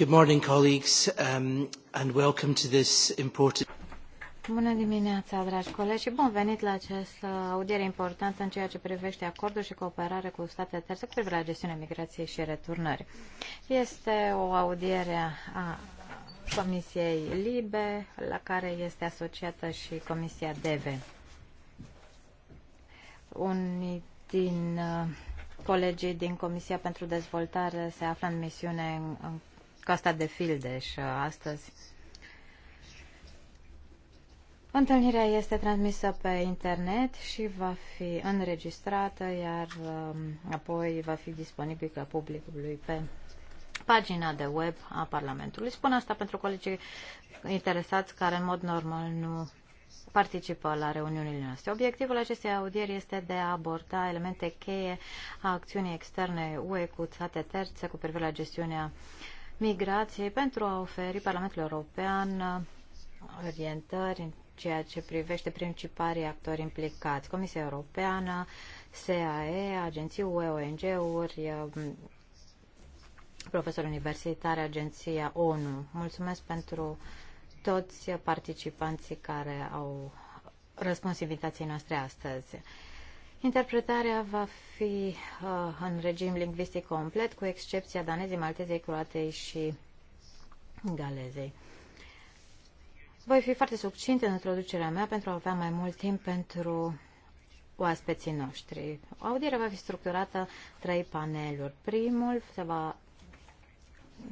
Good morning, colleagues, um, and welcome to this important... Bună dimineața, dragi colegi, și bun venit la această audiere importantă în ceea ce privește acordul și cooperare cu statele terțe cu privire la gestiunea migrației și returnări. Este o audiere a Comisiei Libe, la care este asociată și Comisia DEVE. Unii din uh, colegii din Comisia pentru Dezvoltare se află în misiune în Costa de Fildeș uh, astăzi. Întâlnirea este transmisă pe internet și va fi înregistrată, iar um, apoi va fi disponibilă publicului pe pagina de web a Parlamentului. Spun asta pentru colegii interesați care în mod normal nu participă la reuniunile noastre. Obiectivul acestei audieri este de a aborda elemente cheie a acțiunii externe UE cu state terțe cu privire la gestiunea uh, migrației pentru a oferi Parlamentului European uh, orientări în ceea ce privește principalii actori implicați, Comisia Europeană, SAE, agenții UE, ONG-uri, uh, profesori universitari, agenția ONU. Mulțumesc pentru toți participanții care au răspuns invitației noastre astăzi. Interpretarea va fi uh, în regim lingvistic complet, cu excepția danezii, maltezei, croatei și galezei. Voi fi foarte succint în introducerea mea pentru a avea mai mult timp pentru oaspeții noștri. Audierea va fi structurată trei paneluri. Primul se va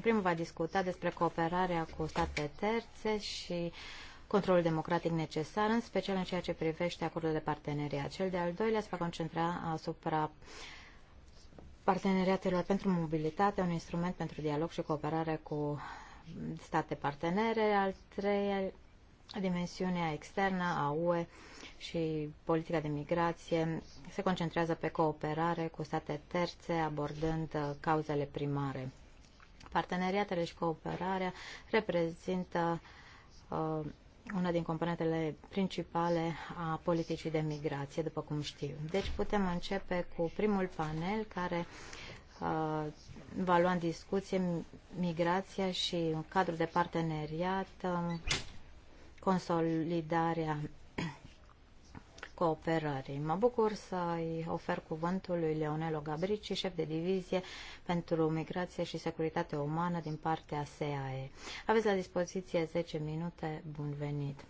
primul va discuta despre cooperarea cu state terțe și uh, controlul democratic necesar, în special în ceea ce privește acordul de parteneriat. Cel de-al doilea se va concentra asupra parteneriatelor pentru mobilitate, un instrument pentru dialog și cooperare cu state partenere, al treia dimensiunea externă a UE și politica de migrație se concentrează pe cooperare cu state terțe, abordând cauzele primare. Parteneriatele și cooperarea reprezintă uh, una din componentele principale a politicii de migrație, după cum știu. Deci putem începe cu primul panel care uh, va lua în discuție migrația și un cadru de parteneriat, uh, consolidarea cooperării. Mă bucur să-i ofer cuvântul lui Leonelo Gabrici, șef de divizie pentru migrație și securitate umană din partea SEAE. Aveți la dispoziție 10 minute. Bun venit!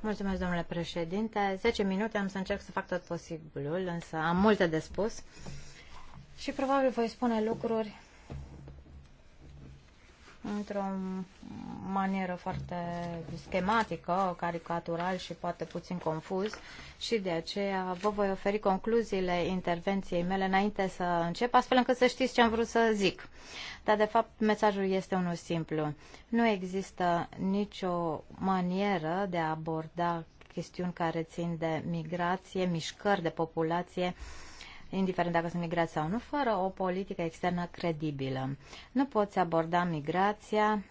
Mulțumesc, domnule președinte. 10 minute am să încerc să fac tot posibilul, însă am multe de spus și probabil voi spune lucruri într-o manieră foarte schematică, caricatural și poate puțin confuz și de aceea vă voi oferi concluziile intervenției mele înainte să încep, astfel încât să știți ce am vrut să zic. Dar de fapt mesajul este unul simplu. Nu există nicio manieră de a aborda chestiuni care țin de migrație, mișcări de populație, uh, indiferent dacă sunt migrați sau nu, fără o politică externă credibilă. Nu poți aborda migrația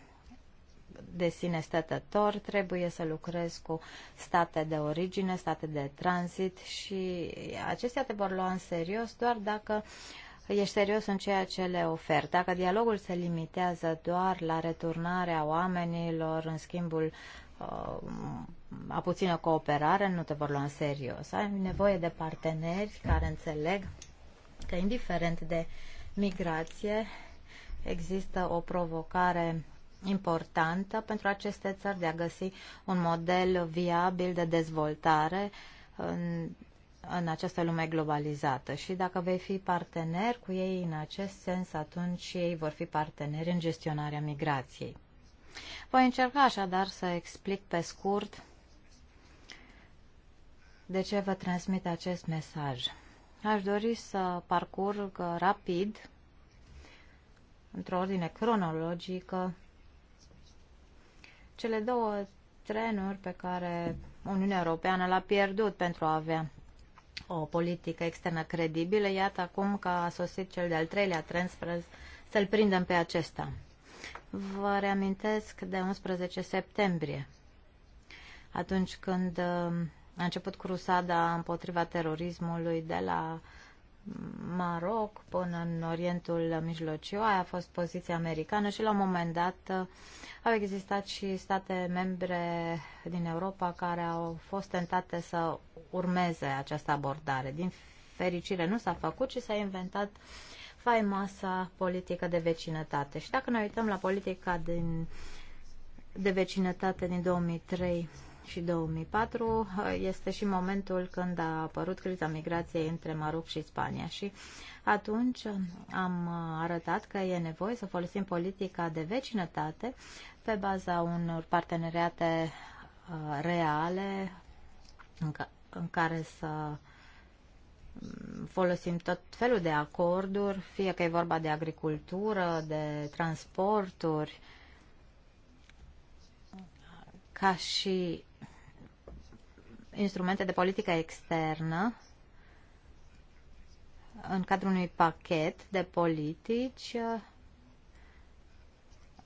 de sine stătător, trebuie să lucrezi cu state de origine, state de tranzit și acestea te vor lua în serios doar dacă ești serios în ceea ce le oferi. Dacă dialogul se limitează doar la returnarea oamenilor în schimbul uh, a puțină cooperare, nu te vor lua în serios. Ai nevoie de parteneri care înțeleg că, indiferent de migrație, există o provocare importantă pentru aceste țări de a găsi un model viabil de dezvoltare în, în această lume globalizată. Și dacă vei fi partener cu ei în acest sens, atunci ei vor fi parteneri în gestionarea migrației. Voi încerca așadar să explic pe scurt de ce vă transmit acest mesaj. Aș dori să parcurg rapid, într-o ordine cronologică, cele două trenuri pe care Uniunea Europeană l-a pierdut pentru a avea o politică externă credibilă. Iată acum că a sosit cel de-al treilea tren spre să-l prindem pe acesta. Vă reamintesc de 11 septembrie, atunci când a început crusada împotriva terorismului de la Maroc până în Orientul Mijlociu. Aia a fost poziția americană și la un moment dat uh, au existat și state membre din Europa care au fost tentate să urmeze această abordare. Din fericire nu s-a făcut și s-a inventat faimoasa politică de vecinătate. Și dacă ne uităm la politica din, de vecinătate din 2003 și 2004 uh, este și momentul când a apărut criza migrației între Maroc și Spania și atunci uh, am uh, arătat că e nevoie să folosim politica de vecinătate pe baza unor parteneriate reale în care să mm, folosim tot felul de acorduri, fie că e vorba de agricultură, de transporturi, ca și instrumente de politică externă în cadrul unui pachet de politici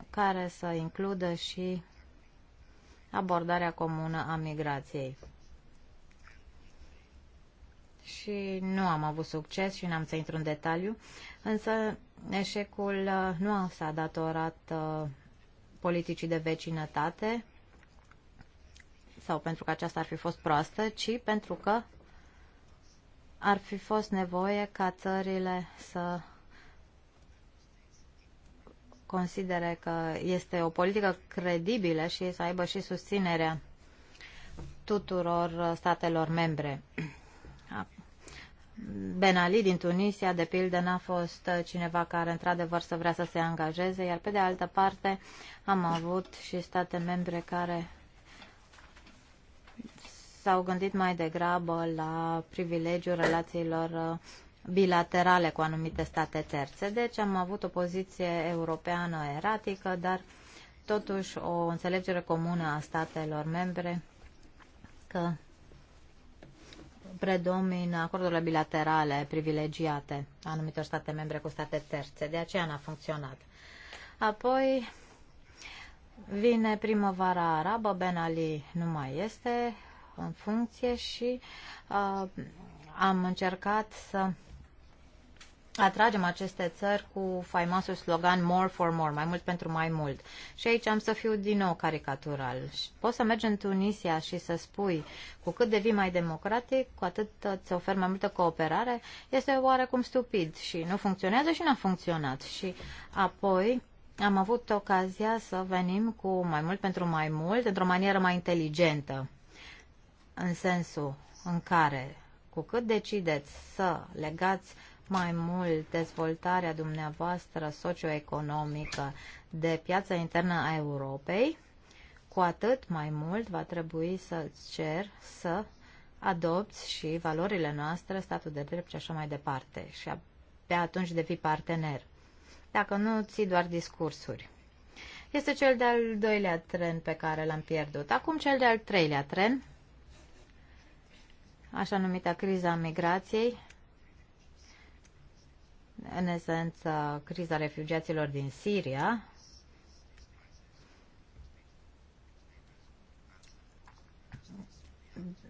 care să includă și abordarea comună a migrației. Și nu am avut succes și n-am să intru în detaliu, însă eșecul uh, nu s-a datorat uh, politicii de vecinătate, sau pentru că aceasta ar fi fost proastă, ci pentru că ar fi fost nevoie ca țările să considere că este o politică credibilă și să aibă și susținerea tuturor statelor membre. Ben Ali din Tunisia, de pildă, n-a fost cineva care într-adevăr să vrea să se angajeze, iar pe de altă parte am avut și state membre care s-au gândit mai degrabă la privilegiul relațiilor uh, bilaterale cu anumite state terțe. Deci am avut o poziție europeană eratică, dar totuși o înțelegere comună a statelor membre că predomină acordurile bilaterale privilegiate a anumitor state membre cu state terțe. De aceea n-a funcționat. Apoi vine primăvara arabă, Ben Ali nu mai este în funcție și uh, am încercat să atragem aceste țări cu faimosul slogan More for More, mai mult pentru mai mult. Și aici am să fiu din nou caricatural. Poți să mergi în Tunisia și să spui cu cât devii mai democratic, cu atât îți ofer mai multă cooperare, este oarecum stupid și nu funcționează și n-a funcționat. Și apoi am avut ocazia să venim cu mai mult pentru mai mult, într-o manieră mai inteligentă în sensul în care cu cât decideți să legați mai mult dezvoltarea dumneavoastră socioeconomică de piața internă a Europei, cu atât mai mult va trebui să-ți cer să adopți și valorile noastre, statul de drept și așa mai departe. Și pe atunci devii partener. Dacă nu, ții doar discursuri. Este cel de-al doilea tren pe care l-am pierdut. Acum cel de-al treilea tren așa numita criza migrației, în esență criza refugiaților din Siria,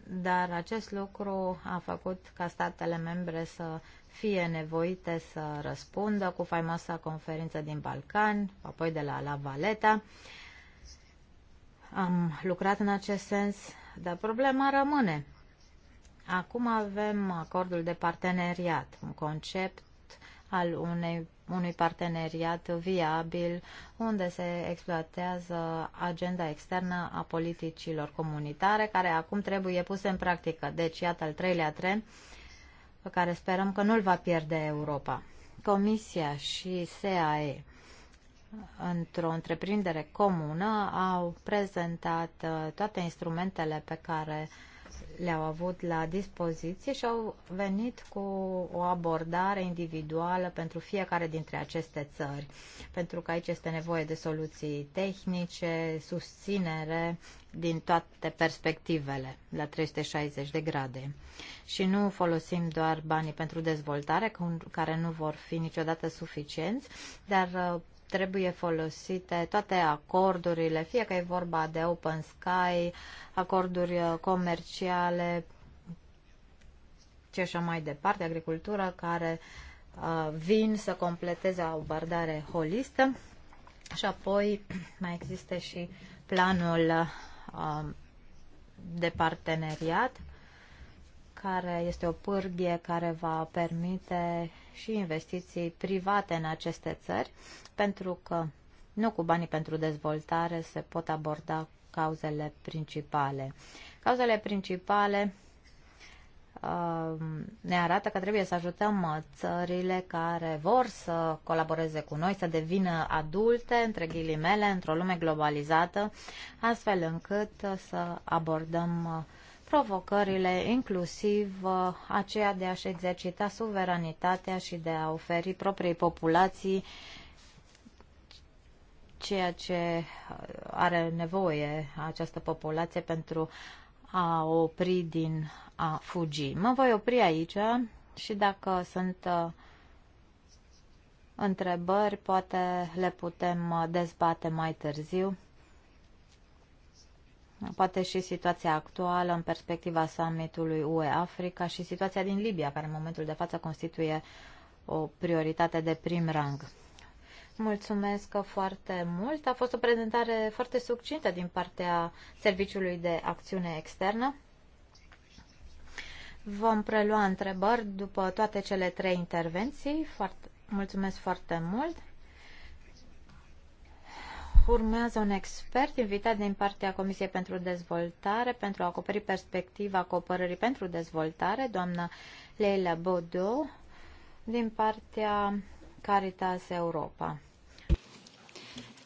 dar acest lucru a făcut ca statele membre să fie nevoite să răspundă cu faimoasa conferință din Balcan, apoi de la La Valeta. Am lucrat în acest sens, dar problema rămâne. Acum avem acordul de parteneriat, un concept al unei, unui parteneriat viabil unde se exploatează agenda externă a politicilor comunitare care acum trebuie puse în practică. Deci, iată al treilea tren pe care sperăm că nu-l va pierde Europa. Comisia și SAE într-o întreprindere comună au prezentat uh, toate instrumentele pe care uh, le-au avut la dispoziție și au venit cu o abordare individuală pentru fiecare dintre aceste țări, pentru că aici este nevoie de soluții tehnice, susținere din toate perspectivele la 360 de grade. Și nu folosim doar banii pentru dezvoltare, care nu vor fi niciodată suficienți, dar uh, trebuie folosite toate acordurile, fie că e vorba de Open Sky, acorduri uh, comerciale și așa mai departe, agricultura care uh, vin să completeze o abordare holistă. Și apoi mai există și planul uh, de parteneriat, care este o pârghie care va permite și investiții private în aceste țări, pentru că nu cu banii pentru dezvoltare se pot aborda cauzele principale. Cauzele principale uh, ne arată că trebuie să ajutăm uh, țările care vor să colaboreze cu noi, să devină adulte, între ghilimele, într-o lume globalizată, astfel încât uh, să abordăm provocările, inclusiv uh, aceea de a-și exercita suveranitatea și de a oferi propriei populații ceea ce uh, are nevoie această populație pentru a opri din a fugi. Mă voi opri aici și dacă sunt uh, întrebări, poate le putem dezbate mai târziu poate și situația actuală în perspectiva summitului UE-Africa și situația din Libia, care în momentul de față constituie o prioritate de prim rang. Mulțumesc foarte mult. A fost o prezentare foarte succintă din partea Serviciului de Acțiune Externă. Vom prelua întrebări după toate cele trei intervenții. Foarte, mulțumesc foarte mult. Urmează un expert invitat din partea Comisiei pentru Dezvoltare pentru a acoperi perspectiva cooperării pentru dezvoltare, doamna Leila Bodo, din partea Caritas Europa.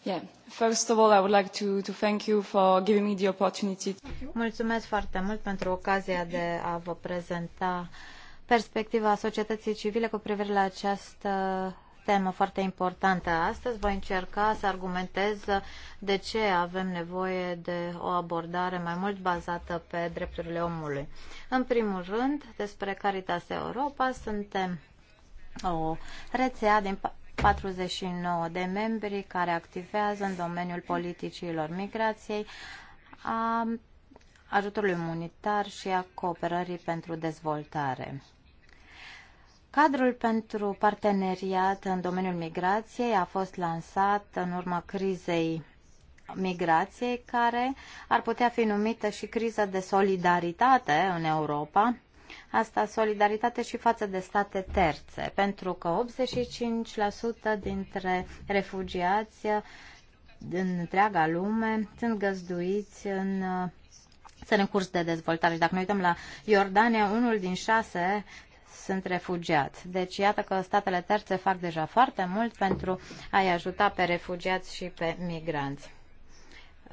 Yeah. First of all, I would like to, to thank you for giving me the opportunity. Mulțumesc foarte mult pentru ocazia de a vă prezenta perspectiva societății civile cu privire la această temă foarte importantă astăzi. Voi încerca să argumentez de ce avem nevoie de o abordare mai mult bazată pe drepturile omului. În primul rând, despre Caritas Europa, suntem o rețea din 49 de membri care activează în domeniul politicilor migrației, a ajutorului umanitar și a cooperării pentru dezvoltare. Cadrul pentru parteneriat în domeniul migrației a fost lansat în urma crizei migrației, care ar putea fi numită și criza de solidaritate în Europa. Asta solidaritate și față de state terțe, pentru că 85% dintre refugiați din întreaga lume sunt găzduiți în țări în curs de dezvoltare. Și dacă ne uităm la Iordania, unul din șase sunt refugiați. Deci iată că statele terțe fac deja foarte mult pentru a-i ajuta pe refugiați și pe migranți.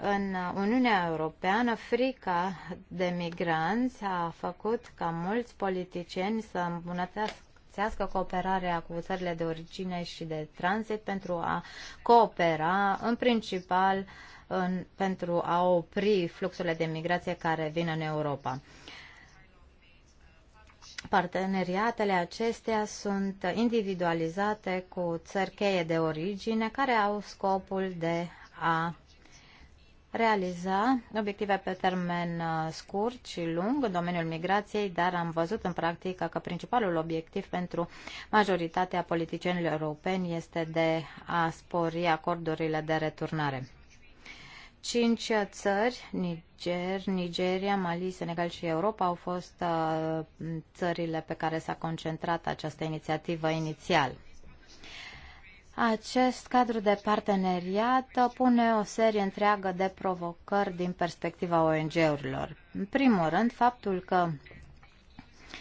În Uniunea Europeană, frica de migranți a făcut ca mulți politicieni să îmbunătățească îmbunătățească cooperarea cu țările de origine și de tranzit pentru a coopera în principal în, pentru a opri fluxurile de migrație care vin în Europa. Parteneriatele acestea sunt individualizate cu țări cheie de origine care au scopul de a realiza obiective pe termen uh, scurt și lung în domeniul migrației, dar am văzut în practică că principalul obiectiv pentru majoritatea politicienilor europeni este de a spori acordurile de returnare. Cinci țări, Niger, Nigeria, Mali, Senegal și Europa, au fost uh, țările pe care s-a concentrat această inițiativă inițial. Acest cadru de parteneriat uh, pune o serie întreagă de provocări din perspectiva ONG-urilor. În primul rând, faptul că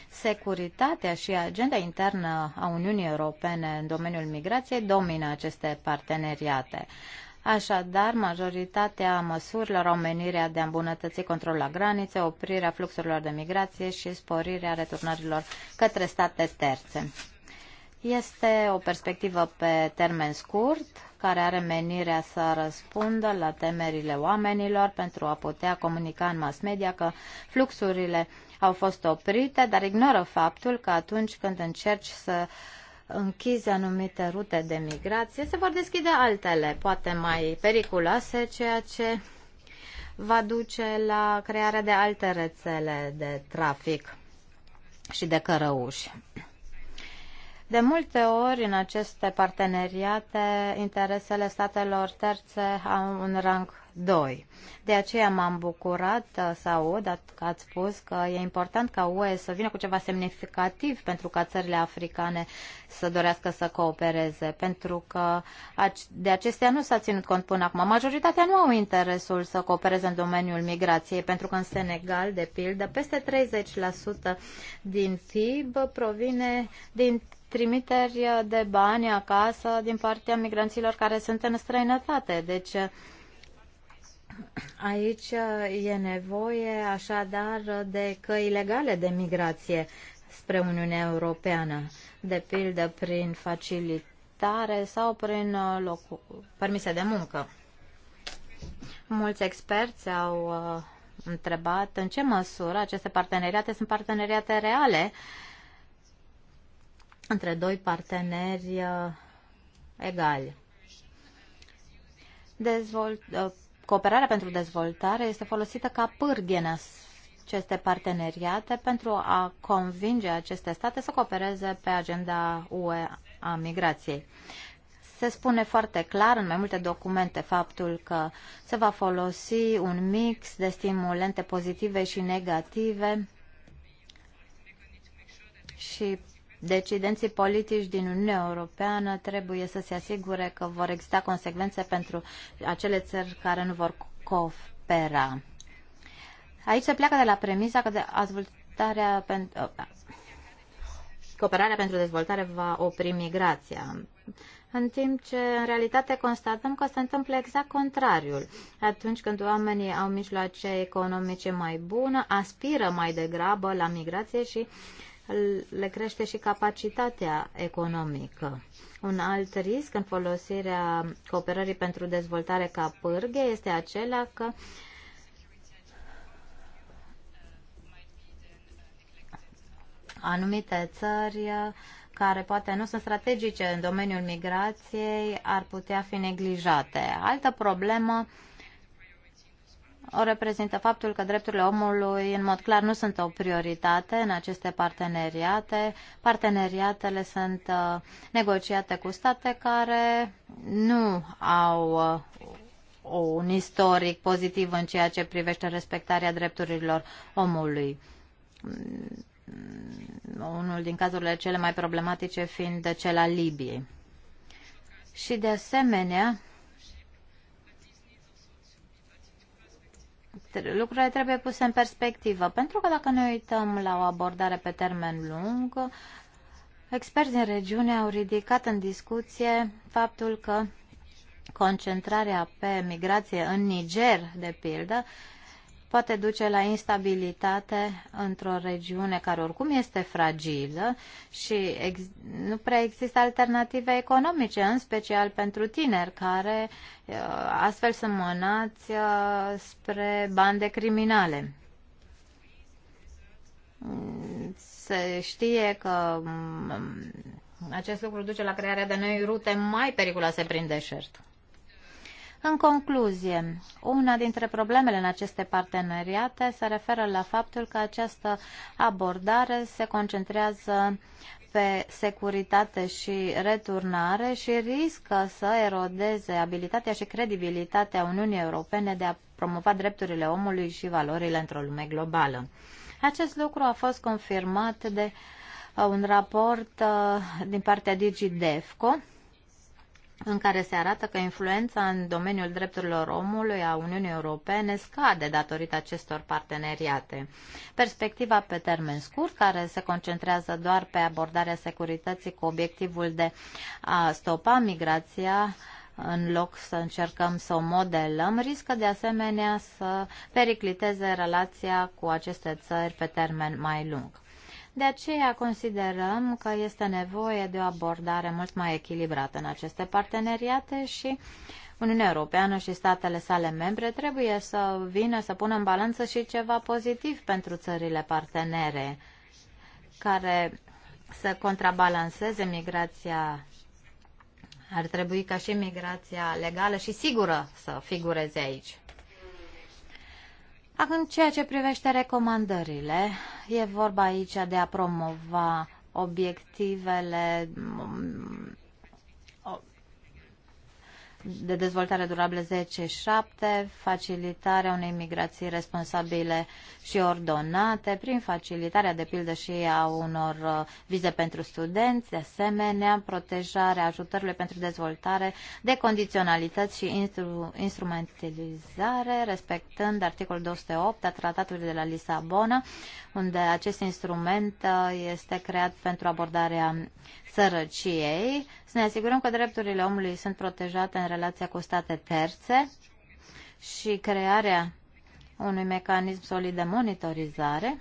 securitatea și agenda internă a Uniunii Europene în domeniul migrației domină aceste parteneriate. Așadar, majoritatea măsurilor au menirea de a îmbunătăți controlul la granițe, oprirea fluxurilor de migrație și sporirea returnărilor către state terțe. Este o perspectivă pe termen scurt, care are menirea să răspundă la temerile oamenilor pentru a putea comunica în mass media că fluxurile au fost oprite, dar ignoră faptul că atunci când încerci să uh, închizi anumite rute de migrație, se vor deschide altele, poate mai periculoase, ceea ce va duce la crearea de alte rețele de trafic și de cărăuși. De multe ori, în aceste parteneriate, interesele statelor terțe au un rang 2. De aceea m-am bucurat să aud că ați spus că e important ca UE să vină cu ceva semnificativ pentru ca țările africane să dorească să coopereze, pentru că de acestea nu s-a ținut cont până acum. Majoritatea nu au interesul să coopereze în domeniul migrației, pentru că în Senegal, de pildă, peste 30% din PIB provine din trimiteri de bani acasă din partea migranților care sunt în străinătate. Deci, Aici e nevoie așadar de căi legale de migrație spre Uniunea Europeană, de pildă prin facilitare sau prin uh, locu- permise de muncă. Mulți experți au uh, întrebat în ce măsură aceste parteneriate sunt parteneriate reale între doi parteneri uh, egali. Dezvolt, uh, cooperarea pentru dezvoltare este folosită ca pârghie în aceste parteneriate pentru a convinge aceste state să coopereze pe agenda UE a migrației. Se spune foarte clar în mai multe documente faptul că se va folosi un mix de stimulente pozitive și negative și decidenții politici din Uniunea Europeană trebuie să se asigure că vor exista consecvențe pentru acele țări care nu vor coopera. Aici se pleacă de la premisa că dezvoltarea pentru, cooperarea pentru dezvoltare va opri migrația. În timp ce, în realitate, constatăm că se întâmplă exact contrariul. Atunci când oamenii au mijloace economice mai bune, aspiră mai degrabă la migrație și uh, le crește și capacitatea economică. Un alt risc în folosirea cooperării pentru dezvoltare ca pârghe este acela că anumite țări care poate nu sunt strategice în domeniul migrației ar putea fi neglijate. Altă problemă o reprezintă faptul că drepturile omului în mod clar nu sunt o prioritate în aceste parteneriate. Parteneriatele sunt uh, negociate cu state care nu au uh, un istoric pozitiv în ceea ce privește respectarea drepturilor omului. Unul din cazurile cele mai problematice fiind cel al Libiei. Și de asemenea, lucrurile trebuie puse în perspectivă, pentru că dacă ne uităm la o abordare pe termen lung, experți din regiune au ridicat în discuție faptul că concentrarea pe migrație în Niger, de pildă, poate duce la instabilitate într-o regiune care oricum este fragilă și nu prea există alternative economice, în special pentru tineri care uh, astfel sunt mânați uh, spre bande criminale. Se știe că mm, acest lucru duce la crearea de noi rute mai periculoase prin deșert. În concluzie, una dintre problemele în aceste parteneriate se referă la faptul că această abordare se concentrează pe securitate și returnare și riscă să erodeze abilitatea și credibilitatea Uniunii Europene de a promova drepturile omului și valorile într-o lume globală. Acest lucru a fost confirmat de uh, un raport uh, din partea DigiDefco, în care se arată că influența în domeniul drepturilor omului a Uniunii Europene scade datorită acestor parteneriate. Perspectiva pe termen scurt, care se concentrează doar pe abordarea securității cu obiectivul de a stopa migrația, în loc să încercăm să o modelăm, riscă de asemenea să pericliteze relația cu aceste țări pe termen mai lung. De aceea considerăm că este nevoie de o abordare mult mai echilibrată în aceste parteneriate și Uniunea Europeană și statele sale membre trebuie să vină să pună în balanță și ceva pozitiv pentru țările partenere care să contrabalanceze migrația ar trebui ca și migrația legală și sigură să figureze aici. Acum, ceea ce privește recomandările, e vorba aici de a promova obiectivele mm, de dezvoltare durabilă 10-7, facilitarea unei migrații responsabile și ordonate, prin facilitarea, de pildă, și a unor uh, vize pentru studenți, de asemenea, protejarea ajutorului pentru dezvoltare de condiționalități și instru- instrumentalizare, respectând articolul 208 a Tratatului de la Lisabona, unde acest instrument uh, este creat pentru abordarea sărăciei, să ne asigurăm că drepturile omului sunt protejate în relația cu state terțe și crearea unui mecanism solid de monitorizare.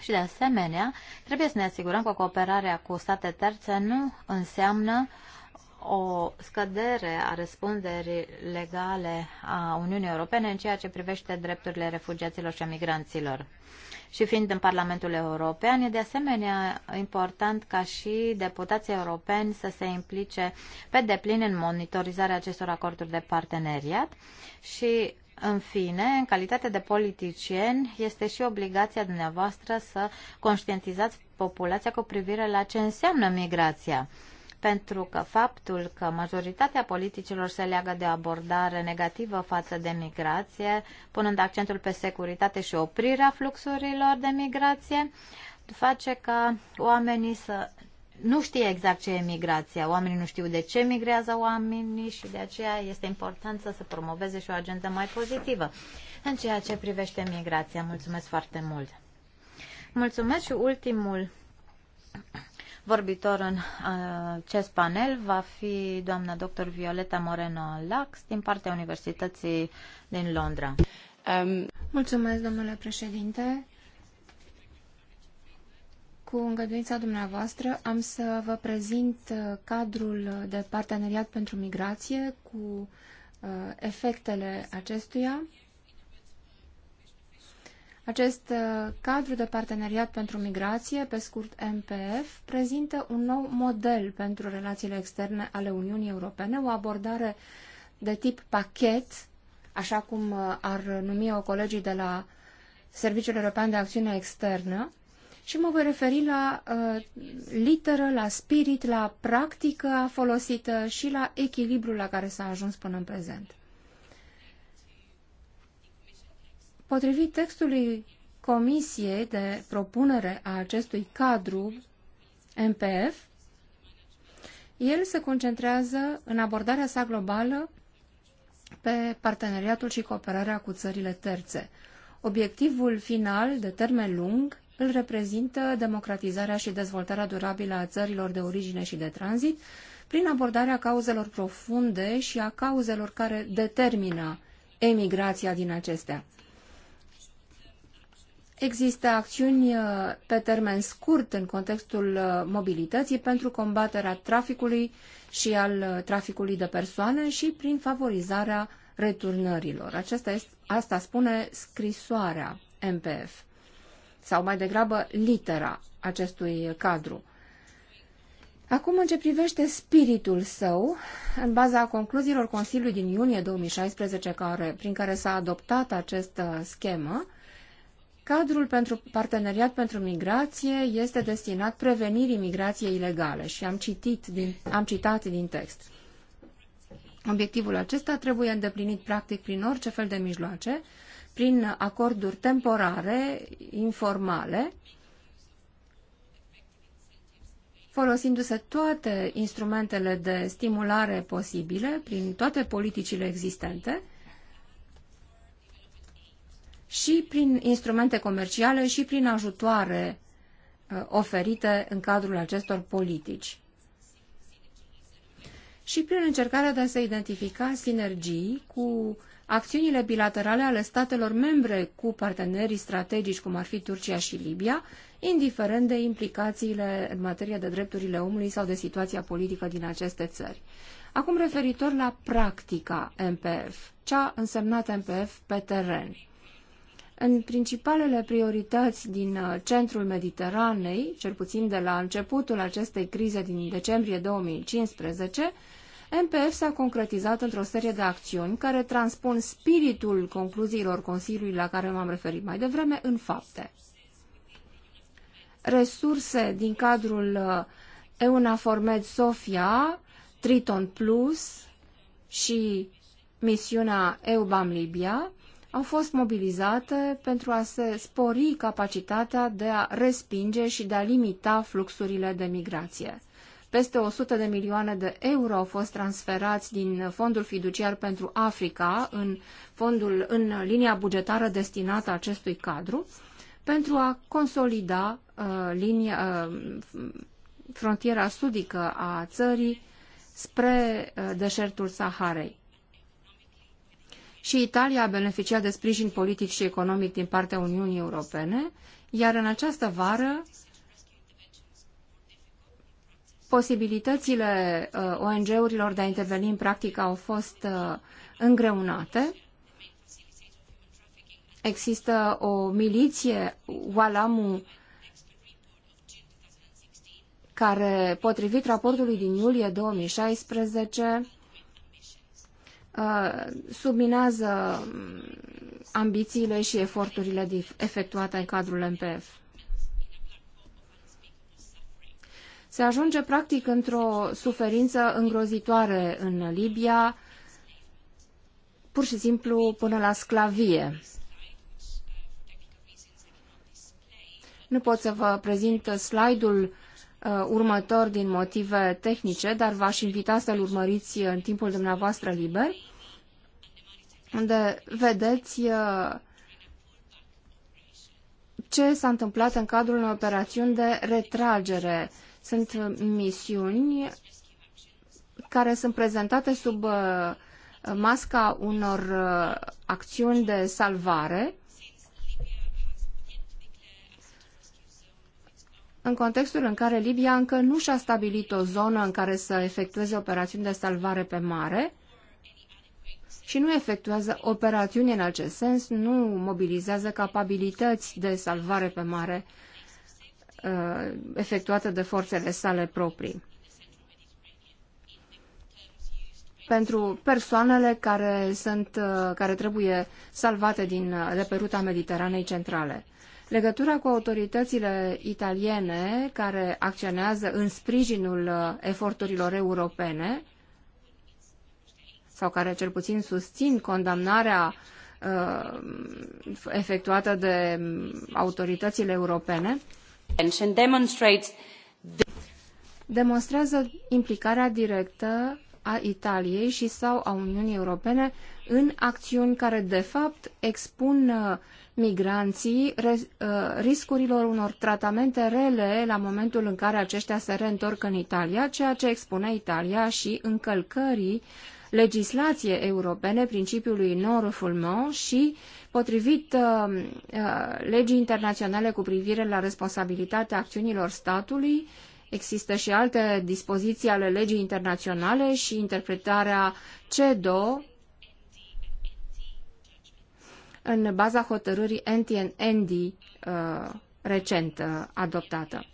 Și de asemenea, trebuie să ne asigurăm că cooperarea cu state terțe nu înseamnă o scădere a răspunderii legale a Uniunii Europene în ceea ce privește drepturile refugiaților și a migranților și fiind în Parlamentul European, e de asemenea important ca și deputații europeni să se implice pe deplin în monitorizarea acestor acorduri de parteneriat și în fine, în calitate de politicieni, este și obligația dumneavoastră să conștientizați populația cu privire la ce înseamnă migrația pentru că faptul că majoritatea politicilor se leagă de o abordare negativă față de migrație, punând accentul pe securitate și oprirea fluxurilor de migrație, face ca oamenii să nu știe exact ce e migrația. Oamenii nu știu de ce migrează oamenii și de aceea este important să se promoveze și o agendă mai pozitivă în ceea ce privește migrația. Mulțumesc foarte mult! Mulțumesc și ultimul Vorbitor în uh, acest panel va fi doamna dr. Violeta Moreno Lax din partea Universității din Londra. Um... Mulțumesc, domnule președinte. Cu îngăduința dumneavoastră am să vă prezint uh, cadrul de parteneriat pentru migrație cu uh, efectele acestuia acest uh, cadru de parteneriat pentru migrație, pe scurt MPF, prezintă un nou model pentru relațiile externe ale Uniunii Europene, o abordare de tip pachet, așa cum uh, ar numi-o colegii de la Serviciul European de Acțiune Externă, și mă voi referi la uh, literă, la spirit, la practică folosită și la echilibrul la care s-a ajuns până în prezent. Potrivit textului Comisiei de propunere a acestui cadru MPF, el se concentrează în abordarea sa globală pe parteneriatul și cooperarea cu țările terțe. Obiectivul final, de termen lung, îl reprezintă democratizarea și dezvoltarea durabilă a țărilor de origine și de tranzit, prin abordarea cauzelor profunde și a cauzelor care determină emigrația din acestea. Există acțiuni uh, pe termen scurt în contextul uh, mobilității pentru combaterea traficului și al uh, traficului de persoane și prin favorizarea returnărilor. Aceasta este, asta spune scrisoarea MPF sau mai degrabă litera acestui cadru. Acum, în ce privește spiritul său, în baza concluziilor Consiliului din iunie 2016, care, prin care s-a adoptat această schemă, Cadrul pentru parteneriat pentru migrație este destinat prevenirii migrației ilegale și am, citit din, am citat din text. Obiectivul acesta trebuie îndeplinit practic prin orice fel de mijloace, prin acorduri temporare, informale, folosindu-se toate instrumentele de stimulare posibile, prin toate politicile existente, și prin instrumente comerciale și prin ajutoare uh, oferite în cadrul acestor politici. Și prin încercarea de a se identifica sinergii cu acțiunile bilaterale ale statelor membre cu partenerii strategici, cum ar fi Turcia și Libia, indiferent de implicațiile în materie de drepturile omului sau de situația politică din aceste țări. Acum referitor la practica MPF, ce a însemnat MPF pe teren. În principalele priorități din uh, centrul Mediteranei, cel puțin de la începutul acestei crize din decembrie 2015, MPF s-a concretizat într-o serie de acțiuni care transpun spiritul concluziilor Consiliului la care m-am referit mai devreme în fapte. Resurse din cadrul uh, EUNAFORMED Sofia, Triton Plus și misiunea EUBAM Libia au fost mobilizate pentru a se spori capacitatea de a respinge și de a limita fluxurile de migrație. Peste 100 de milioane de euro au fost transferați din Fondul Fiduciar pentru Africa în, fondul, în linia bugetară destinată acestui cadru pentru a consolida uh, linia, uh, frontiera sudică a țării spre uh, deșertul Saharei și Italia a beneficiat de sprijin politic și economic din partea Uniunii Europene, iar în această vară posibilitățile uh, ONG-urilor de a interveni în practică au fost uh, îngreunate. Există o miliție, Walamu, care, potrivit raportului din iulie 2016, Uh, subminează mm, ambițiile și eforturile efectuate în cadrul MPF. Se ajunge practic într-o suferință îngrozitoare în Libia, pur și simplu până la sclavie. Nu pot să vă prezint slide-ul Uh, următor din motive tehnice, dar v-aș invita să-l urmăriți în timpul dumneavoastră liber, unde vedeți uh, ce s-a întâmplat în cadrul unei operațiuni de retragere. Sunt uh, misiuni care sunt prezentate sub masca unor acțiuni de salvare în contextul în care Libia încă nu și-a stabilit o zonă în care să efectueze operațiuni de salvare pe mare și nu efectuează operațiuni în acest sens, nu mobilizează capabilități de salvare pe mare uh, efectuate de forțele sale proprii. Pentru persoanele care, sunt, uh, care trebuie salvate din, uh, de pe ruta Mediteranei Centrale. Legătura cu autoritățile italiene care acționează în sprijinul uh, eforturilor europene sau care cel puțin susțin condamnarea uh, efectuată de autoritățile europene demonstrează implicarea directă a Italiei și sau a Uniunii Europene în acțiuni care de fapt expun uh, migranții uh, riscurilor unor tratamente rele la momentul în care aceștia se reîntorc în Italia, ceea ce expune Italia și încălcării legislație europene, principiului non-refoulement și, potrivit uh, uh, legii internaționale cu privire la responsabilitatea acțiunilor statului, există și alte dispoziții ale legii internaționale și interpretarea CEDO, în baza hotărârii NTN-ND uh, recent uh, adoptată.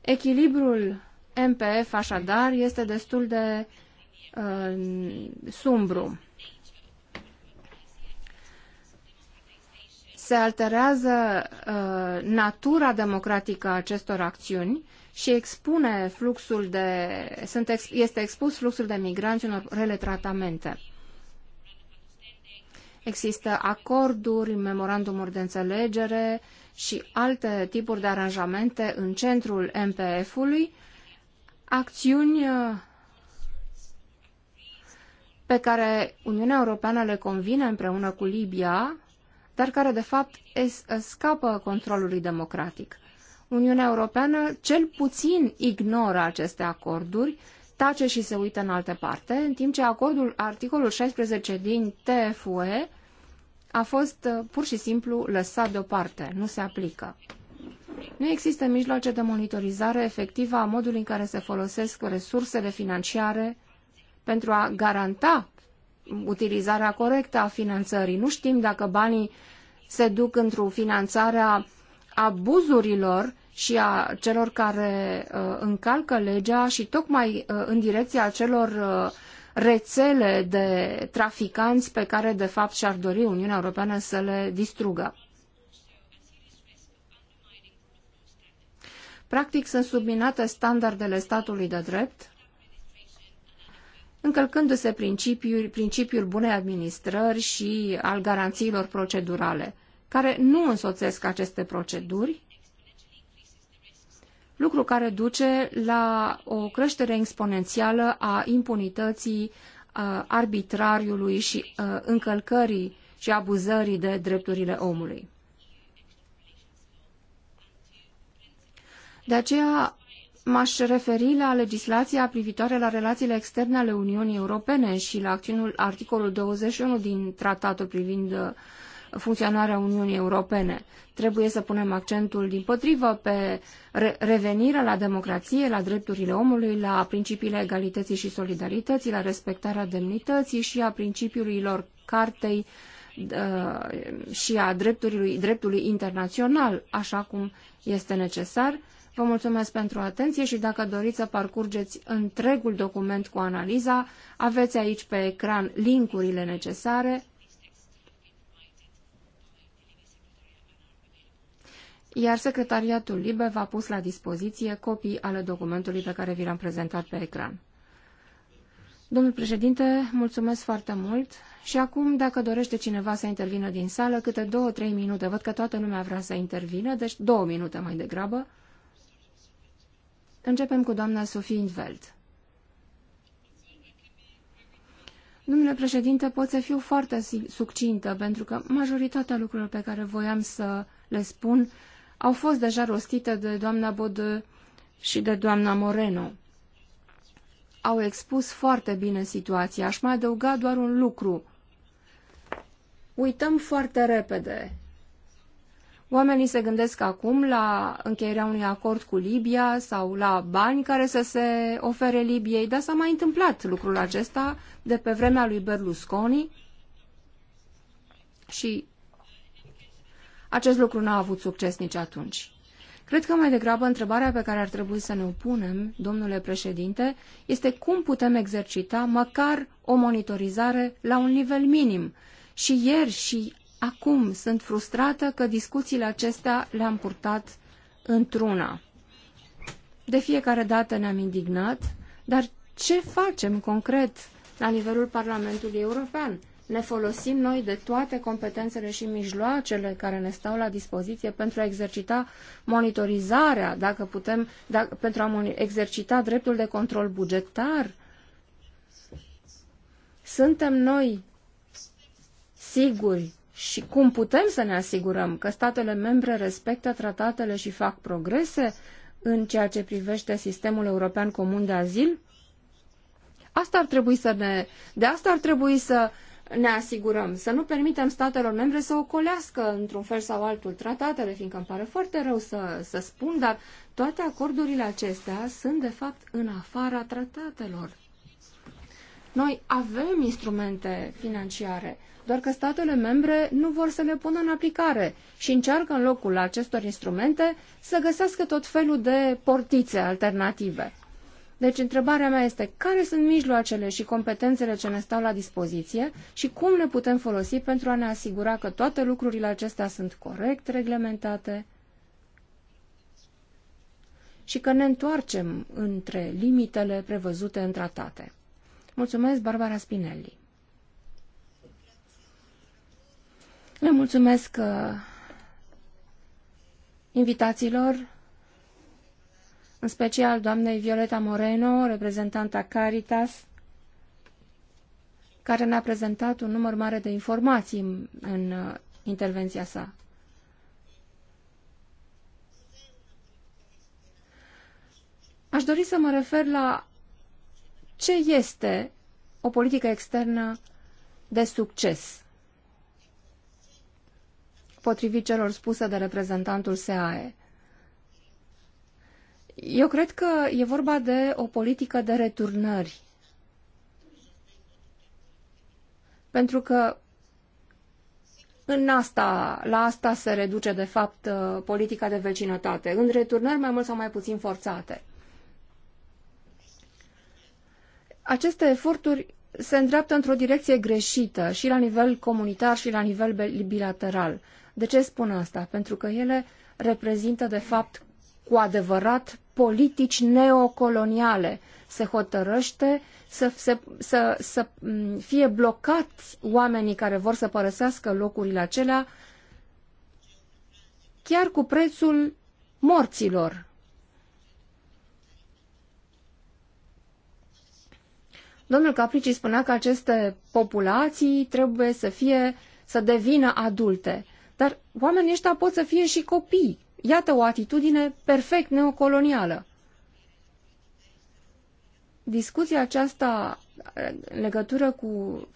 Echilibrul MPF, așadar, este destul de uh, sumbru. Se alterează uh, natura democratică a acestor acțiuni și expune fluxul de, sunt, este expus fluxul de migranți unor rele tratamente. Există acorduri, memorandumuri de înțelegere și alte tipuri de aranjamente în centrul MPF-ului, acțiuni uh, pe care Uniunea Europeană le convine împreună cu Libia, dar care de fapt scapă controlului democratic. Uniunea Europeană cel puțin ignoră aceste acorduri tace și se uită în altă parte, în timp ce acordul, articolul 16 din TFUE a fost uh, pur și simplu lăsat deoparte, nu se aplică. Nu există mijloace de monitorizare efectivă a modului în care se folosesc resursele financiare pentru a garanta utilizarea corectă a finanțării. Nu știm dacă banii se duc într-o finanțare a abuzurilor și a celor care uh, încalcă legea și tocmai uh, în direcția celor uh, rețele de traficanți pe care de fapt și-ar dori Uniunea Europeană să le distrugă. Practic sunt subminate standardele statului de drept, încălcându-se principiul, principiul bunei administrări și al garanțiilor procedurale, care nu însoțesc aceste proceduri, lucru care duce la o creștere exponențială a impunității a uh, arbitrariului și uh, încălcării și abuzării de drepturile omului. De aceea m-aș referi la legislația privitoare la relațiile externe ale Uniunii Europene și la acțiunul articolul 21 din tratatul privind uh, funcționarea Uniunii Europene. Trebuie să punem accentul din potrivă pe re revenirea la democrație, la drepturile omului, la principiile egalității și solidarității, la respectarea demnității și a principiilor cartei uh, și a dreptului, dreptului internațional, așa cum este necesar. Vă mulțumesc pentru atenție și dacă doriți să parcurgeți întregul document cu analiza, aveți aici pe ecran linkurile necesare. iar secretariatul LIBE v-a pus la dispoziție copii ale documentului pe care vi l-am prezentat pe ecran. Domnul președinte, mulțumesc foarte mult și acum, dacă dorește cineva să intervină din sală, câte două-trei minute, văd că toată lumea vrea să intervină, deci două minute mai degrabă. Începem cu doamna Sofie Inveld. Domnule președinte, pot să fiu foarte succintă, pentru că majoritatea lucrurilor pe care voiam să le spun au fost deja rostite de doamna Bode și de doamna Moreno. Au expus foarte bine situația. Aș mai adăuga doar un lucru. Uităm foarte repede. Oamenii se gândesc acum la încheierea unui acord cu Libia sau la bani care să se ofere Libiei, dar s-a mai întâmplat lucrul acesta de pe vremea lui Berlusconi și acest lucru n-a avut succes nici atunci. Cred că mai degrabă întrebarea pe care ar trebui să ne o punem, domnule președinte, este cum putem exercita măcar o monitorizare la un nivel minim. Și ieri și acum sunt frustrată că discuțiile acestea le-am purtat într-una. De fiecare dată ne-am indignat, dar ce facem concret la nivelul Parlamentului European? ne folosim noi de toate competențele și mijloacele care ne stau la dispoziție pentru a exercita monitorizarea, dacă putem, dacă, pentru a exercita dreptul de control bugetar. Suntem noi siguri și cum putem să ne asigurăm că statele membre respectă tratatele și fac progrese în ceea ce privește sistemul european comun de azil? Asta ar trebui să ne, de asta ar trebui să ne asigurăm, să nu permitem statelor membre să ocolească într-un fel sau altul tratatele, fiindcă îmi pare foarte rău să, să spun, dar toate acordurile acestea sunt de fapt în afara tratatelor. Noi avem instrumente financiare, doar că statele membre nu vor să le pună în aplicare și încearcă în locul acestor instrumente să găsească tot felul de portițe alternative. Deci, întrebarea mea este care sunt mijloacele și competențele ce ne stau la dispoziție și cum le putem folosi pentru a ne asigura că toate lucrurile acestea sunt corect reglementate și că ne întoarcem între limitele prevăzute în tratate. Mulțumesc, Barbara Spinelli. Le mulțumesc uh, invitațiilor în special doamnei Violeta Moreno, reprezentanta Caritas, care ne-a prezentat un număr mare de informații în, uh, intervenția sa. Aș dori să mă refer la ce este o politică externă de succes, potrivit celor spuse de reprezentantul SAE. Eu cred că e vorba de o politică de returnări. Pentru că în asta, la asta se reduce, de fapt, uh, politica de vecinătate, în returnări mai mult sau mai puțin forțate. Aceste eforturi se îndreaptă într-o direcție greșită și la nivel comunitar și la nivel bilateral. De ce spun asta? Pentru că ele reprezintă, de fapt, cu adevărat politici neocoloniale. Se hotărăște să, să, să, să mm, fie blocați oamenii care vor să părăsească locurile acelea chiar cu prețul morților. Domnul Caprici spunea că aceste populații trebuie să fie, să devină adulte. Dar oamenii ăștia pot să fie și copii. Iată o atitudine perfect neocolonială. Discuția aceasta în legătură cu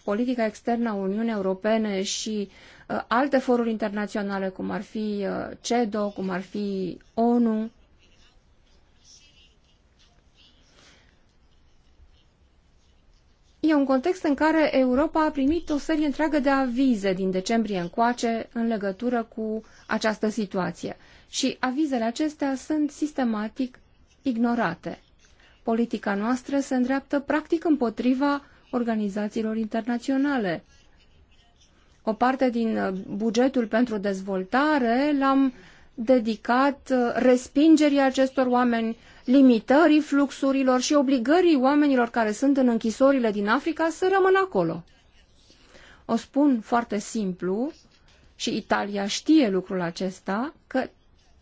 politica externă a Uniunii Europene și uh, alte foruri internaționale, cum ar fi uh, CEDO, cum ar fi ONU, e un context în care Europa a primit o serie întreagă de avize din decembrie încoace în legătură cu această situație și avizele acestea sunt sistematic ignorate. Politica noastră se îndreaptă practic împotriva organizațiilor internaționale. O parte din uh, bugetul pentru dezvoltare l-am dedicat uh, respingerii acestor oameni, limitării fluxurilor și obligării oamenilor care sunt în închisorile din Africa să rămână acolo. O spun foarte simplu și Italia știe lucrul acesta, că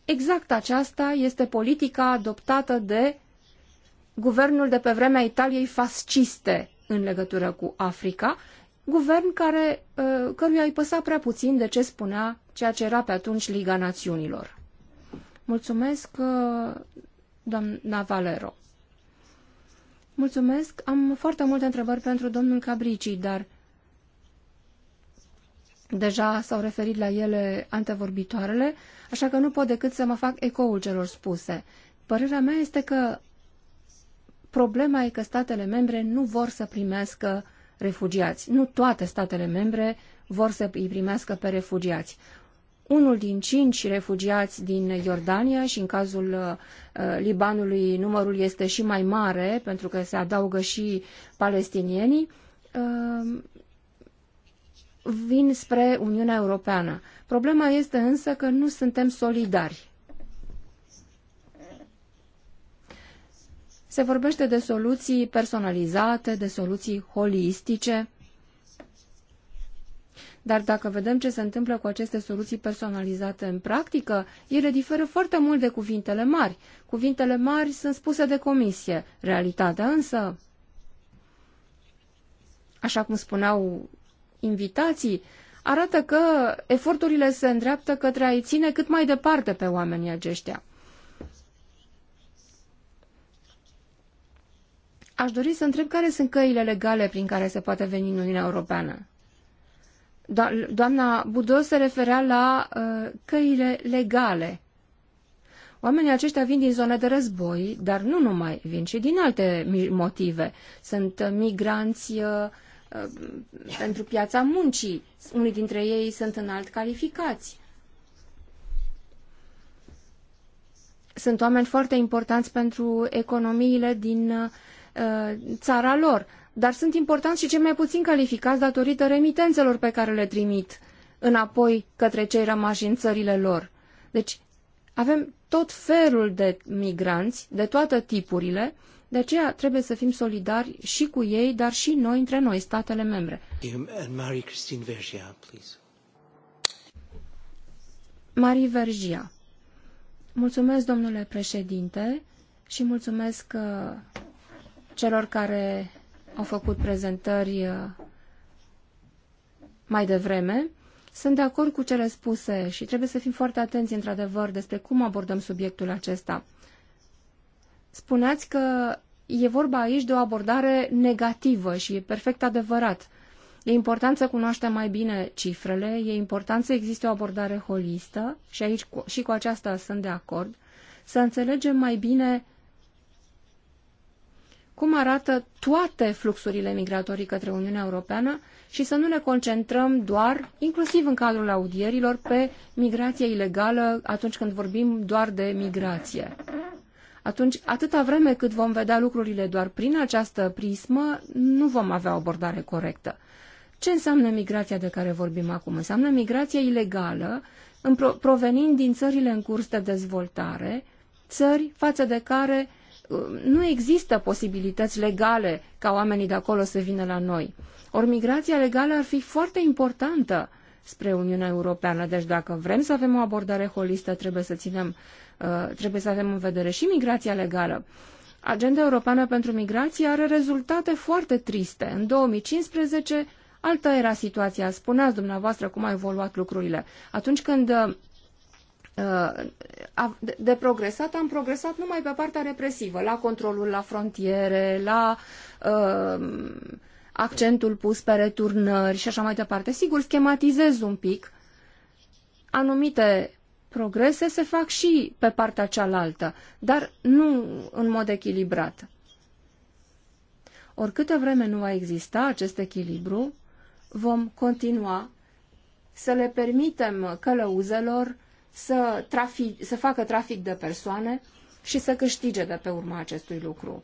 Exact aceasta este politica adoptată de guvernul de pe vremea Italiei fasciste în legătură cu Africa, guvern care, uh, căruia îi păsa prea puțin de ce spunea ceea ce era pe atunci Liga Națiunilor. Mulțumesc, uh, doamna Valero. Mulțumesc. Am foarte multe întrebări pentru domnul Cabrici, dar Deja s-au referit la ele antevorbitoarele, așa că nu pot decât să mă fac ecoul celor spuse. Părerea mea este că problema e că statele membre nu vor să primească refugiați. Nu toate statele membre vor să îi primească pe refugiați. Unul din cinci refugiați din Iordania și în cazul uh, Libanului numărul este și mai mare pentru că se adaugă și palestinienii, uh, vin spre Uniunea Europeană. Problema este însă că nu suntem solidari. Se vorbește de soluții personalizate, de soluții holistice, dar dacă vedem ce se întâmplă cu aceste soluții personalizate în practică, ele diferă foarte mult de cuvintele mari. Cuvintele mari sunt spuse de comisie, realitatea însă, așa cum spuneau invitații arată că eforturile se îndreaptă către a-i ține cât mai departe pe oamenii aceștia. Aș dori să întreb care sunt căile legale prin care se poate veni în Uniunea Europeană. Do doamna Budo se referea la uh, căile legale. Oamenii aceștia vin din zone de război, dar nu numai, vin și din alte motive. Sunt uh, migranți uh, Uh, pentru piața muncii. Unii dintre ei sunt înalt calificați. Sunt oameni foarte importanți pentru economiile din uh, țara lor, dar sunt importanți și cei mai puțin calificați datorită remitențelor pe care le trimit înapoi către cei rămași în țările lor. Deci avem tot felul de migranți, de toate tipurile, de aceea trebuie să fim solidari și cu ei, dar și noi între noi, statele membre. Marie Vergia. Mulțumesc, domnule președinte, și mulțumesc uh, celor care au făcut prezentări uh, mai devreme. Sunt de acord cu cele spuse și trebuie să fim foarte atenți, într-adevăr, despre cum abordăm subiectul acesta. Spuneați că e vorba aici de o abordare negativă și e perfect adevărat. E important să cunoaștem mai bine cifrele, e important să existe o abordare holistă și aici cu, și cu aceasta sunt de acord, să înțelegem mai bine cum arată toate fluxurile migratorii către Uniunea Europeană și să nu ne concentrăm doar, inclusiv în cadrul audierilor, pe migrația ilegală atunci când vorbim doar de migrație atunci atâta vreme cât vom vedea lucrurile doar prin această prismă, nu vom avea o abordare corectă. Ce înseamnă migrația de care vorbim acum? Înseamnă migrația ilegală, provenind din țările în curs de dezvoltare, țări față de care uh, nu există posibilități legale ca oamenii de acolo să vină la noi. Ori migrația legală ar fi foarte importantă spre Uniunea Europeană. Deci dacă vrem să avem o abordare holistă, trebuie să ținem Uh, trebuie să avem în vedere și migrația legală. Agenda Europeană pentru Migrație are rezultate foarte triste. În 2015, alta era situația. Spuneați dumneavoastră cum au evoluat lucrurile. Atunci când uh, de progresat, am progresat numai pe partea represivă, la controlul la frontiere, la uh, accentul pus pe returnări și așa mai departe. Sigur, schematizez un pic anumite progrese se fac și pe partea cealaltă, dar nu în mod echilibrat. Oricâtă vreme nu va exista acest echilibru, vom continua să le permitem călăuzelor să, trafi, să facă trafic de persoane și să câștige de pe urma acestui lucru.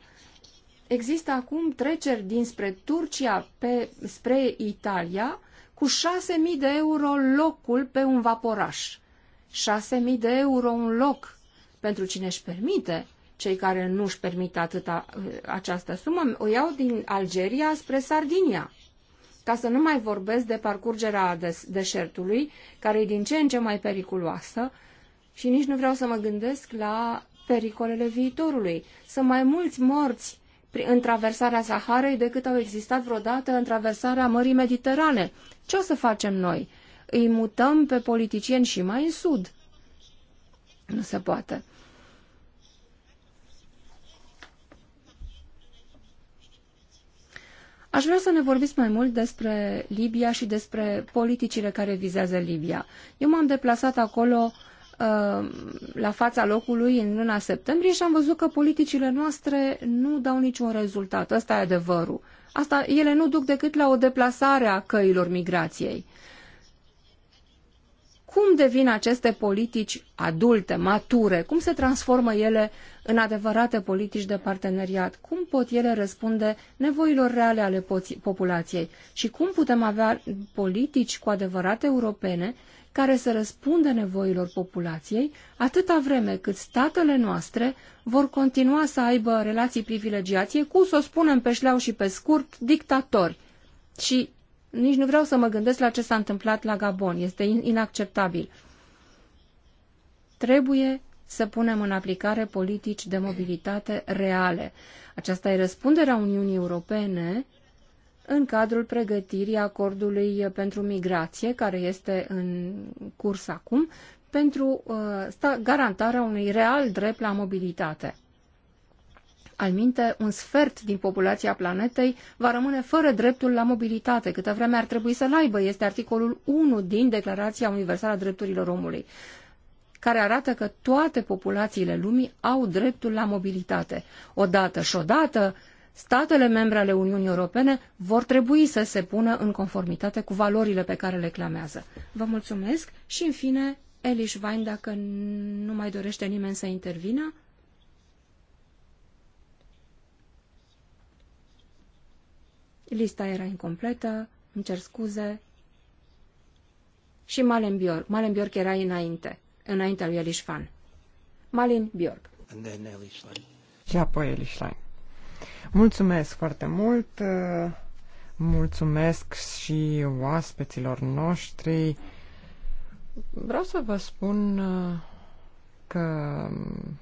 Există acum treceri dinspre Turcia pe, spre Italia cu 6.000 de euro locul pe un vaporaș. 6.000 de euro un loc pentru cine își permite. Cei care nu își permit atâta, uh, această sumă o iau din Algeria spre Sardinia. Ca să nu mai vorbesc de parcurgerea des- deșertului, care e din ce în ce mai periculoasă, și nici nu vreau să mă gândesc la pericolele viitorului. Sunt mai mulți morți în traversarea Saharei decât au existat vreodată în traversarea Mării Mediterane. Ce o să facem noi? îi mutăm pe politicieni și mai în sud. Nu se poate. Aș vrea să ne vorbiți mai mult despre Libia și despre politicile care vizează Libia. Eu m-am deplasat acolo uh, la fața locului în luna septembrie și am văzut că politicile noastre nu dau niciun rezultat. Asta e adevărul. Asta, ele nu duc decât la o deplasare a căilor migrației cum devin aceste politici adulte, mature, cum se transformă ele în adevărate politici de parteneriat, cum pot ele răspunde nevoilor reale ale populației și cum putem avea politici cu adevărat europene care să răspundă nevoilor populației atâta vreme cât statele noastre vor continua să aibă relații privilegiate cu, să o spunem pe șleau și pe scurt, dictatori. Și nici nu vreau să mă gândesc la ce s-a întâmplat la Gabon. Este inacceptabil. Trebuie să punem în aplicare politici de mobilitate reale. Aceasta e răspunderea Uniunii Europene în cadrul pregătirii acordului pentru migrație, care este în curs acum, pentru uh, garantarea unui real drept la mobilitate. Alminte, un sfert din populația planetei va rămâne fără dreptul la mobilitate. Câtă vreme ar trebui să-l aibă, este articolul 1 din Declarația Universală a Drepturilor Omului, care arată că toate populațiile lumii au dreptul la mobilitate. Odată și odată, statele membre ale Uniunii Europene vor trebui să se pună în conformitate cu valorile pe care le clamează. Vă mulțumesc și, în fine, Eliș Vain, dacă nu mai dorește nimeni să intervină. Lista era incompletă, îmi cer scuze. Și Malin Bjork. Malin Bjork era înainte, înaintea lui Elișfan. Malin Bjork. Și apoi Elișfan. Mulțumesc foarte mult. Uh, mulțumesc și oaspeților noștri. Vreau să vă spun uh, că um,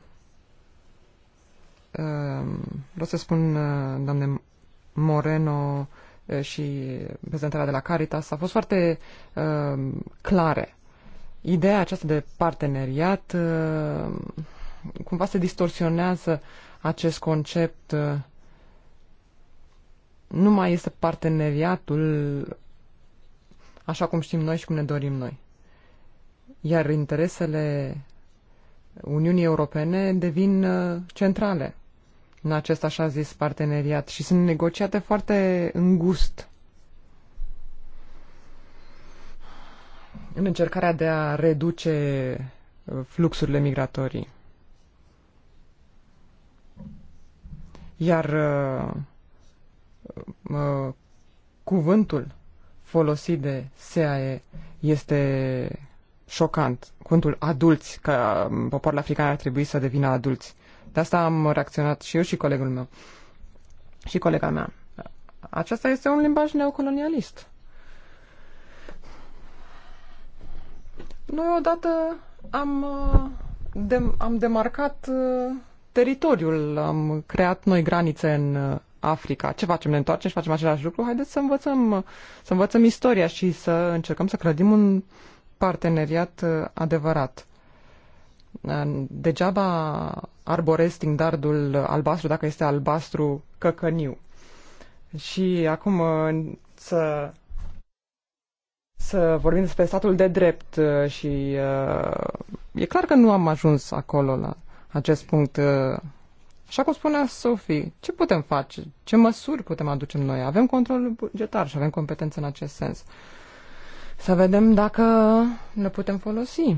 uh, vreau să spun doamne Moreno și prezentarea de la Caritas a fost foarte uh, clare. Ideea aceasta de parteneriat uh, cumva se distorsionează acest concept uh, nu mai este parteneriatul așa cum știm noi și cum ne dorim noi. Iar interesele Uniunii Europene devin centrale în acest așa zis parteneriat și sunt negociate foarte îngust. În încercarea de a reduce uh, fluxurile migratorii. Iar uh, uh cuvântul folosit de SEAE este șocant. Cuvântul adulți, că um, poporul african ar trebui să devină adulți. De asta am reacționat și eu și colegul meu și colega mea. Aceasta este un limbaj neocolonialist. Noi odată am, uh, de, am demarcat uh, teritoriul, am creat noi granițe în uh, Africa. Ce facem? Ne întoarcem și facem același lucru? Haideți să învățăm, să învățăm istoria și să încercăm să clădim un parteneriat adevărat degeaba arborezi tindardul albastru dacă este albastru căcăniu. Și acum să, să vorbim despre statul de drept uh, și uh, e clar că nu am ajuns acolo la acest punct. Uh. Așa cum spunea Sophie, ce putem face? Ce măsuri putem aduce noi? Avem control bugetar și avem competențe în acest sens. Să vedem dacă ne putem folosi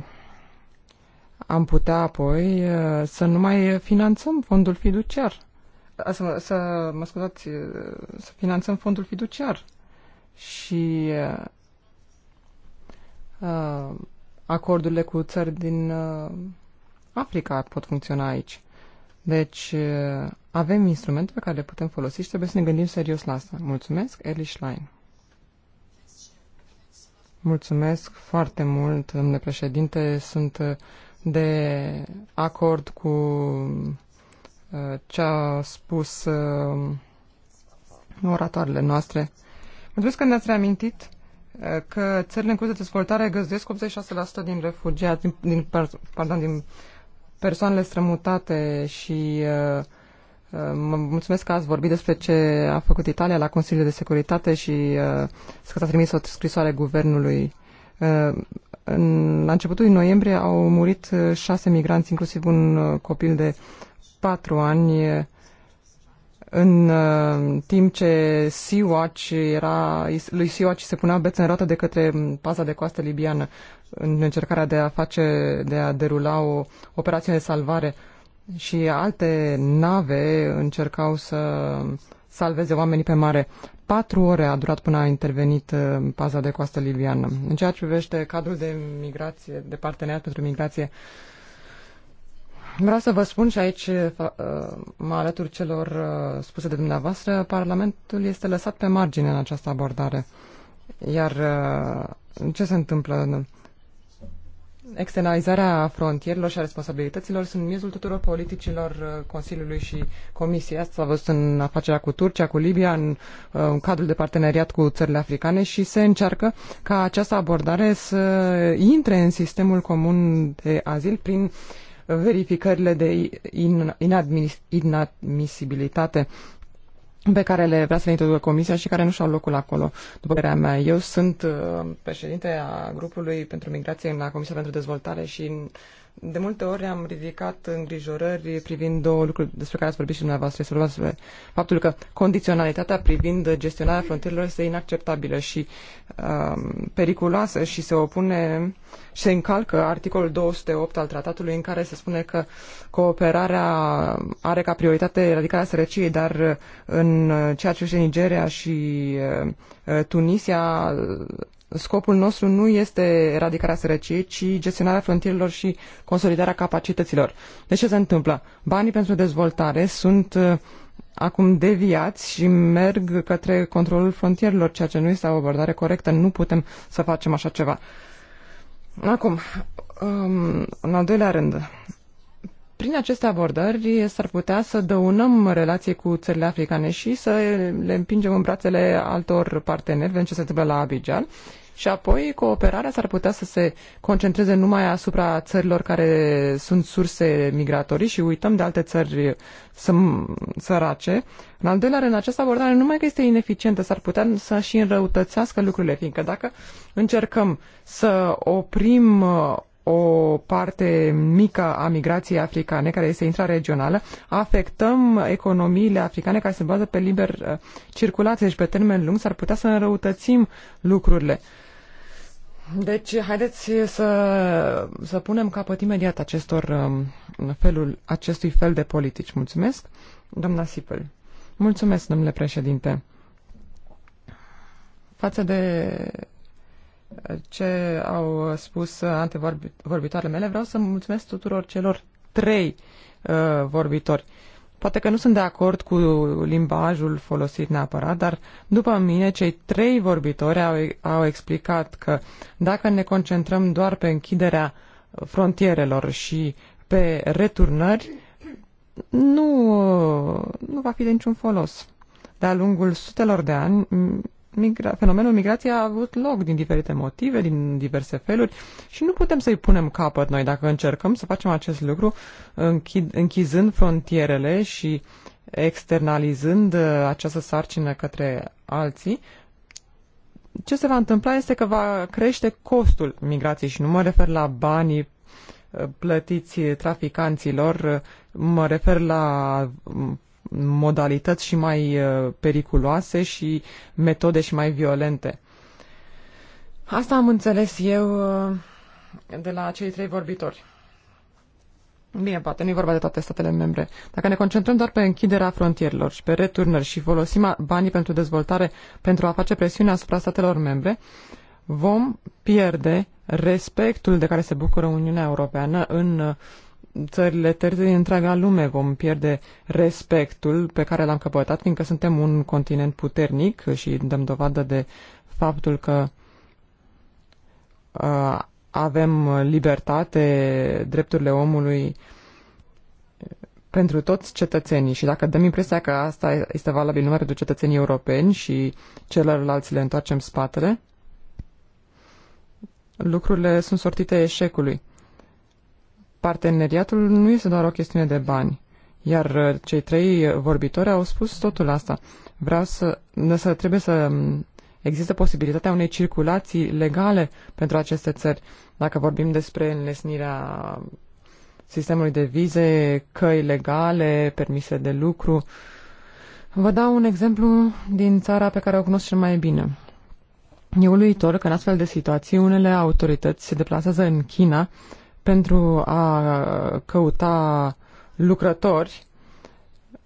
am putea apoi uh, să nu mai finanțăm fondul fiduciar. Să, să mă scuzați, uh, să finanțăm fondul fiduciar. Și uh, uh, acordurile cu țări din uh, Africa pot funcționa aici. Deci uh, avem instrumente pe care le putem folosi și trebuie să ne gândim serios la asta. Mulțumesc, Eli Schlein. Mulțumesc foarte mult, domnule președinte. Sunt de acord cu uh, ce a spus uh, oratoarele noastre. Mă că ne-ați reamintit uh, că țările în curs de dezvoltare găzduiesc 86% din refugiați, din, din, pardon, din persoanele strămutate și uh, mă mulțumesc că ați vorbit despre ce a făcut Italia la Consiliul de Securitate și uh, că s-a trimis o scrisoare guvernului Uh, în, la începutul noiembrie au murit uh, șase migranți, inclusiv un uh, copil de patru ani, în timp ce Sea-Watch era, lui Sea-Watch se punea bețe în roată de către um, paza de coastă libiană în încercarea de a face, de a derula o operație de salvare și alte nave încercau să um, salveze oamenii pe mare. Patru ore a durat până a intervenit uh, paza de coastă libiană. În ceea ce privește cadrul de migrație, de parteneriat pentru migrație, Vreau să vă spun și aici uh, mă alătur celor uh, spuse de dumneavoastră, Parlamentul este lăsat pe margine în această abordare. Iar ce se întâmplă? externalizarea frontierilor și a responsabilităților sunt miezul tuturor politicilor uh, Consiliului și Comisiei. Asta s-a văzut în afacerea cu Turcia, cu Libia, în, uh, în cadrul de parteneriat cu țările africane și se încearcă ca această abordare să intre în sistemul comun de azil prin verificările de inadmisibilitate pe care le vrea să le introducă Comisia și care nu și-au locul acolo, după părerea mea. Eu sunt uh, președinte a grupului pentru migrație în la Comisia pentru Dezvoltare și de multe ori am ridicat îngrijorări privind două lucruri despre care ați vorbit și dumneavoastră. Este vorba despre faptul că condiționalitatea privind gestionarea frontierelor este inacceptabilă și um, periculoasă și se opune și se încalcă articolul 208 al tratatului în care se spune că cooperarea are ca prioritate eradicarea sărăciei, dar în ceea ce este Nigeria și uh, Tunisia scopul nostru nu este eradicarea sărăciei, ci gestionarea frontierelor și consolidarea capacităților. De ce se întâmplă? Banii pentru dezvoltare sunt uh, acum deviați și merg către controlul frontierelor, ceea ce nu este o abordare corectă. Nu putem să facem așa ceva. Acum, um, în al doilea rând, prin aceste abordări s-ar putea să dăunăm relații cu țările africane și să le împingem în brațele altor parteneri, vedem ce se întâmplă la Abidjan, și apoi cooperarea s-ar putea să se concentreze numai asupra țărilor care sunt surse migratorii și uităm de alte țări sărace. În al doilea rând, această abordare numai că este ineficientă, s-ar putea să și înrăutățească lucrurile, fiindcă dacă încercăm să oprim o parte mică a migrației africane, care este intraregională, afectăm economiile africane care se bază pe liber uh, circulație și pe termen lung, s-ar putea să înrăutățim lucrurile. Deci, haideți să, să punem capăt imediat acestor, um, felul, acestui fel de politici. Mulțumesc, doamna Sipel. Mulțumesc, domnule președinte. Față de ce au spus antevorbitoarele mele, vreau să mulțumesc tuturor celor trei uh, vorbitori. Poate că nu sunt de acord cu limbajul folosit neapărat, dar după mine cei trei vorbitori au, au explicat că dacă ne concentrăm doar pe închiderea frontierelor și pe returnări, nu, nu va fi de niciun folos. De-a lungul sutelor de ani, migra- fenomenul migrației a avut loc din diferite motive, din diverse feluri și nu putem să-i punem capăt noi dacă încercăm să facem acest lucru închid, închizând frontierele și externalizând uh, această sarcină către alții. Ce se va întâmpla este că va crește costul migrației și nu mă refer la banii uh, plătiți traficanților, uh, mă refer la modalități și mai uh, periculoase și metode și mai violente. Asta am înțeles eu uh, de la cei trei vorbitori. Bine, poate nu e vorba de toate statele membre. Dacă ne concentrăm doar pe închiderea frontierilor și pe returnări și folosim banii pentru dezvoltare pentru a face presiune asupra statelor membre, vom pierde respectul de care se bucură Uniunea Europeană în uh, țările terțe din întreaga lume. Vom pierde respectul pe care l-am căpătat, fiindcă suntem un continent puternic și dăm dovadă de faptul că uh, avem libertate, drepturile omului uh, pentru toți cetățenii și dacă dăm impresia că asta este valabil numai pentru cetățenii europeni și celorlalți le întoarcem spatele, lucrurile sunt sortite eșecului parteneriatul nu este doar o chestiune de bani. Iar uh, cei trei uh, vorbitori au spus totul asta. Vreau să, să trebuie să um, există posibilitatea unei circulații legale pentru aceste țări. Dacă vorbim despre înlesnirea sistemului de vize, căi legale, permise de lucru. Vă dau un exemplu din țara pe care o cunosc cel mai bine. E uluitor că în astfel de situații unele autorități se deplasează în China pentru a căuta lucrători,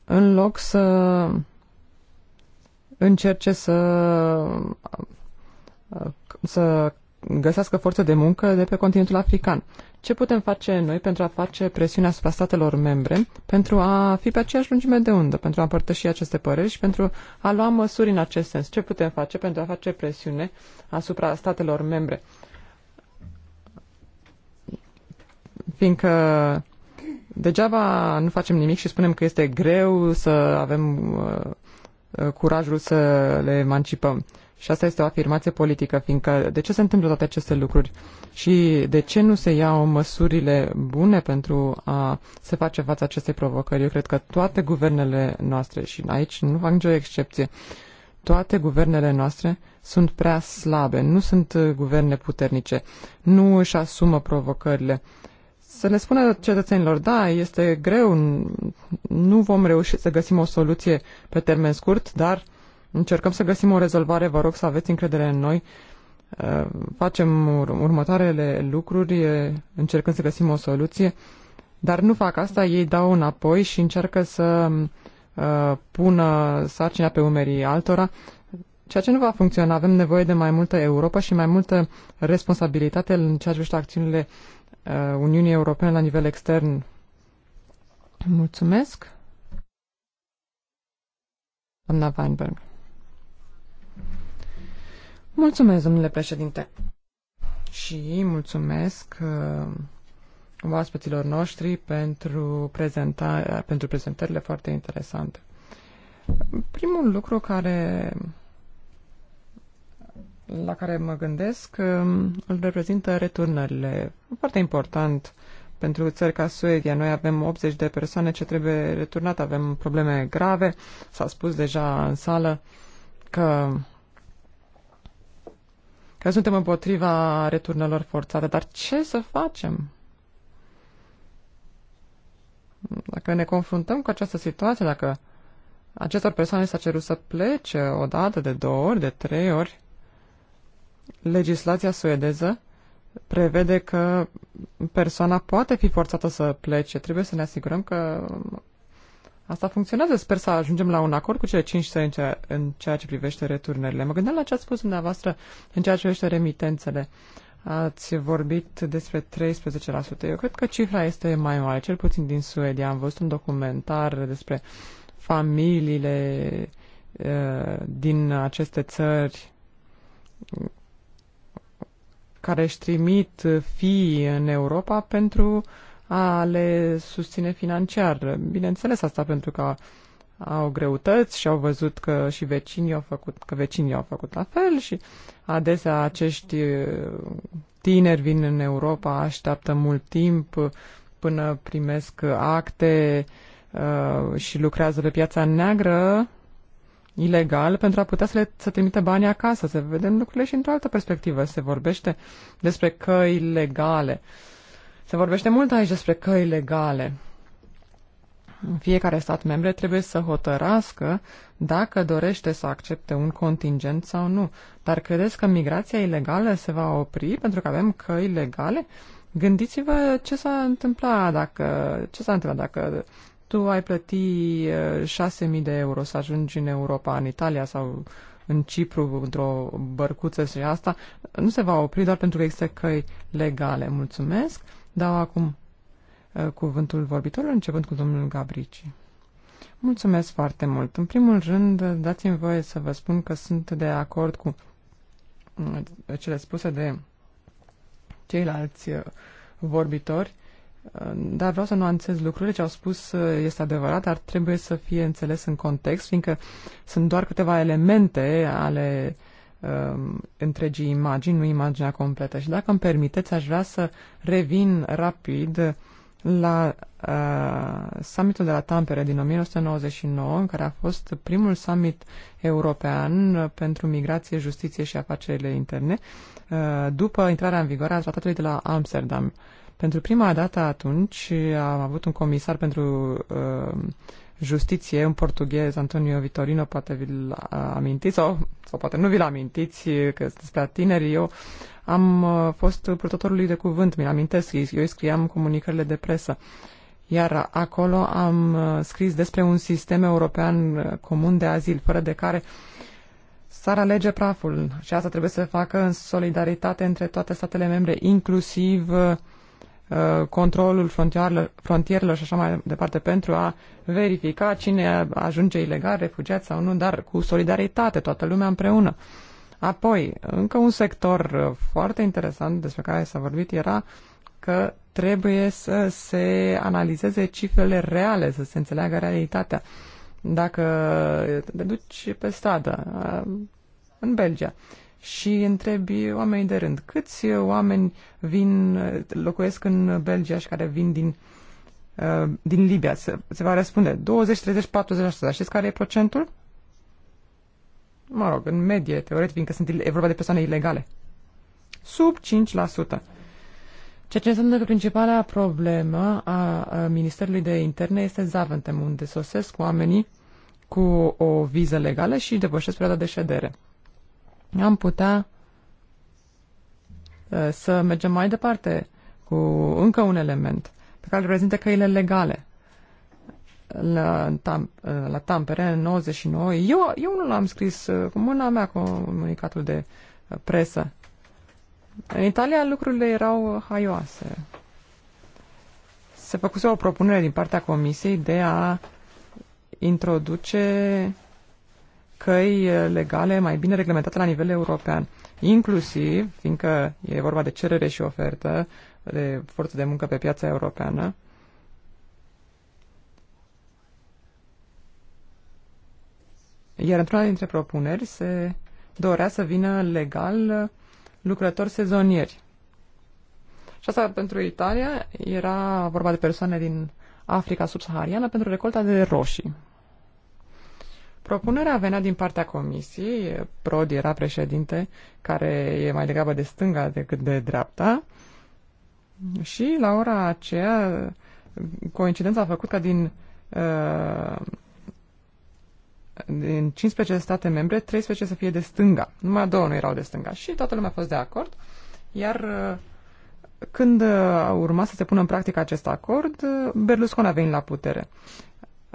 în loc să încerce să, să găsească forță de muncă de pe continentul african. Ce putem face noi pentru a face presiune asupra statelor membre, pentru a fi pe aceeași lungime de undă, pentru a împărtăși aceste păreri și pentru a lua măsuri în acest sens? Ce putem face pentru a face presiune asupra statelor membre? fiindcă degeaba nu facem nimic și spunem că este greu să avem uh, uh, curajul să le emancipăm. Și asta este o afirmație politică, fiindcă de ce se întâmplă toate aceste lucruri și de ce nu se iau măsurile bune pentru a se face față acestei provocări? Eu cred că toate guvernele noastre, și aici nu fac nicio excepție, toate guvernele noastre sunt prea slabe, nu sunt guverne puternice, nu își asumă provocările. Uh, să le spună cetățenilor, da, este greu, nu vom reuși să găsim o soluție pe termen scurt, dar încercăm să găsim o rezolvare, vă rog să aveți încredere în noi, uh, facem următoarele lucruri, uh, încercăm să găsim o soluție, dar nu fac asta, ei dau înapoi și încearcă să uh, pună sarcina pe umerii altora, ceea ce nu va funcționa. Avem nevoie de mai multă Europa și mai multă responsabilitate în ceea ce privește acțiunile uh, Uh, Uniunii Europene la nivel extern. Mulțumesc. Doamna Weinberg. Mulțumesc, domnule președinte. Și mulțumesc uh, oaspeților noștri pentru, prezenta- pentru prezentările foarte interesante. Primul lucru care la care mă gândesc um, îl reprezintă returnările. Foarte important pentru țări ca Suedia. Noi avem 80 de persoane ce trebuie returnate, avem probleme grave. S-a spus deja în sală că că suntem împotriva returnelor forțate, dar ce să facem? Dacă ne confruntăm cu această situație, dacă acestor persoane s-a cerut să plece o dată, de două ori, de trei ori, legislația suedeză prevede că persoana poate fi forțată să plece. Trebuie să ne asigurăm că asta funcționează. Sper să ajungem la un acord cu cele cinci țări în ceea ce privește returnările. Mă gândeam la ce ați spus dumneavoastră în ceea ce privește remitențele. Ați vorbit despre 13%. Eu cred că cifra este mai mare, cel puțin din Suedia. Am văzut un documentar despre familiile uh, din aceste țări care își trimit fii în Europa pentru a le susține financiar. Bineînțeles asta pentru că au greutăți și au văzut că și vecinii au făcut, că vecinii au făcut la fel și adesea acești tineri vin în Europa, așteaptă mult timp până primesc acte uh, și lucrează pe piața neagră ilegal pentru a putea să, le, să trimite banii acasă, să vedem lucrurile și într-o altă perspectivă. Se vorbește despre căi legale. Se vorbește mult aici despre căi legale. Fiecare stat membre trebuie să hotărască dacă dorește să accepte un contingent sau nu. Dar credeți că migrația ilegală se va opri pentru că avem căi legale? Gândiți-vă ce s-a întâmplat dacă, ce s-a întâmplat dacă tu ai plăti 6.000 uh, de euro să ajungi în Europa, în Italia sau în Cipru, într-o bărcuță și asta, nu se va opri doar pentru că există căi legale. Mulțumesc. Dau acum uh, cuvântul vorbitorilor, începând cu domnul Gabrici. Mulțumesc foarte mult. În primul rând, dați-mi voie să vă spun că sunt de acord cu uh, cele spuse de ceilalți vorbitori dar vreau să nuanțez lucrurile. Ce au spus uh, este adevărat, dar trebuie să fie înțeles în context, fiindcă sunt doar câteva elemente ale um, întregii imagini, nu imaginea completă. Și dacă îmi permiteți, aș vrea să revin rapid la uh, summitul de la Tampere din 1999, în care a fost primul summit european uh, pentru migrație, justiție și afacerile interne, uh, după intrarea în vigoare a tratatului de la Amsterdam. Uh, pentru prima dată atunci am avut un comisar pentru uh, justiție, un portughez, Antonio Vitorino, poate vi-l uh, amintiți sau, sau poate nu vi-l amintiți, că sunt prea tineri. Eu am uh, fost purtătorului de cuvânt, mi-l amintesc, eu scriam comunicările de presă. Iar acolo am uh, scris despre un sistem european uh, comun de azil, fără de care s-ar alege praful. Și asta trebuie să facă în solidaritate între toate statele membre, inclusiv uh, Uh, controlul frontierelor, frontierelor și așa mai departe pentru a verifica cine ajunge ilegal, refugiat sau nu, dar cu solidaritate, toată lumea împreună. Apoi, încă un sector uh, foarte interesant despre care s-a vorbit era că trebuie să se analizeze cifrele reale, să se înțeleagă realitatea. Dacă te duci pe stradă, uh, în Belgia, și întrebi oamenii de rând, câți uh, oameni vin, uh, locuiesc în Belgia și care vin din, uh, din Libia? Se, se va răspunde 20, 30, 40%. Știți care e procentul? Mă rog, în medie, teoretic, fiindcă sunt, e vorba de persoane ilegale. Sub 5%. Ceea ce înseamnă că principala problemă a Ministerului de Interne este Zaventem, unde sosesc oamenii cu o viză legală și depășesc perioada de ședere am putea uh, să mergem mai departe cu încă un element pe care îl reprezintă căile legale. La, tam, uh, la Tampere, în 99, eu, eu nu l-am scris uh, cu mâna mea comunicatul de presă. În Italia lucrurile erau haioase. Se făcuse o propunere din partea comisiei de a introduce căi legale mai bine reglementate la nivel european, inclusiv, fiindcă e vorba de cerere și ofertă de forță de muncă pe piața europeană, Iar într-una dintre propuneri se dorea să vină legal lucrători sezonieri. Și asta pentru Italia era vorba de persoane din Africa subsahariană pentru recolta de roșii. Propunerea venea din partea comisiei, Prodi era președinte, care e mai degrabă de stânga decât de dreapta, și la ora aceea coincidența a făcut ca din, uh, din 15 state membre, 13 să fie de stânga. Numai două nu erau de stânga și toată lumea a fost de acord. Iar uh, când a uh, urma să se pună în practică acest acord, Berlusconi a venit la putere.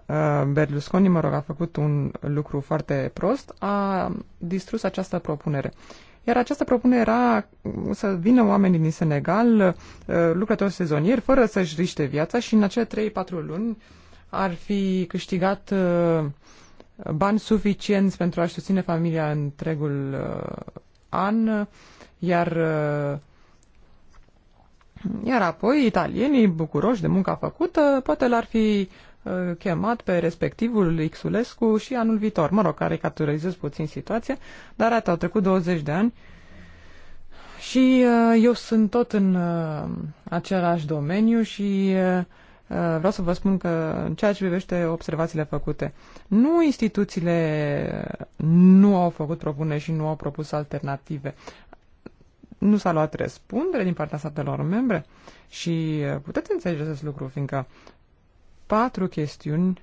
Uh, Berlusconi, mă rog, a făcut un lucru foarte prost, a distrus această propunere. Iar această propunere era să vină oamenii din Senegal, uh, lucrători sezonieri, fără să-și riște viața și în acele 3-4 luni ar fi câștigat uh, bani suficienți pentru a-și susține familia întregul an, iar iar apoi, italienii, bucuroși de munca făcută, poate l-ar fi Uh, chemat pe respectivul Xulescu și anul viitor. Mă rog, caricaturizez puțin situația, dar atât au trecut 20 de ani și uh, eu sunt tot în uh, același domeniu și vreau să vă spun că în ceea ce privește observațiile făcute, nu instituțiile nu au făcut propuneri și nu au propus alternative. Nu s-a luat răspundere din partea statelor membre și puteți înțelege acest lucru, fiindcă patru chestiuni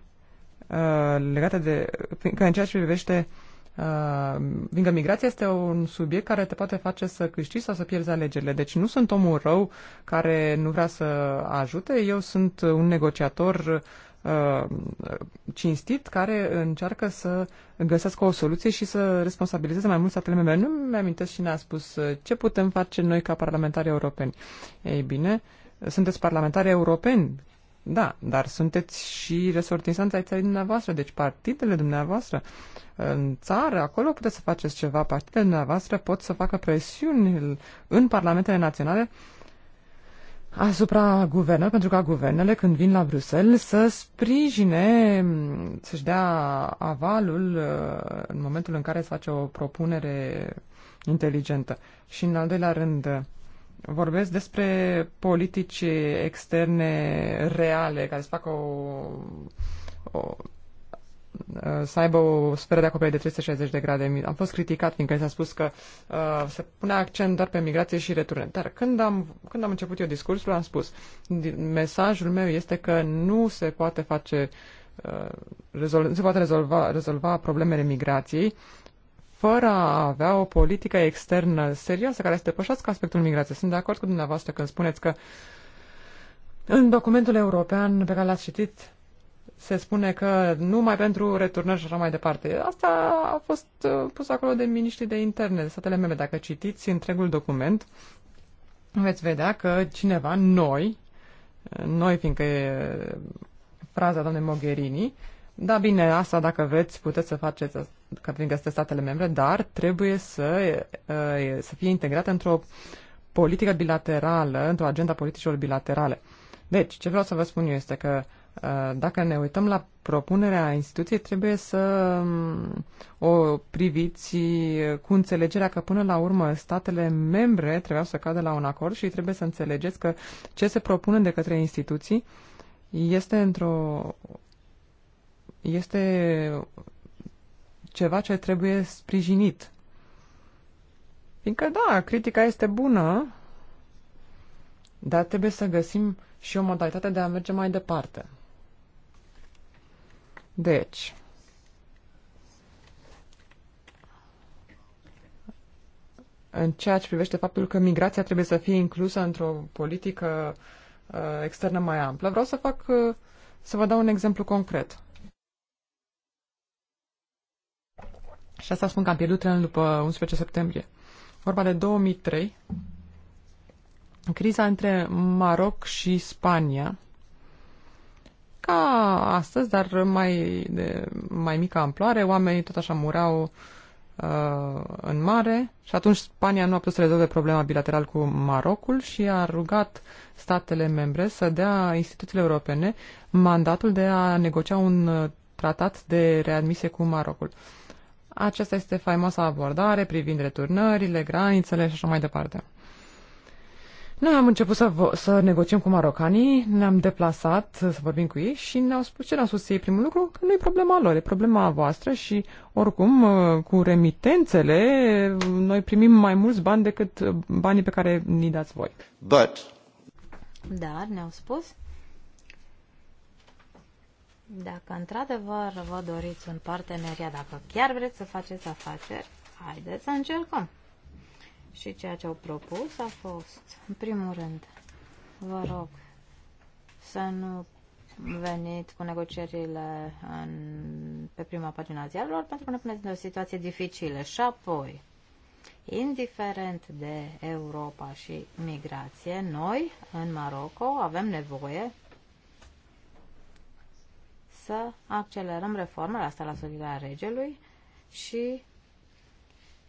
uh, legate de... că în ceea ce privește uh, fiindcă migrația este un subiect care te poate face să câștigi sau să pierzi alegerile. Deci nu sunt omul rău care nu vrea să ajute, eu sunt un negociator uh, cinstit care încearcă să găsească o soluție și să responsabilizeze mai mult statele membre. Nu mi-amintesc cine a spus uh, ce putem face noi ca parlamentari europeni. Ei bine, sunteți parlamentari europeni da, dar sunteți și resortizanți ai țării dumneavoastră, deci partidele dumneavoastră în țară, acolo puteți să faceți ceva. Partidele dumneavoastră pot să facă presiuni în parlamentele naționale asupra guvernelor, pentru ca guvernele, când vin la Bruxelles, să sprijine, să-și dea avalul uh, în momentul în care se face o propunere inteligentă. Și, în al doilea rând, vorbesc despre politici externe reale, care să facă o, o să aibă o sferă de acoperire de 360 de grade. Am fost criticat fiindcă s-a spus că uh, se pune accent doar pe migrație și returne. Dar când am, când am început eu discursul, am spus, mesajul meu este că nu se poate face uh, rezolv, nu se poate rezolva, rezolva problemele migrației fără a avea o politică externă serioasă care să depășească aspectul migrației. Sunt de acord cu dumneavoastră când spuneți că în documentul european pe care l-ați citit se spune că numai pentru returnări și așa mai departe. Asta a fost uh, pus acolo de miniștri de interne, de statele membre. Dacă citiți întregul document, veți vedea că cineva, noi, uh, noi fiindcă e fraza doamnei Mogherini, da, bine, asta dacă veți, puteți să faceți că prin găsite statele membre, dar trebuie să, să fie integrată într-o politică bilaterală, într-o agenda politicilor bilaterale. Deci, ce vreau să vă spun eu este că dacă ne uităm la propunerea instituției, trebuie să mm, o priviți cu înțelegerea că până la urmă statele membre trebuiau să cadă la un acord și trebuie să înțelegeți că ce se propune de către instituții este într-o este ceva ce trebuie sprijinit. Fiindcă, da, critica este bună, dar trebuie să găsim și o modalitate de a merge mai departe. Deci, în ceea ce privește faptul că migrația trebuie să fie inclusă într-o politică uh, externă mai amplă, vreau să fac, uh, să vă dau un exemplu concret. Și asta spun că am pierdut trenul după 11 septembrie. Vorba de 2003, criza între Maroc și Spania, ca astăzi, dar mai, de mai mică amploare, oamenii tot așa murau uh, în mare și atunci Spania nu a putut să rezolve problema bilateral cu Marocul și a rugat statele membre să dea instituțiile europene mandatul de a negocia un uh, tratat de readmisie cu Marocul. Uh, aceasta este faimoasa abordare privind returnările, granițele și așa mai departe. Noi am început să, să negociem cu marocanii, ne-am deplasat să vorbim cu ei și ne-au spus ce ne-au spus ei primul lucru, că nu e problema lor, e problema voastră și oricum uh, cu remitențele uh, noi primim mai mulți bani decât uh, banii pe care ni dați voi. But... Dar ne-au spus dacă într-adevăr vă doriți un parteneriat, dacă chiar vreți să faceți afaceri, haideți să încercăm. Și ceea ce au propus a fost, în primul rând, vă rog să nu venit cu negocierile în, pe prima pagina ziarilor pentru că ne puneți în o situație dificilă. Și apoi, indiferent de Europa și migrație, noi în Maroco avem nevoie să accelerăm reformele asta la solicitarea regelui și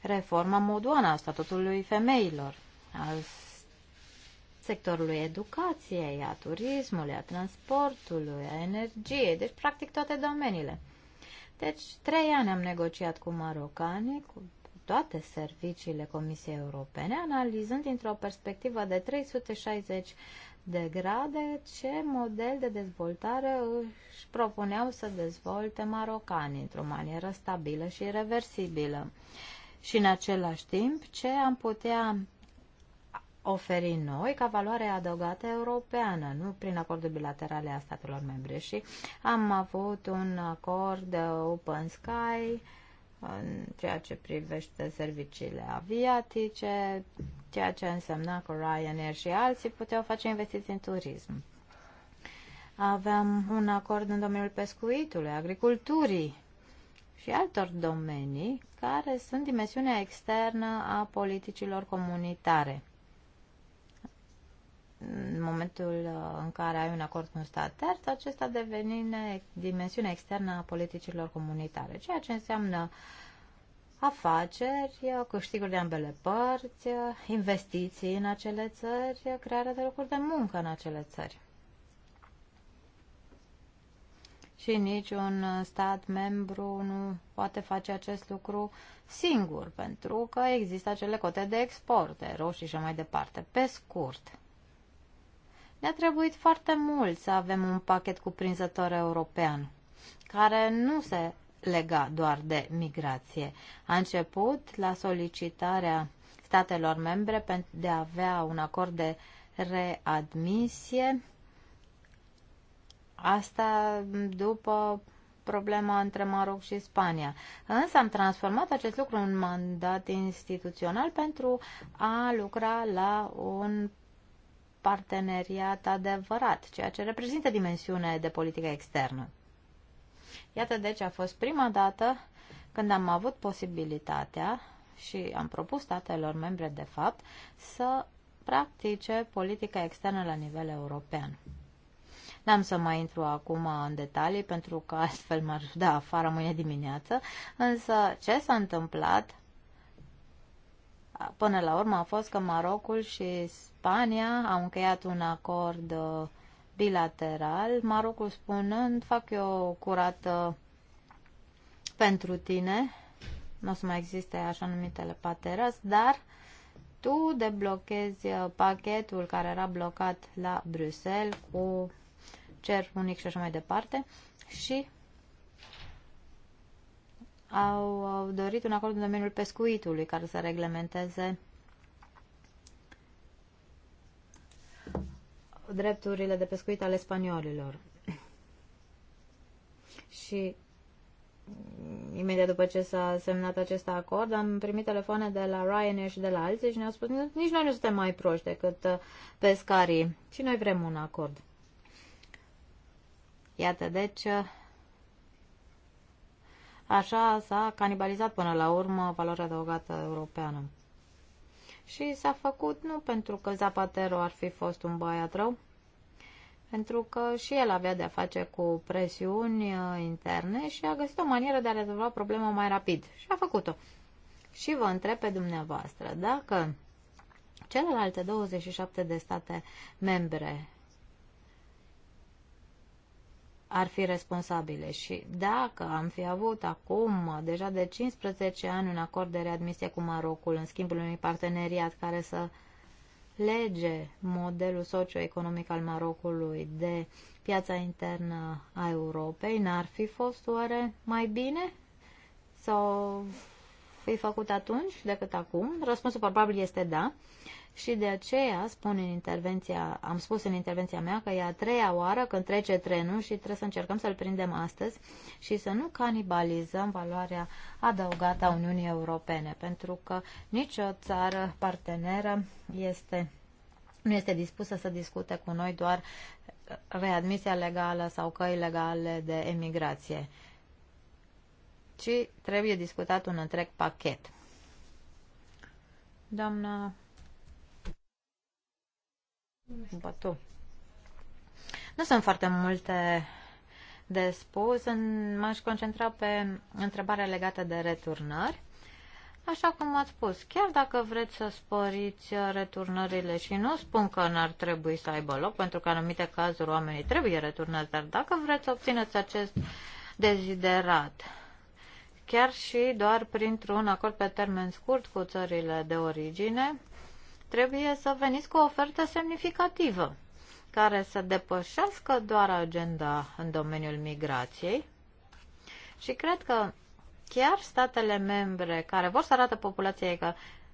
reforma modoană a statutului femeilor, al sectorului educației, a turismului, a transportului, a energiei, deci practic toate domeniile. Deci trei ani am negociat cu marocanii, cu toate serviciile Comisiei Europene, analizând dintr-o perspectivă de 360 de grade, ce model de dezvoltare își propuneau să dezvolte marocanii într-o manieră stabilă și reversibilă. Și în același timp, ce am putea oferi noi ca valoare adăugată europeană, nu prin acorduri bilaterale a statelor membre. Și am avut un acord Open Sky în ceea ce privește serviciile aviatice, ceea ce însemna că Ryanair și alții puteau face investiții în turism. Aveam un acord în domeniul pescuitului, agriculturii și altor domenii care sunt dimensiunea externă a politicilor comunitare. În momentul uh, în care ai un acord cu un stat terț, acesta devine dimensiunea externă a politicilor comunitare, ceea ce înseamnă uh, afaceri, câștiguri de ambele părți, investiții în acele țări, crearea de locuri de muncă în acele țări. Și niciun stat membru nu poate face acest lucru singur, pentru că există acele cote de export, de roșii și mai departe. Pe scurt, ne-a trebuit foarte mult să avem un pachet cuprinzător european, care nu se lega doar de migrație. A început la solicitarea statelor membre de a avea un acord de readmisie. Asta după problema între Maroc și Spania. Însă am transformat acest lucru în mandat instituțional pentru a lucra la un parteneriat adevărat, ceea ce reprezintă dimensiune de politică externă. Iată, deci a fost prima dată când am avut posibilitatea și am propus statelor membre, de fapt, să practice politica externă la nivel european. N-am să mai intru acum în detalii pentru că astfel m-ar da afară mâine dimineață, însă ce s-a întâmplat până la urmă a fost că Marocul și Spania au încheiat un acord uh, bilateral, Marocul spunând, fac eu curată pentru tine, nu o să mai existe așa numitele pateras, dar tu deblochezi uh, pachetul care era blocat la Bruxelles cu cer unic și așa mai departe și au, dorit un acord în domeniul pescuitului care să reglementeze drepturile de pescuit ale spaniolilor. Și imediat după ce s-a semnat acest acord, am primit telefoane de la Ryanair și de la alții și ne-au spus nici noi nu suntem mai proști decât uh, pescarii și noi vrem un acord. Iată, deci uh, așa s-a canibalizat până la urmă valoarea adăugată europeană. Și s-a făcut nu pentru că Zapatero ar fi fost un băiat rău, pentru că și el avea de-a face cu presiuni uh, interne și a găsit o manieră de a rezolva problema mai rapid. Și a făcut-o. Și vă întreb pe dumneavoastră, dacă celelalte 27 de state membre ar fi responsabile și dacă am fi avut acum deja de 15 ani un acord de readmisie cu Marocul în schimbul unui parteneriat care să lege modelul socioeconomic al Marocului de piața internă a Europei, n-ar fi fost oare mai bine? Sau fi făcut atunci decât acum? Răspunsul probabil este da și de aceea spun în intervenția, am spus în intervenția mea că e a treia oară când trece trenul și trebuie să încercăm să-l prindem astăzi și să nu canibalizăm valoarea adăugată a Uniunii Europene, pentru că nicio țară parteneră este, nu este dispusă să discute cu noi doar readmisia legală sau căi legale de emigrație, ci trebuie discutat un întreg pachet. Doamna Bătu. Nu sunt foarte multe de spus. M-aș concentra pe întrebarea legată de returnări. Așa cum ați spus, chiar dacă vreți să spăriți returnările și nu spun că n-ar trebui să aibă loc, pentru că în anumite cazuri oamenii trebuie returnați, dar dacă vreți să obțineți acest deziderat, chiar și doar printr-un acord pe termen scurt cu țările de origine, trebuie să veniți cu o ofertă semnificativă care să depășească doar agenda în domeniul migrației și cred că chiar statele membre care vor să arată populației că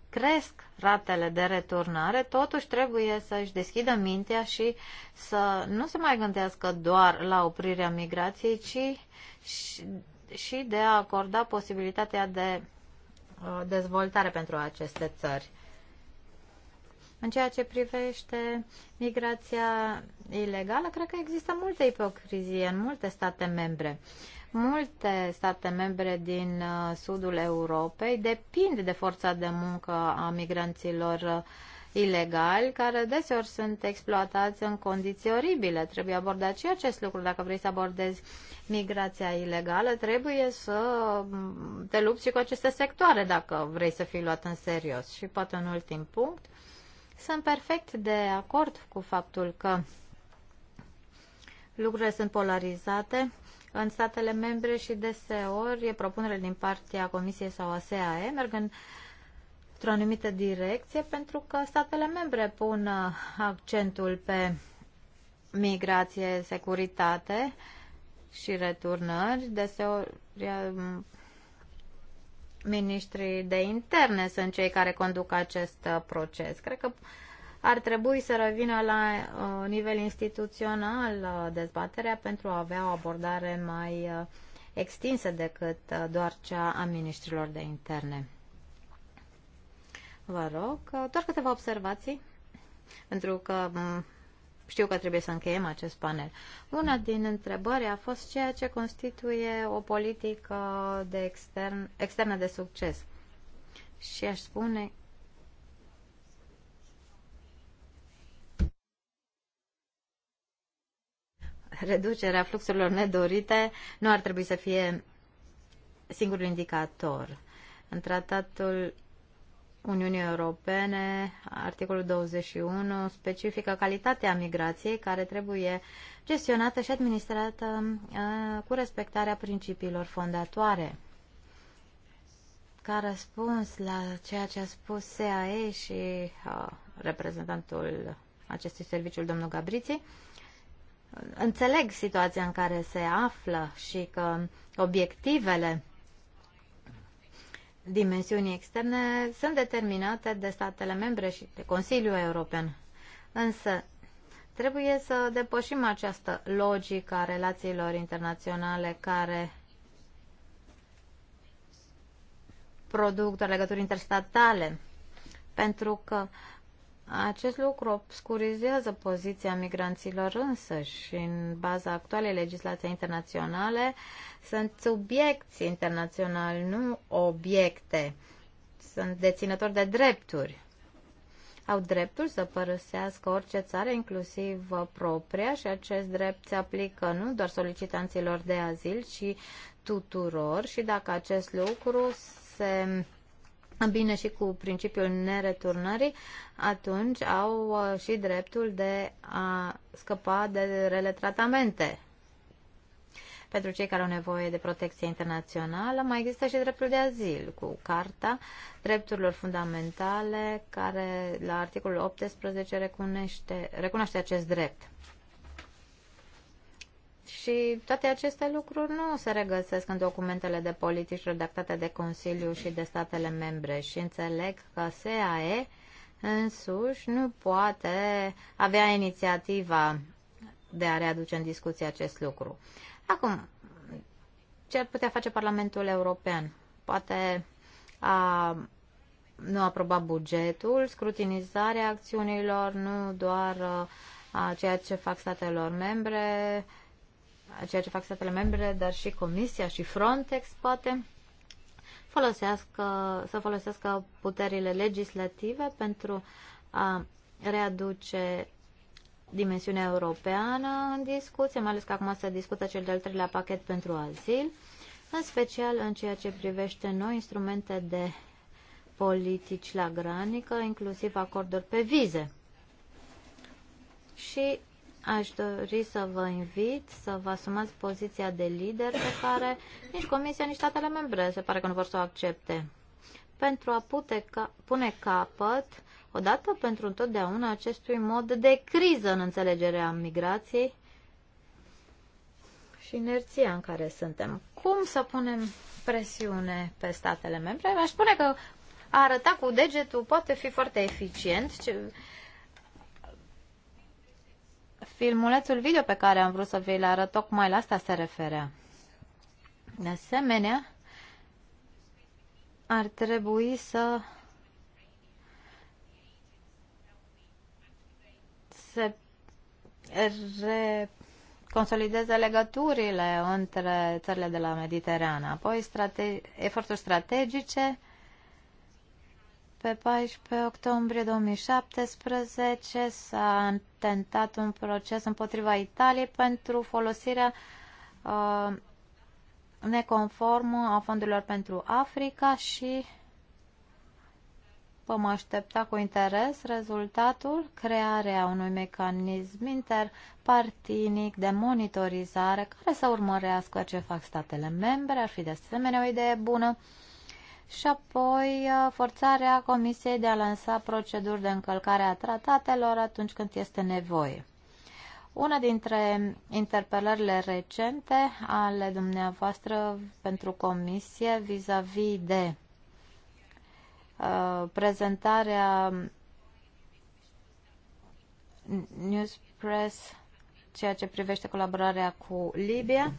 cresc ratele de returnare, totuși trebuie să-și deschidă mintea și să nu se mai gândească doar la oprirea migrației, ci și de a acorda posibilitatea de uh, dezvoltare pentru aceste țări. În ceea ce privește migrația ilegală, cred că există multă ipocrizie în multe state membre. Multe state membre din uh, sudul Europei depind de forța de muncă a migranților uh, ilegali, care deseori sunt exploatați în condiții oribile. Trebuie abordat și acest lucru. Dacă vrei să abordezi migrația ilegală, trebuie să mm, te lupți și cu aceste sectoare dacă vrei să fii luat în serios. Și poate un ultim punct. Sunt perfect de acord cu faptul că lucrurile sunt polarizate în statele membre și deseori e propunere din partea Comisiei sau a SAE, merg în într-o anumită direcție pentru că statele membre pun uh, accentul pe migrație, securitate și returnări. Deseori uh, ministrii de interne sunt cei care conduc acest uh, proces. Cred că ar trebui să revină la uh, nivel instituțional uh, dezbaterea pentru a avea o abordare mai extinsă decât doar cea a ministrilor de interne. Vă rog, doar câteva observații, pentru că mm, știu că trebuie să încheiem acest panel. Una din întrebări a fost ceea ce constituie o politică de extern, externă de succes. Și aș spune reducerea fluxurilor nedorite nu ar trebui să fie singurul indicator. În tratatul Uniunii Europene, articolul 21, specifică calitatea migrației care trebuie gestionată și administrată uh, cu respectarea principiilor fondatoare. Ca răspuns la ceea ce a spus SAE și uh, reprezentantul acestui serviciu, domnul Gabriții, înțeleg situația în care se află și că obiectivele dimensiunii externe sunt determinate de statele membre și de Consiliul European. Însă, trebuie să depășim această logică a relațiilor internaționale care produc legături interstatale, pentru că acest lucru obscurizează poziția migranților însă și în baza actualei legislații internaționale sunt subiecti internaționali, nu obiecte. Sunt deținători de drepturi. Au dreptul să părăsească orice țară, inclusiv propria, și acest drept se aplică nu doar solicitanților de azil, ci tuturor și dacă acest lucru se bine și cu principiul nereturnării, atunci au uh, și dreptul de a scăpa de rele tratamente. Pentru cei care au nevoie de protecție internațională, mai există și dreptul de azil cu Carta Drepturilor Fundamentale, care la articolul 18 recunoaște, acest drept. Și toate aceste lucruri nu se regăsesc în documentele de politici redactate de Consiliu și de statele membre și înțeleg că SAE însuși nu poate avea inițiativa de a readuce în discuție acest lucru. Acum, ce ar putea face Parlamentul European? Poate a nu aproba bugetul, scrutinizarea acțiunilor, nu doar uh, a ceea ce fac statelor membre, ceea ce fac statele membre, dar și Comisia și Frontex, poate, folosească, să folosească puterile legislative pentru a readuce dimensiunea europeană în discuție, mai ales că acum se discută cel de-al treilea pachet pentru azil, în special în ceea ce privește noi instrumente de politici la granică, inclusiv acorduri pe vize. Și Aș dori să vă invit să vă asumați poziția de lider pe care nici Comisia, nici statele membre se pare că nu vor să o accepte. Pentru a pute ca, pune capăt, odată pentru întotdeauna, acestui mod de criză în înțelegerea migrației și inerția în care suntem. Cum să punem presiune pe statele membre? Aș spune că a arăta cu degetul poate fi foarte eficient. Ce, filmulețul video pe care am vrut să vi-l arăt, tocmai la asta se referea. De asemenea, ar trebui să se consolideze legăturile între țările de la Mediterană, apoi strate- eforturi strategice pe 14 octombrie 2017 s-a intentat un proces împotriva Italiei pentru folosirea uh, neconformă a fondurilor pentru Africa și vom aștepta cu interes rezultatul crearea unui mecanism interpartinic de monitorizare care să urmărească ce fac statele membre. Ar fi de asemenea o idee bună și apoi uh, forțarea Comisiei de a lansa proceduri de încălcare a tratatelor atunci când este nevoie. Una dintre interpelările recente ale dumneavoastră pentru comisie vis-a-vis -vis de uh, prezentarea News Press ceea ce privește colaborarea cu Libia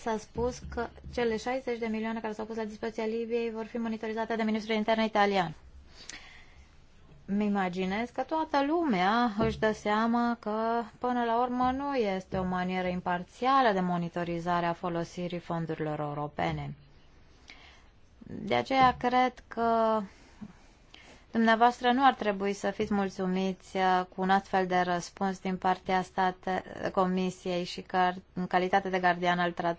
s-a spus că cele 60 de milioane care s-au pus la dispoziția Libiei vor fi monitorizate de ministrul intern italian. Mi imaginez că toată lumea își dă seama că, până la urmă, nu este o manieră imparțială de monitorizare a folosirii fondurilor europene. De aceea cred că Dumneavoastră nu ar trebui să fiți mulțumiți uh, cu un astfel de răspuns din partea state, Comisiei și că în calitate de gardian al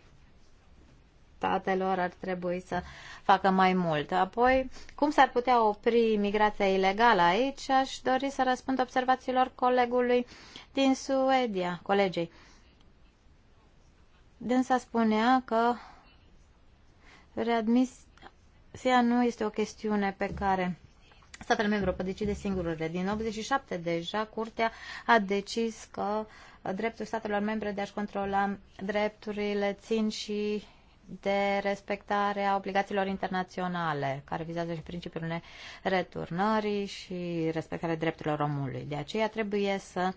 tratatelor ar trebui să facă mai mult. Apoi, cum s-ar putea opri migrația ilegală aici? Aș dori să răspund observațiilor colegului din Suedia, colegei. Dânsa spunea că readmisia nu este o chestiune pe care statele membre pot decide singurele. Din 87 deja, Curtea a decis că dreptul statelor membre de a-și controla drepturile țin și de respectarea obligațiilor internaționale, care vizează și principiul returnării și respectarea drepturilor omului. De aceea trebuie să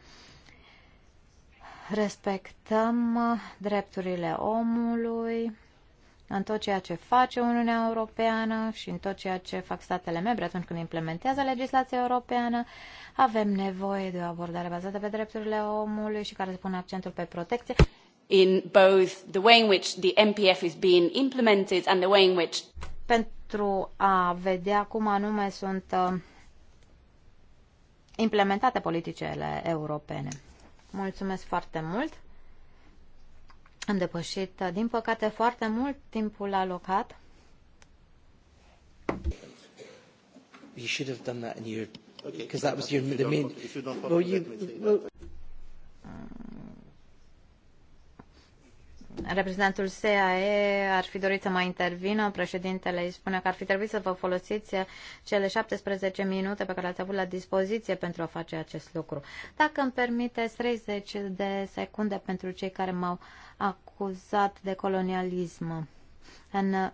respectăm drepturile omului, în tot ceea ce face Uniunea Europeană și în tot ceea ce fac statele membre atunci când implementează legislația europeană. Avem nevoie de o abordare bazată pe drepturile omului și care se pune accentul pe protecție. In both the way in which the MPF is being implemented and the way in which pentru a vedea cum anume sunt uh, implementate politicele europene. Mulțumesc foarte mult! Am depășit, din păcate, foarte mult timpul alocat. You should have done that in your, because that was your the main. Well, you, well, reprezentantul SAE ar fi dorit să mai intervină. Președintele îi spune că ar fi trebuit să vă folosiți cele 17 minute pe care le-ați avut la dispoziție pentru a face acest lucru. Dacă îmi permiteți 30 de secunde pentru cei care m-au acuzat de colonialism. În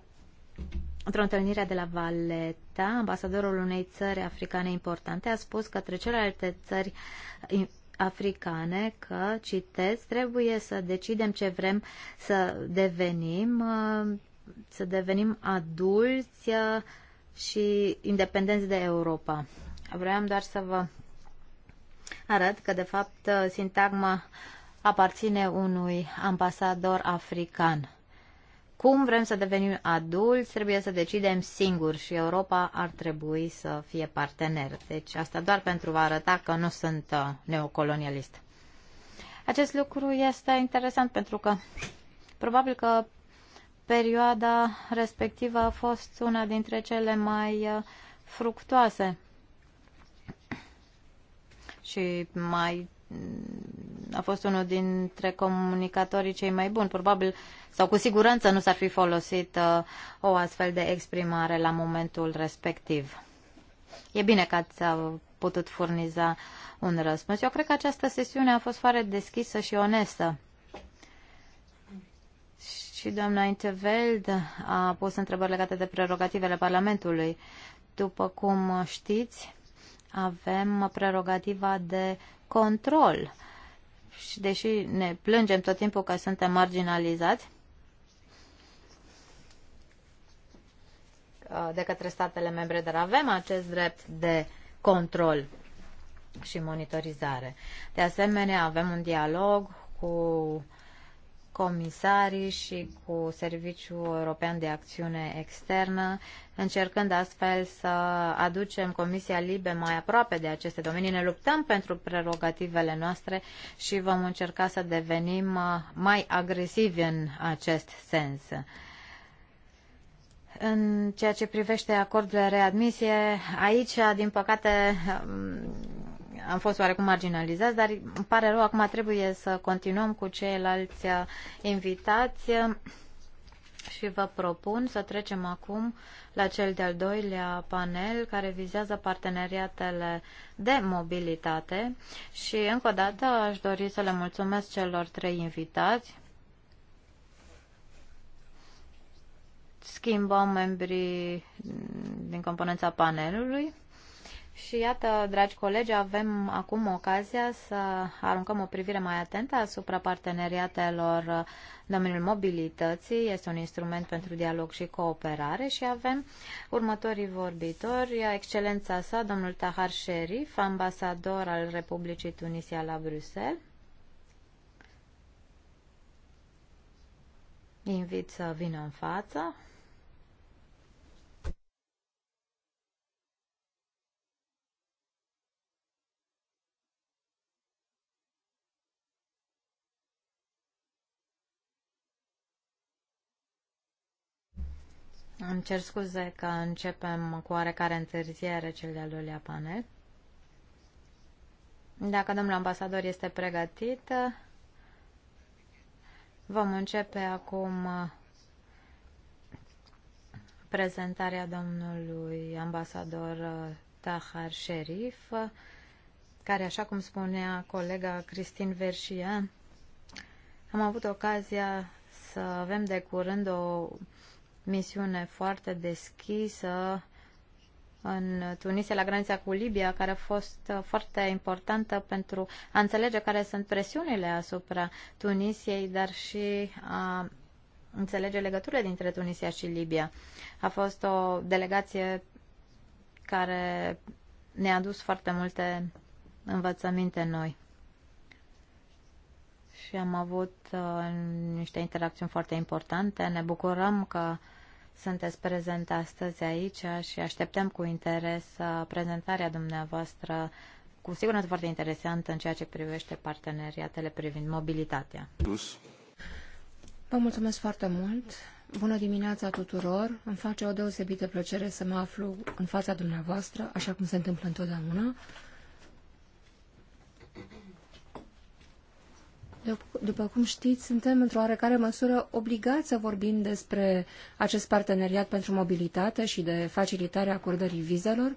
Într-o întâlnire de la Valeta, ambasadorul unei țări africane importante a spus că către celelalte țări africane că, citesc, trebuie să decidem ce vrem să devenim, uh, să devenim adulți uh, și independenți de Europa. Vreau doar să vă arăt că, de fapt, sintagma aparține unui ambasador african cum vrem să devenim adulți, trebuie să decidem singuri și Europa ar trebui să fie partener. Deci asta doar pentru a arăta că nu sunt uh, neocolonialist. Acest lucru este interesant pentru că probabil că perioada respectivă a fost una dintre cele mai uh, fructoase și mai a fost unul dintre comunicatorii cei mai buni. Probabil sau cu siguranță nu s-ar fi folosit uh, o astfel de exprimare la momentul respectiv. E bine că ați uh, putut furniza un răspuns. Eu cred că această sesiune a fost foarte deschisă și onestă. Și doamna Interveld a pus întrebări legate de prerogativele Parlamentului. După cum știți, avem prerogativa de control. Și deși ne plângem tot timpul că suntem marginalizați uh, de către statele membre, dar avem acest drept de control și monitorizare. De asemenea, avem un dialog cu comisarii și cu Serviciul European de Acțiune Externă, încercând astfel să aducem Comisia Libe mai aproape de aceste domenii. Ne luptăm pentru prerogativele noastre și vom încerca să devenim mai agresivi în acest sens. În ceea ce privește acordurile readmisie, aici, din păcate, am fost oarecum marginalizați, dar îmi pare rău, acum trebuie să continuăm cu ceilalți invitați și vă propun să trecem acum la cel de-al doilea panel care vizează parteneriatele de mobilitate și încă o dată aș dori să le mulțumesc celor trei invitați. Schimbăm membrii din componența panelului. Și iată, dragi colegi, avem acum ocazia să aruncăm o privire mai atentă asupra parteneriatelor domeniul mobilității. Este un instrument pentru dialog și cooperare și avem următorii vorbitori. Excelența sa, domnul Tahar Sherif, ambasador al Republicii Tunisia la Bruxelles. Invit să vină în față. Îmi cer scuze că începem cu oarecare întârziere cel de-al doilea panel. Dacă domnul ambasador este pregătit, vom începe acum prezentarea domnului ambasador Tahar Sherif, care, așa cum spunea colega Cristin Verșia, am avut ocazia să avem de curând o misiune foarte deschisă în Tunisia, la granița cu Libia, care a fost foarte importantă pentru a înțelege care sunt presiunile asupra Tunisiei, dar și a înțelege legăturile dintre Tunisia și Libia. A fost o delegație care ne-a dus foarte multe învățăminte noi și am avut uh, niște interacțiuni foarte importante. Ne bucurăm că sunteți prezent astăzi aici și așteptăm cu interes uh, prezentarea dumneavoastră cu siguranță foarte interesantă în ceea ce privește parteneriatele privind mobilitatea. Plus. Vă mulțumesc foarte mult. Bună dimineața tuturor. Îmi face o deosebită plăcere să mă aflu în fața dumneavoastră, așa cum se întâmplă întotdeauna. După cum știți, suntem într-o oarecare măsură obligați să vorbim despre acest parteneriat pentru mobilitate și de facilitarea acordării vizelor.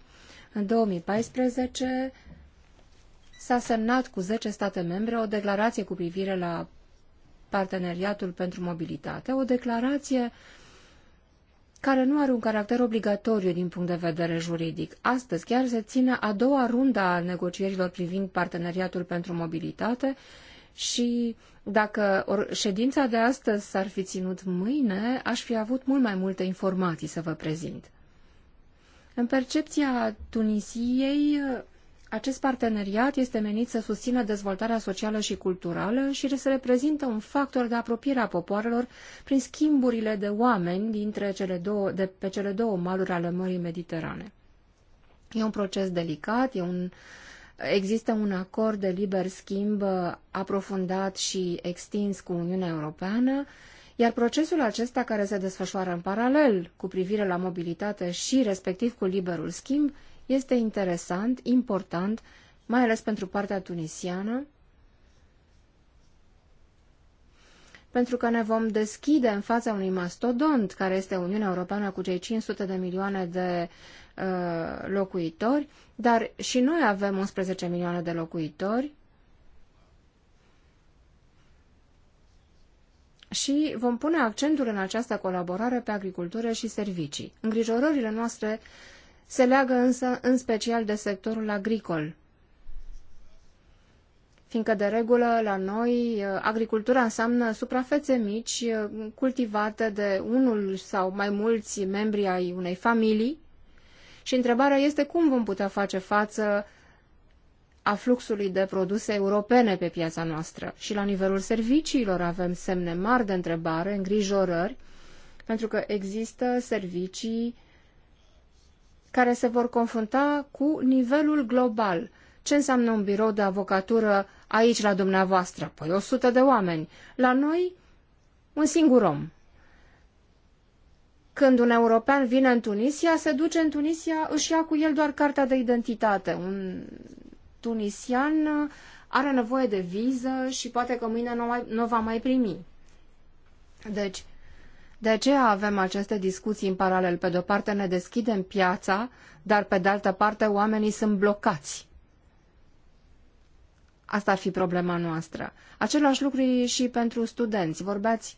În 2014 s-a semnat cu 10 state membre o declarație cu privire la parteneriatul pentru mobilitate, o declarație care nu are un caracter obligatoriu din punct de vedere juridic. Astăzi chiar se ține a doua rundă a negocierilor privind parteneriatul pentru mobilitate, și dacă ședința de astăzi s-ar fi ținut mâine, aș fi avut mult mai multe informații să vă prezint. În percepția Tunisiei, acest parteneriat este menit să susțină dezvoltarea socială și culturală și să reprezintă un factor de apropiere a popoarelor prin schimburile de oameni dintre cele două, de pe cele două maluri ale Mării Mediterane. E un proces delicat, e un uh, Există un acord de liber schimb uh, aprofundat și extins cu Uniunea Europeană, iar procesul acesta care se desfășoară în paralel cu privire la mobilitate și respectiv cu liberul schimb este interesant, important, mai ales pentru partea tunisiană, pentru că ne vom deschide în fața unui mastodont, care este Uniunea Europeană cu cei 500 de milioane de Uh, locuitori, dar și noi avem 11 milioane de locuitori și vom pune accentul în această colaborare pe agricultură și servicii. Îngrijorările noastre se leagă însă în special de sectorul agricol, fiindcă de regulă la noi uh, agricultura înseamnă suprafețe mici uh, cultivate de unul sau mai mulți membri ai unei familii, și întrebarea este cum vom putea face față a fluxului de produse europene pe piața noastră. Și la nivelul serviciilor avem semne mari de întrebare, îngrijorări, pentru că există servicii care se vor confrunta cu nivelul global. Ce înseamnă un birou de avocatură aici la dumneavoastră? Păi 100 de oameni. La noi, un singur om. Când un european vine în Tunisia, se duce în Tunisia, își ia cu el doar cartea de identitate. Un tunisian uh, are nevoie de viză și poate că mâine nu, mai, nu va mai primi. Deci, de aceea avem aceste discuții în paralel. Pe de-o parte ne deschidem piața, dar pe de altă parte oamenii sunt blocați. Asta ar fi problema noastră. Același lucru și pentru studenți. Vorbeați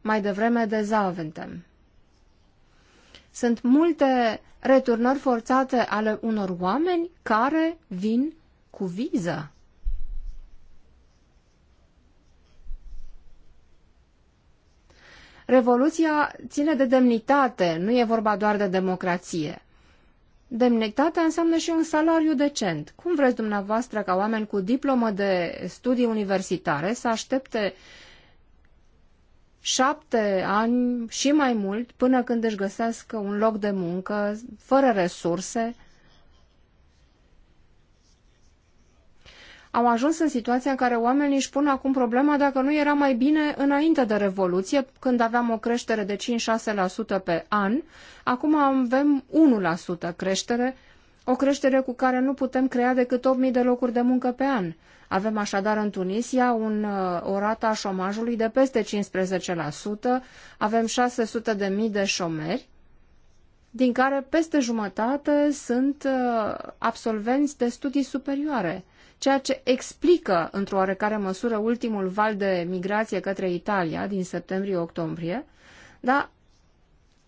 mai devreme de Zaventem. Sunt multe returnări forțate ale unor oameni care vin cu viză. Revoluția ține de demnitate, nu e vorba doar de democrație. Demnitatea înseamnă și un salariu decent. Cum vreți dumneavoastră ca oameni cu diplomă de studii universitare să aștepte uh, șapte ani și mai mult până când își găsească un loc de muncă fără resurse. Au ajuns în situația în care oamenii își pun acum problema dacă nu era mai bine înainte de Revoluție, când aveam o creștere de 5-6% pe an, acum avem 1% creștere o creștere cu care nu putem crea decât 8.000 de locuri de muncă pe an. Avem așadar în Tunisia un, uh, o rată a șomajului de peste 15%, avem 600.000 de șomeri, din care peste jumătate sunt uh, absolvenți de studii superioare, ceea ce explică, într-o oarecare măsură, ultimul val de migrație către Italia din septembrie-octombrie, dar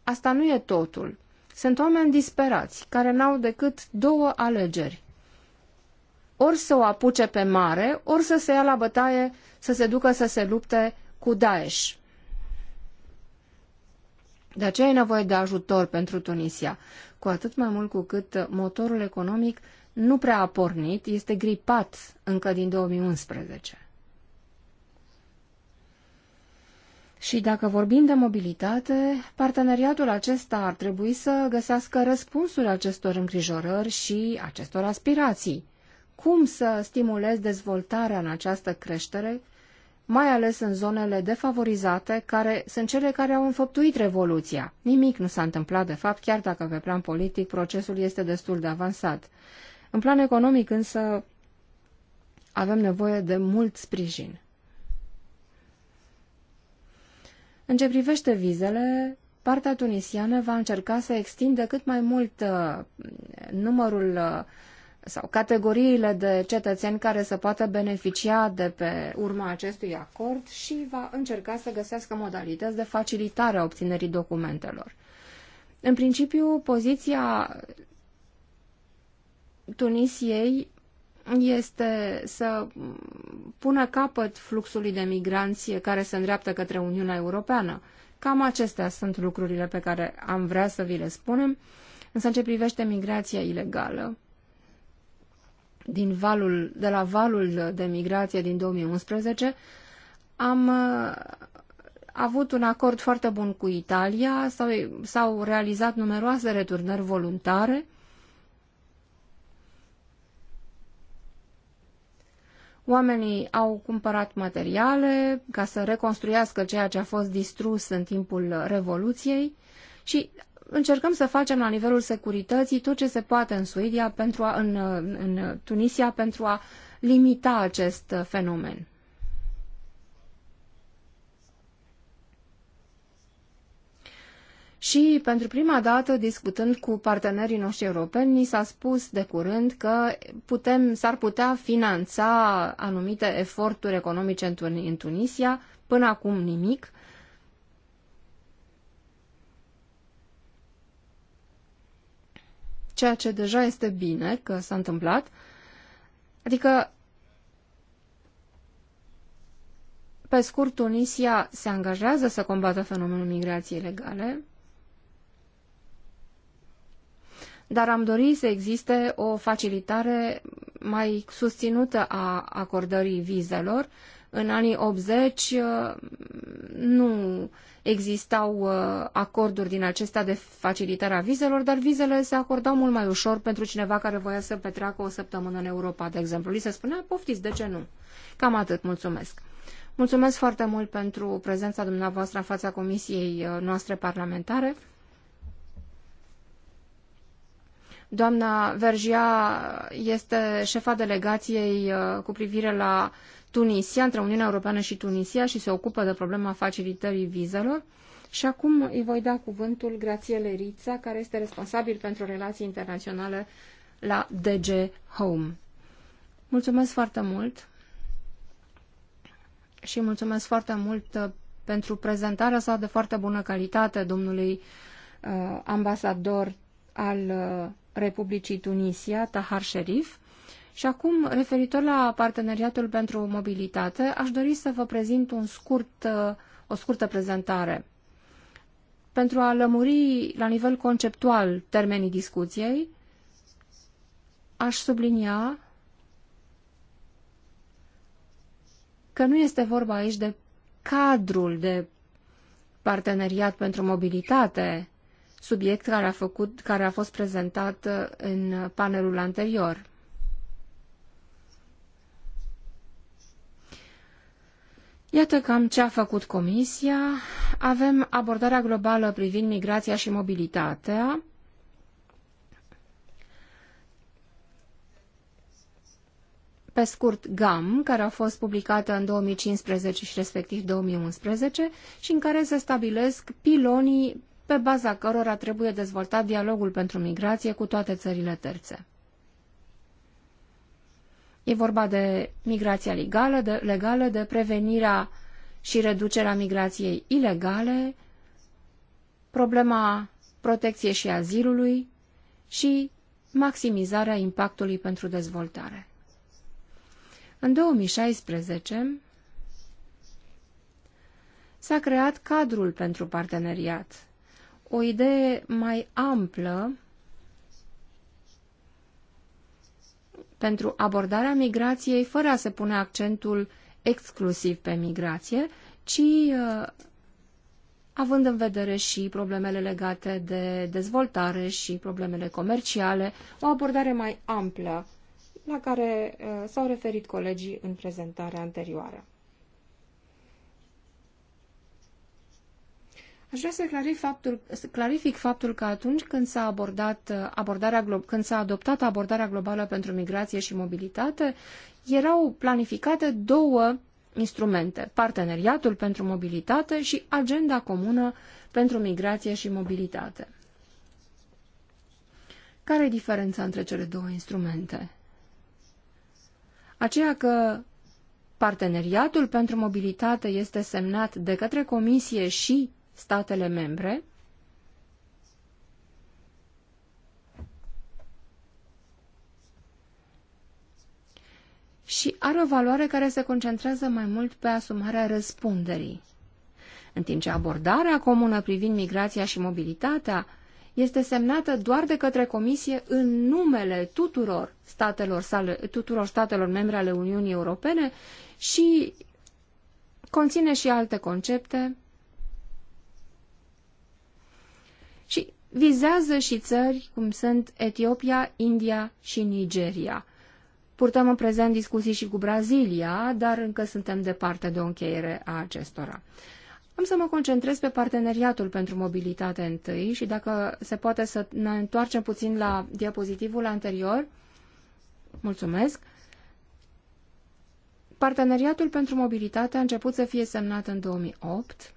asta nu e totul. Sunt oameni disperați, care n-au decât două alegeri. Ori să o apuce pe mare, ori să se ia la bătaie, să se ducă să se lupte cu Daesh. De aceea e nevoie de ajutor pentru Tunisia, cu atât mai mult cu cât motorul economic nu prea a pornit, este gripat încă din 2011. Și dacă vorbim de mobilitate, parteneriatul acesta ar trebui să găsească răspunsuri acestor îngrijorări și acestor aspirații. Cum să stimulezi dezvoltarea în această creștere, mai ales în zonele defavorizate, care sunt cele care au înfăptuit revoluția. Nimic nu s-a întâmplat, de fapt, chiar dacă pe plan politic procesul este destul de avansat. În plan economic, însă, avem nevoie de mult sprijin. În ce privește vizele, partea tunisiană va încerca să extindă cât mai mult uh, numărul uh, sau categoriile de cetățeni care să poată beneficia de pe urma acestui acord și va încerca să găsească modalități de facilitare a obținerii documentelor. În principiu, poziția Tunisiei este să pună capăt fluxului de migranți care se îndreaptă către Uniunea Europeană. Cam acestea sunt lucrurile pe care am vrea să vi le spunem, însă în ce privește migrația ilegală, din valul, de la valul de migrație din 2011, am uh, avut un acord foarte bun cu Italia, s-au realizat numeroase returnări voluntare, Oamenii au cumpărat materiale ca să reconstruiască ceea ce a fost distrus în timpul Revoluției și încercăm să facem la nivelul securității tot ce se poate în Suedia, pentru a, în, în Tunisia, pentru a limita acest fenomen. Și pentru prima dată, discutând cu partenerii noștri europeni, ni s-a spus de curând că putem, s-ar putea finanța anumite eforturi economice în, Tun în Tunisia, până acum nimic, ceea ce deja este bine că s-a întâmplat. Adică, pe scurt, Tunisia se angajează să combată fenomenul migrației legale, dar am dorit să existe o facilitare mai susținută a acordării vizelor. În anii 80 uh, nu existau uh, acorduri din acestea de facilitare a vizelor, dar vizele se acordau mult mai ușor pentru cineva care voia să petreacă o săptămână în Europa, de exemplu. Li se spunea, poftiți, de ce nu? Cam atât, mulțumesc. Mulțumesc foarte mult pentru prezența dumneavoastră în fața comisiei uh, noastre parlamentare. Doamna Vergia este șefa delegației uh, cu privire la Tunisia, între Uniunea Europeană și Tunisia și se ocupă de problema facilitării vizelor. Și acum îi voi da cuvântul Grațiele Rița, care este responsabil pentru relații internaționale la DG Home. Mulțumesc foarte mult și mulțumesc foarte mult uh, pentru prezentarea sa de foarte bună calitate, domnului uh, ambasador al uh, Republicii Tunisia, Tahar Sherif. Și acum, referitor la parteneriatul pentru mobilitate, aș dori să vă prezint un scurt, uh, o scurtă prezentare. Pentru a lămuri la nivel conceptual termenii discuției, aș sublinia că nu este vorba aici de cadrul de parteneriat pentru mobilitate, subiect care a, făcut, care a fost prezentat uh, în panelul anterior. Iată cam ce a făcut Comisia. Avem abordarea globală privind migrația și mobilitatea. pe scurt GAM, care a fost publicată în 2015 și respectiv 2011 și în care se stabilesc pilonii pe baza cărora trebuie dezvoltat dialogul pentru migrație cu toate țările terțe. E vorba de migrația legală, de, legală, de prevenirea și reducerea migrației ilegale, problema protecției și azilului și maximizarea impactului pentru dezvoltare. În 2016 s-a creat cadrul pentru parteneriat o idee mai amplă pentru abordarea migrației fără a se pune accentul exclusiv pe migrație, ci uh, având în vedere și problemele legate de dezvoltare și problemele comerciale, o abordare mai amplă la care uh, s-au referit colegii în prezentarea anterioară. Aș vrea să clarific faptul, să clarific faptul că atunci când s-a, abordat uh, abordarea, când s-a adoptat abordarea globală pentru migrație și mobilitate, erau planificate două instrumente, parteneriatul pentru mobilitate și agenda comună pentru migrație și mobilitate. Care e diferența între cele două instrumente? Aceea că parteneriatul pentru mobilitate este semnat de către Comisie și statele membre și are o valoare care se concentrează mai mult pe asumarea răspunderii, în timp ce abordarea comună privind migrația și mobilitatea este semnată doar de către Comisie în numele tuturor statelor, sale, tuturor statelor membre ale Uniunii Europene și conține și alte concepte, vizează și țări cum sunt Etiopia, India și Nigeria. Purtăm în prezent discuții și cu Brazilia, dar încă suntem departe de o încheiere a acestora. Am să mă concentrez pe parteneriatul pentru mobilitate întâi și dacă se poate să ne întoarcem puțin la diapozitivul anterior. Mulțumesc. Parteneriatul pentru mobilitate a început să fie semnat în 2008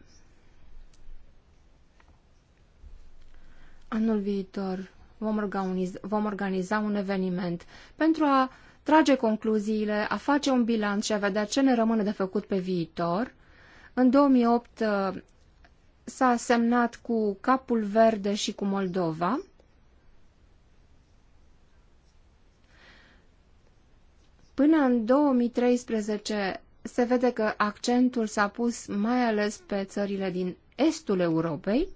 anul viitor vom organiza, vom organiza un eveniment pentru a trage concluziile, a face un bilanț și a vedea ce ne rămâne de făcut pe viitor. În 2008 uh, s-a semnat cu Capul Verde și cu Moldova. Până în 2013 se vede că accentul s-a pus mai ales pe țările din estul Europei,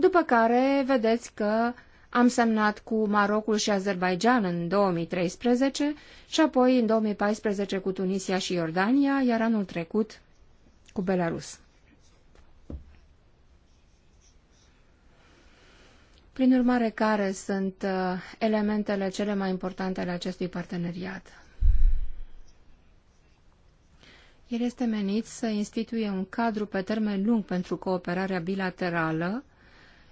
după care vedeți că am semnat cu Marocul și Azerbaijan în 2013 și apoi în 2014 cu Tunisia și Iordania, iar anul trecut cu Belarus. Prin urmare, care sunt uh, elementele cele mai importante ale acestui parteneriat? El este menit să instituie un cadru pe termen lung pentru cooperarea bilaterală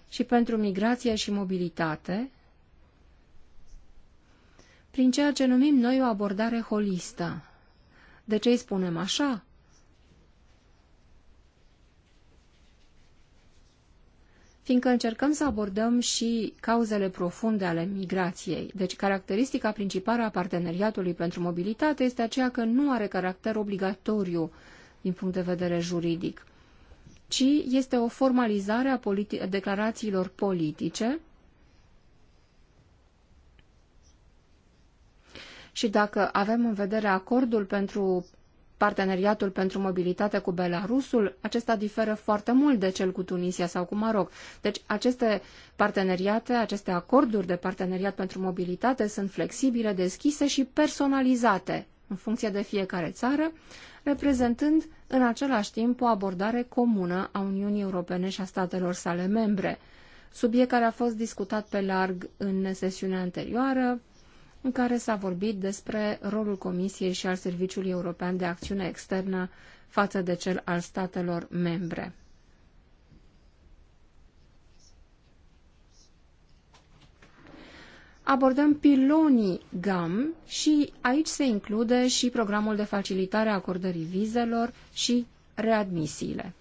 și pentru migrație și mobilitate, prin ceea ce numim noi o abordare holistă. De ce îi spunem așa? fiindcă încercăm să abordăm și cauzele profunde ale migrației. Deci, caracteristica principală a parteneriatului pentru mobilitate este aceea că nu are caracter obligatoriu din punct de vedere juridic ci este o formalizare a politi declarațiilor politice și dacă avem în vedere acordul pentru parteneriatul pentru mobilitate cu Belarusul, acesta diferă foarte mult de cel cu Tunisia sau cu Maroc. Deci aceste parteneriate, aceste acorduri de parteneriat pentru mobilitate sunt flexibile, deschise și personalizate în funcție de fiecare țară, reprezentând în același timp o abordare comună a Uniunii Europene și a statelor sale membre, subiect care a fost discutat pe larg în sesiunea anterioară, în care s-a vorbit despre rolul Comisiei și al Serviciului European de Acțiune Externă față de cel al statelor membre. abordăm pilonii GAM și aici se include și programul de facilitare a acordării vizelor și readmisiile.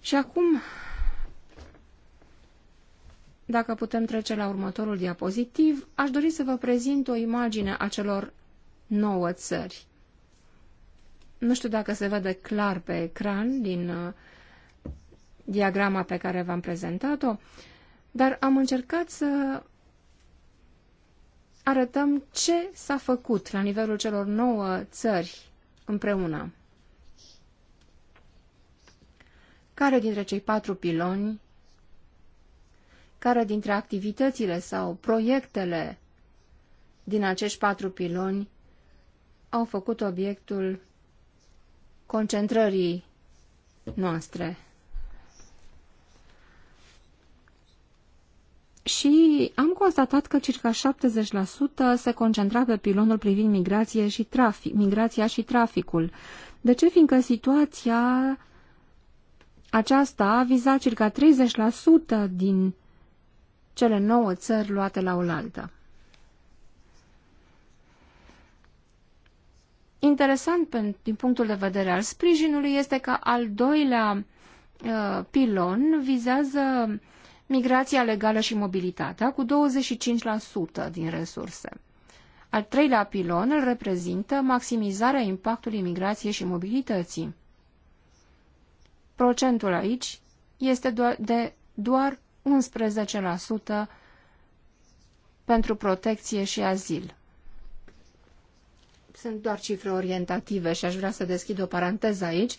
Și acum, dacă putem trece la următorul diapozitiv, aș dori să vă prezint o imagine a celor nouă țări. Nu știu dacă se vede clar pe ecran din uh, diagrama pe care v-am prezentat-o, dar am încercat să arătăm ce s-a făcut la nivelul celor nouă țări împreună. Care dintre cei patru piloni, care dintre activitățile sau proiectele din acești patru piloni au făcut obiectul concentrării noastre și am constatat că circa 70% se concentra pe pilonul privind migrație și trafic, migrația și traficul. De ce? Fiindcă situația aceasta viza circa 30% din cele nouă țări luate la oaltă. Interesant din punctul de vedere al sprijinului este că al doilea uh, pilon vizează uh, migrația legală și mobilitatea cu 25% din resurse. Al treilea pilon îl reprezintă maximizarea impactului migrației și mobilității. Procentul aici este de doar 11% pentru protecție și azil. Sunt doar cifre orientative și aș vrea să deschid o paranteză aici.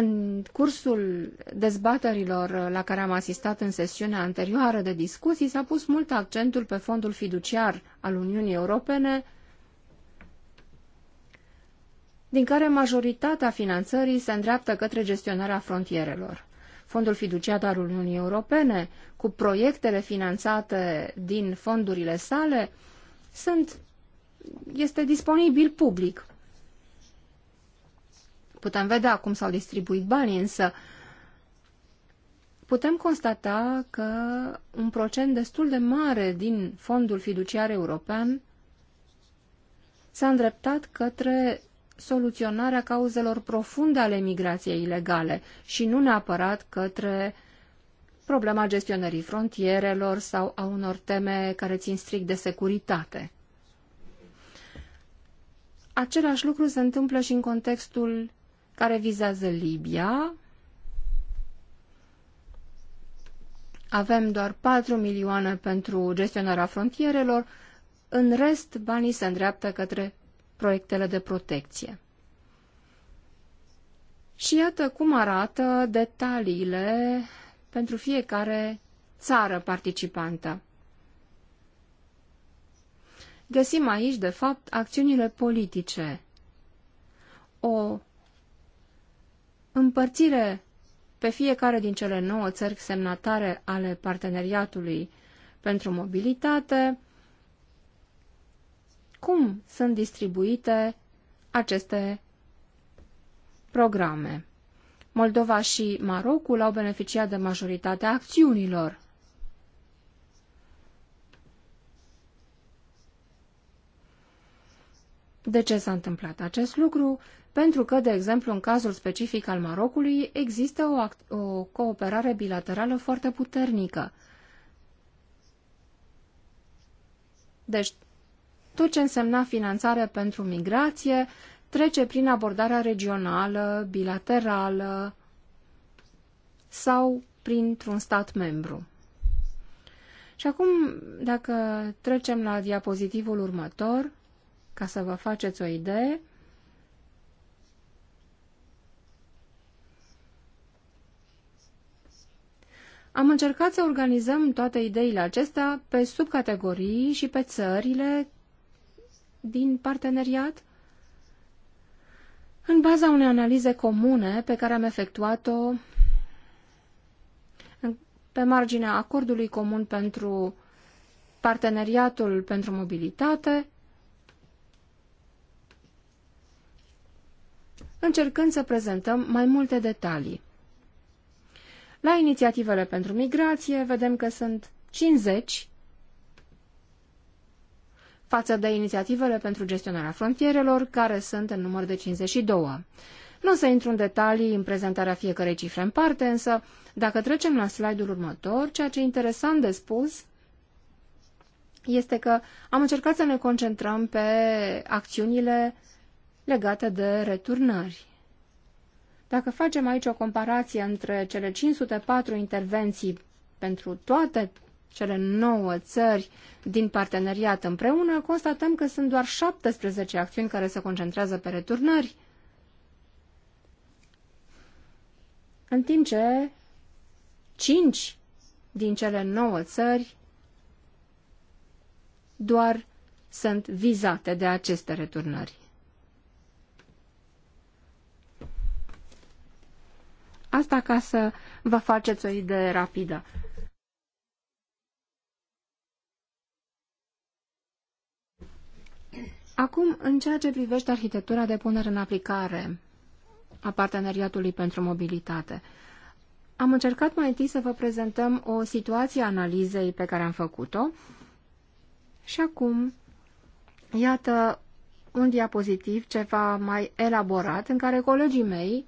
În cursul dezbaterilor la care am asistat în sesiunea anterioară de discuții, s-a pus mult accentul pe fondul fiduciar al Uniunii Europene, din care majoritatea finanțării se îndreaptă către gestionarea frontierelor. Fondul fiduciar al Uniunii Europene, cu proiectele finanțate din fondurile sale, sunt, este disponibil public Putem vedea cum s-au distribuit banii, însă putem constata că un procent destul de mare din fondul fiduciar european s-a îndreptat către soluționarea cauzelor profunde ale migrației ilegale și nu neapărat către problema gestionării frontierelor sau a unor teme care țin strict de securitate. Același lucru se întâmplă și în contextul care vizează Libia. Avem doar 4 milioane pentru gestionarea frontierelor, în rest banii se îndreaptă către proiectele de protecție. Și iată cum arată detaliile pentru fiecare țară participantă. Găsim aici, de fapt, acțiunile politice. O împărțire pe fiecare din cele nouă țări semnatare ale parteneriatului pentru mobilitate, cum sunt distribuite aceste programe. Moldova și Marocul au beneficiat de majoritatea acțiunilor. De ce s-a întâmplat acest lucru? pentru că, de exemplu, în cazul specific al Marocului, există o, o cooperare bilaterală foarte puternică. Deci, tot ce însemna finanțare pentru migrație trece prin abordarea regională, bilaterală sau printr-un stat membru. Și acum, dacă trecem la diapozitivul următor, ca să vă faceți o idee, Am încercat să organizăm toate ideile acestea pe subcategorii și pe țările din parteneriat în baza unei analize comune pe care am efectuat-o pe marginea acordului comun pentru parteneriatul pentru mobilitate, încercând să prezentăm mai multe detalii. La inițiativele pentru migrație vedem că sunt 50 față de inițiativele pentru gestionarea frontierelor, care sunt în număr de 52. Nu o să intru în detalii în prezentarea fiecarei cifre în parte, însă, dacă trecem la slide-ul următor, ceea ce e interesant de spus este că am încercat să ne concentrăm pe acțiunile legate de returnări. Dacă facem aici o comparație între cele 504 intervenții pentru toate cele 9 țări din parteneriat împreună, constatăm că sunt doar 17 acțiuni care se concentrează pe returnări, în timp ce 5 din cele 9 țări doar sunt vizate de aceste returnări. Asta ca să vă faceți o idee rapidă. Acum, în ceea ce privește arhitectura de punere în aplicare a parteneriatului pentru mobilitate, am încercat mai întâi să vă prezentăm o situație analizei pe care am făcut-o și acum, iată un diapozitiv ceva mai elaborat în care colegii mei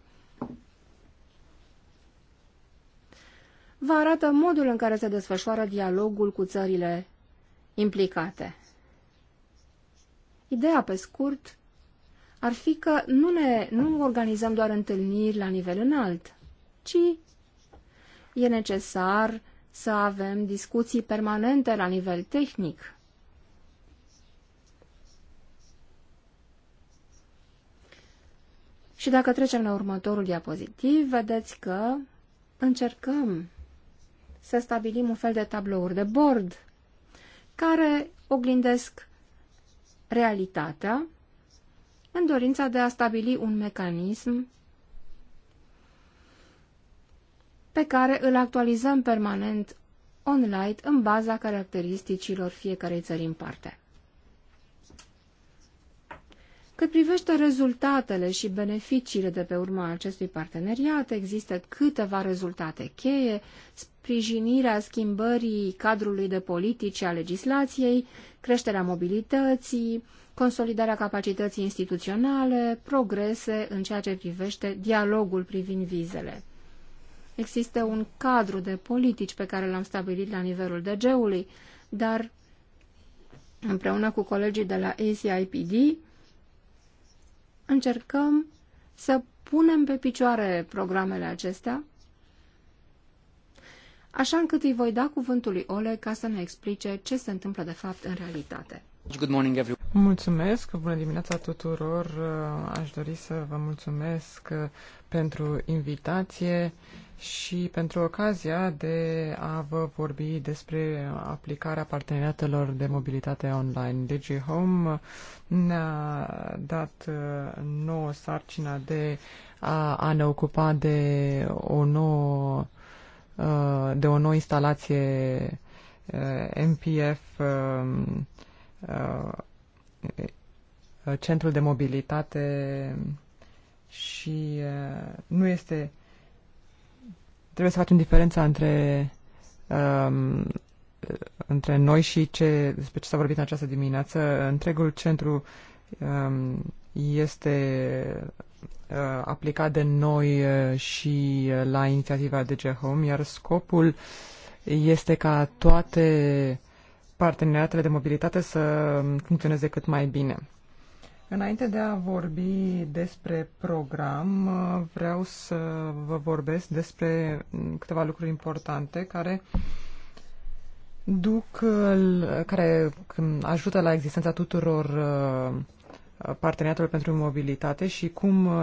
vă arată modul în care se desfășoară dialogul cu țările implicate. Ideea, pe scurt, ar fi că nu, ne, nu organizăm doar întâlniri la nivel înalt, ci e necesar să avem discuții permanente la nivel tehnic. Și dacă trecem la următorul diapozitiv, vedeți că încercăm să stabilim un fel de tablouri de bord care oglindesc realitatea în dorința de a stabili un mecanism pe care îl actualizăm permanent online în baza caracteristicilor fiecarei țări în parte. Cât privește rezultatele și beneficiile de pe urma acestui parteneriat, există câteva rezultate cheie, sprijinirea schimbării cadrului de politici a legislației, creșterea mobilității, consolidarea capacității instituționale, progrese în ceea ce privește dialogul privind vizele. Există un cadru de politici pe care l-am stabilit la nivelul DG-ului, dar împreună cu colegii de la ACIPD, încercăm să punem pe picioare programele acestea, așa încât îi voi da cuvântul lui Ole ca să ne explice ce se întâmplă de fapt în realitate. Good morning, everyone. Mulțumesc, bună dimineața tuturor. Aș dori să vă mulțumesc uh, pentru invitație și pentru ocazia de a vă vorbi despre aplicarea parteneriatelor de mobilitate online. Home ne-a dat uh, nouă sarcina de a, a ne ocupa de o nouă uh, de o nouă instalație uh, MPF um, Centrul de Mobilitate și nu este Trebuie să facem diferența între, um, între noi și ce, despre ce s-a vorbit în această dimineață. Întregul centru um, este uh, aplicat de noi uh, și uh, la inițiativa DG Home, iar scopul este ca toate parteneriatele de mobilitate să funcționeze cât mai bine. Înainte de a vorbi despre program, vreau să vă vorbesc despre câteva lucruri importante care duc, care ajută la existența tuturor uh, parteneriatelor pentru mobilitate și cum uh,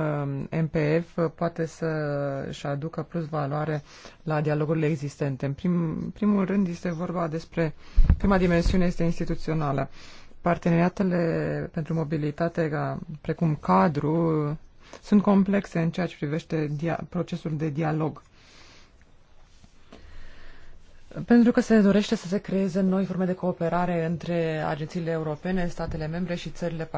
MPF poate să-și aducă plus valoare la dialogurile existente. În prim, primul rând este vorba despre, prima dimensiune este instituțională. Uh, Parteneriatele pentru mobilitate, ca, precum cadru, sunt complexe în ceea ce privește dia- procesul de dialog. Pentru că se dorește să se creeze noi forme de cooperare între agențiile europene, statele membre și țările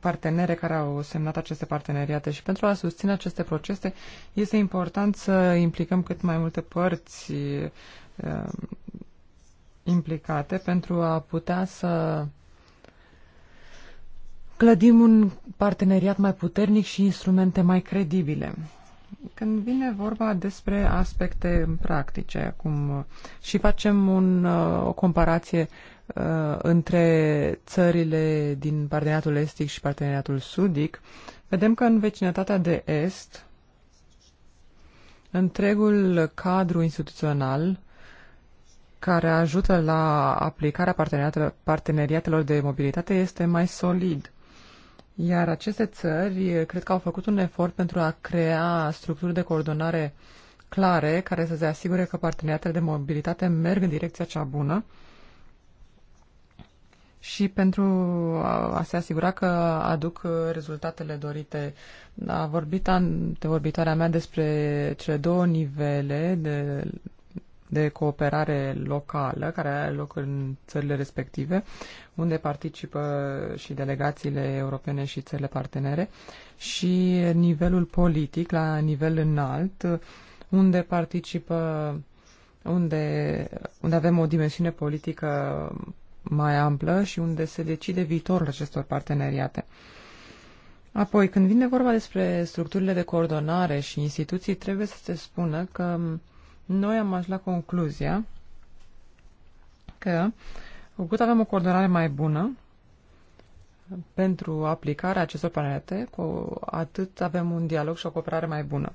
partenere care au semnat aceste parteneriate. Și pentru a susține aceste procese, este important să implicăm cât mai multe părți uh, implicate pentru a putea să clădim un parteneriat mai puternic și instrumente mai credibile. Când vine vorba despre aspecte practice acum și facem un, uh, o comparație uh, între țările din parteneriatul estic și parteneriatul sudic, vedem că în vecinătatea de est întregul cadru instituțional care ajută la aplicarea parteneriatelor de mobilitate este mai solid. Iar aceste țări eh, cred că au făcut un efort pentru a crea structuri de coordonare clare care să se asigure că parteneriatele de mobilitate merg în direcția cea bună și pentru a se asigura că aduc eh, rezultatele dorite. A vorbit vorbitoarea mea despre cele două nivele de de cooperare locală care are loc în țările respective, unde participă și delegațiile europene și țările partenere, și nivelul politic la nivel înalt, unde participă unde, unde avem o dimensiune politică mai amplă și unde se decide viitorul acestor parteneriate. Apoi, când vine vorba despre structurile de coordonare și instituții, trebuie să se spună că noi am ajuns la concluzia că cu cât avem o coordonare mai bună pentru aplicarea acestor planete, cu atât avem un dialog și o cooperare mai bună.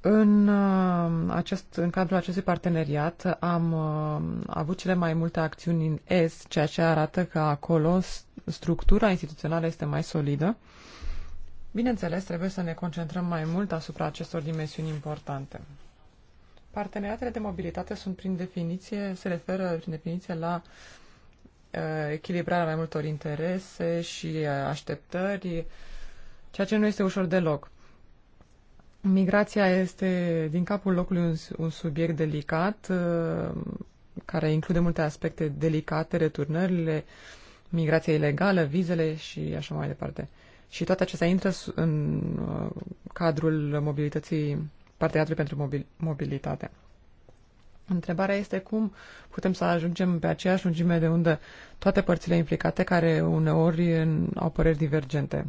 În, uh, acest, în cadrul acestui parteneriat am uh, avut cele mai multe acțiuni în S, ceea ce arată că acolo structura instituțională este mai solidă Bineînțeles, trebuie să ne concentrăm mai mult asupra acestor dimensiuni importante. Parteneriatele de mobilitate sunt prin definiție, se referă prin definiție la uh, echilibrarea mai multor interese și uh, așteptări, ceea ce nu este ușor deloc. Migrația este din capul locului un, un subiect delicat, uh, care include multe aspecte delicate, returnările, migrația ilegală, vizele și așa mai departe. Uh, și toate acestea intră în uh, cadrul mobilității, parteneriatului pentru mobilitate. Întrebarea este cum putem să ajungem pe aceeași lungime de undă toate părțile implicate care uneori au păreri divergente.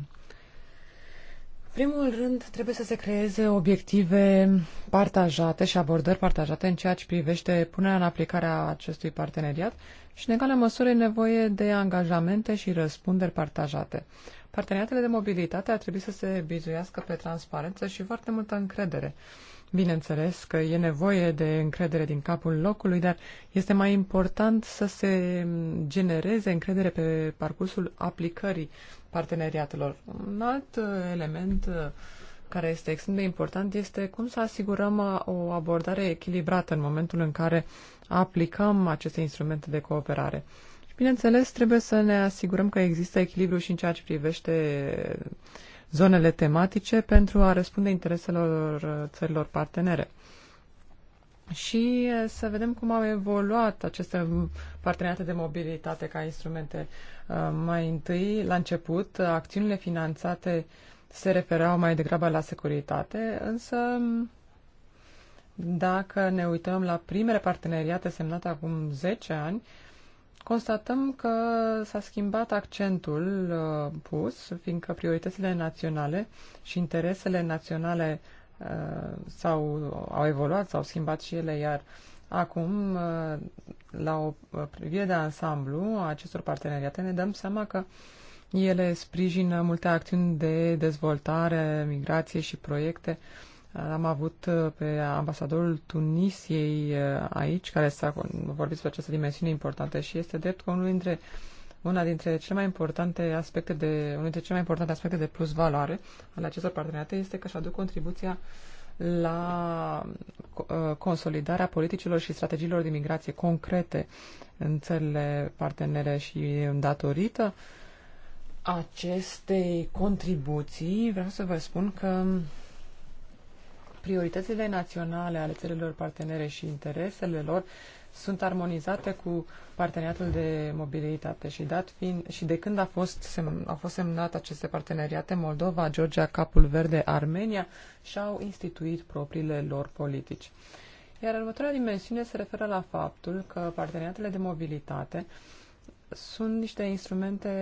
Primul rând, trebuie să se creeze obiective partajate și abordări partajate în ceea ce privește punerea în aplicare a acestui parteneriat și, în egală măsură, e nevoie de angajamente și răspunderi partajate. Parteneriatele de mobilitate ar trebui să se bizuiască pe transparență și foarte multă încredere. Bineînțeles că e nevoie de încredere din capul locului, dar este mai important să se genereze încredere pe parcursul aplicării parteneriatelor. Un alt uh, element uh, care este extrem de important este cum să asigurăm uh, o abordare echilibrată în momentul în care aplicăm aceste instrumente de cooperare. Bineînțeles, trebuie să ne asigurăm că există echilibru și în ceea ce privește zonele tematice pentru a răspunde intereselor țărilor partenere. Și să vedem cum au evoluat aceste parteneriate de mobilitate ca instrumente. Uh, mai întâi, la început, acțiunile finanțate se refereau mai degrabă la securitate, însă dacă ne uităm la primele parteneriate semnate acum 10 ani, constatăm că s-a schimbat accentul uh, pus, fiindcă prioritățile naționale și interesele naționale uh, s-au, au evoluat, s-au schimbat și ele, iar acum, uh, la o privire de ansamblu a acestor parteneriate, ne dăm seama că ele sprijină multe acțiuni de dezvoltare, migrație și proiecte uh, am avut uh, pe ambasadorul Tunisiei uh, aici, care s-a vorbit despre această dimensiune importantă și este drept că unul dintre una dintre cele mai importante aspecte de, unul dintre cele mai importante aspecte de plus valoare ale acestor parteneriate este că s-a aduc contribuția la uh, consolidarea politicilor și strategiilor de migrație concrete în țările partenere și datorită acestei contribuții vreau să vă spun că prioritățile naționale ale țărilor partenere și interesele lor sunt armonizate cu parteneriatul de mobilitate și dat fiind, și de când a fost, semn, au fost semnat aceste parteneriate, Moldova, Georgia, Capul Verde, Armenia și-au instituit propriile lor politici. Iar următoarea dimensiune se referă la faptul că parteneriatele de mobilitate sunt niște instrumente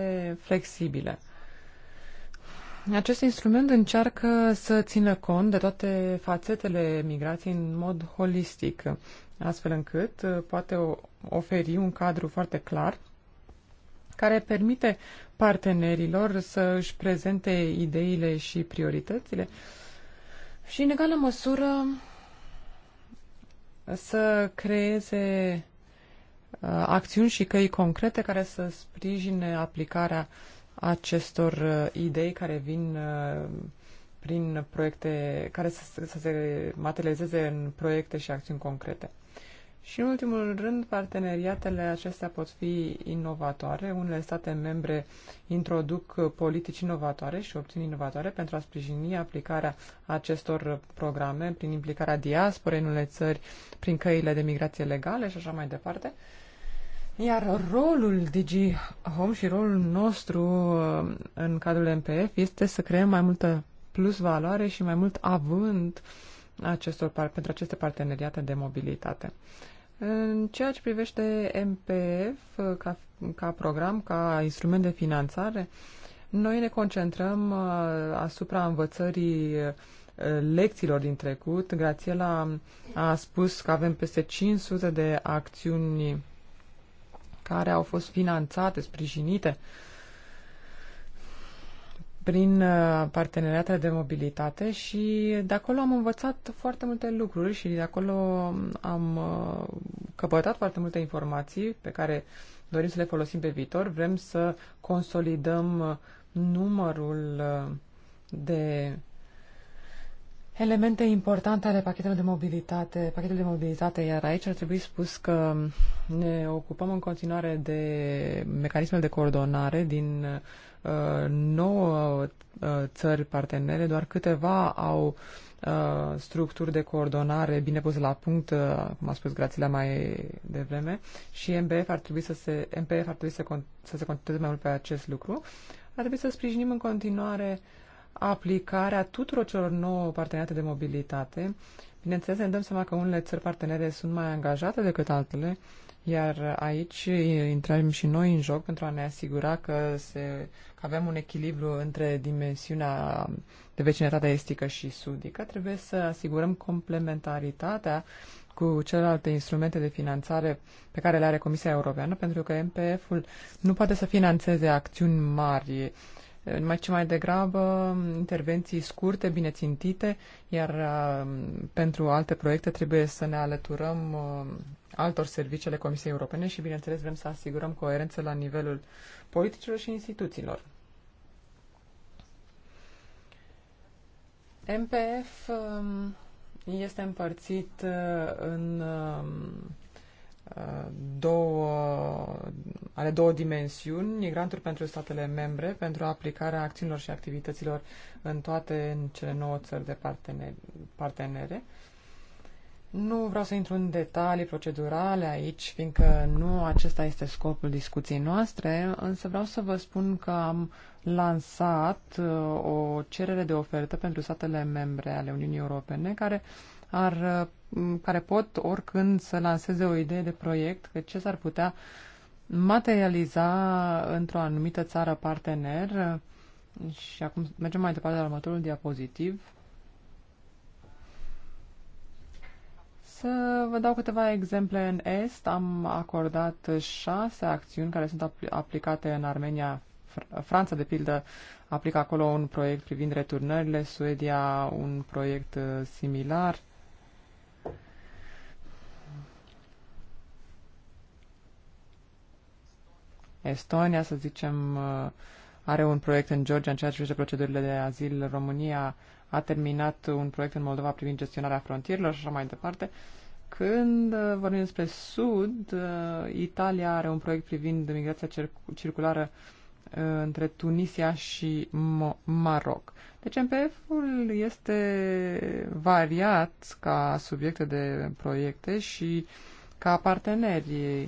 flexibile – acest instrument încearcă să țină cont de toate fațetele migrației în mod holistic, astfel încât uh, poate oferi un cadru foarte clar care permite partenerilor să își prezente ideile și prioritățile și, în egală măsură, să creeze uh, acțiuni și căi concrete care să sprijine aplicarea uh, acestor uh, idei care vin uh, prin proiecte, care să, să se materializeze în proiecte și acțiuni concrete. Și în ultimul rând, parteneriatele acestea pot fi inovatoare. Unele state membre introduc politici inovatoare și opțiuni inovatoare pentru a sprijini aplicarea acestor programe prin implicarea diasporei în unele țări, prin căile de migrație legale și așa mai departe. Iar rolul Digi Home și rolul nostru uh, în cadrul MPF este să creăm mai multă plus valoare și mai mult având acestor, pentru aceste parteneriate de mobilitate. În ceea ce privește MPF uh, ca, ca program, ca instrument de finanțare, noi ne concentrăm uh, asupra învățării lecțiilor din trecut. Grațiela a spus că avem peste 500 de acțiuni care au fost finanțate, sprijinite prin uh, parteneriatele de mobilitate și de acolo am învățat foarte multe lucruri și de acolo mm, am uh, căpătat foarte multe informații pe care dorim să le folosim pe viitor. Vrem să consolidăm uh, numărul de elemente importante ale pachetelor de mobilitate, pachetul de mobilitate, iar aici ar trebui spus că ne ocupăm în continuare de mecanismele de coordonare din uh, nouă uh, țări partenere, doar câteva au uh, structuri de coordonare bine puse la punct, uh, cum a spus Grațila mai devreme, și MBF ar trebui să se, MPF ar trebui să, con- să se concentreze mai mult pe acest lucru. Ar trebui să sprijinim în continuare uh, aplicarea tuturor celor nouă parteneriate de mobilitate. Bineînțeles, ne dăm seama că unele țări partenere sunt mai angajate decât altele, iar aici intrăm și noi în joc pentru a ne asigura că, se, că avem un echilibru între dimensiunea de vecinătate estică și sudică. Trebuie să asigurăm complementaritatea cu celelalte instrumente de finanțare pe care le are Comisia Europeană, pentru că MPF-ul nu poate să financeze acțiuni mari mai ce mai degrabă intervenții scurte, bine țintite, iar uh, pentru alte proiecte trebuie să ne alăturăm uh, altor servicii ale Comisiei Europene și, bineînțeles, vrem să asigurăm coerență la nivelul politicilor și instituțiilor. MPF um, este împărțit uh, în um, două, ale două dimensiuni, migranturi pentru statele membre, pentru aplicarea acțiunilor și activităților în toate în cele nouă țări de partene, partenere. Nu vreau să intru în detalii procedurale aici, fiindcă nu acesta este scopul discuției noastre, însă vreau să vă spun că am lansat uh, o cerere de ofertă pentru statele membre ale Uniunii Europene care ar uh, care pot oricând să lanseze o idee de proiect, că ce s-ar putea materializa într-o anumită țară partener. Și acum mergem mai departe la următorul diapozitiv. Să vă dau câteva exemple în Est. Am acordat șase acțiuni care sunt apl aplicate în Armenia. Franța, de pildă, aplică acolo un proiect privind returnările, Suedia un proiect uh, similar, Estonia, să zicem, uh, are un proiect în Georgia în ceea ce privește procedurile de azil. România a terminat un proiect în Moldova privind gestionarea frontierilor și așa mai departe. Când uh, vorbim despre Sud, uh, Italia are un proiect privind migrația circulară între Tunisia și Maroc. Deci MPF-ul este variat ca subiecte de proiecte și ca parteneri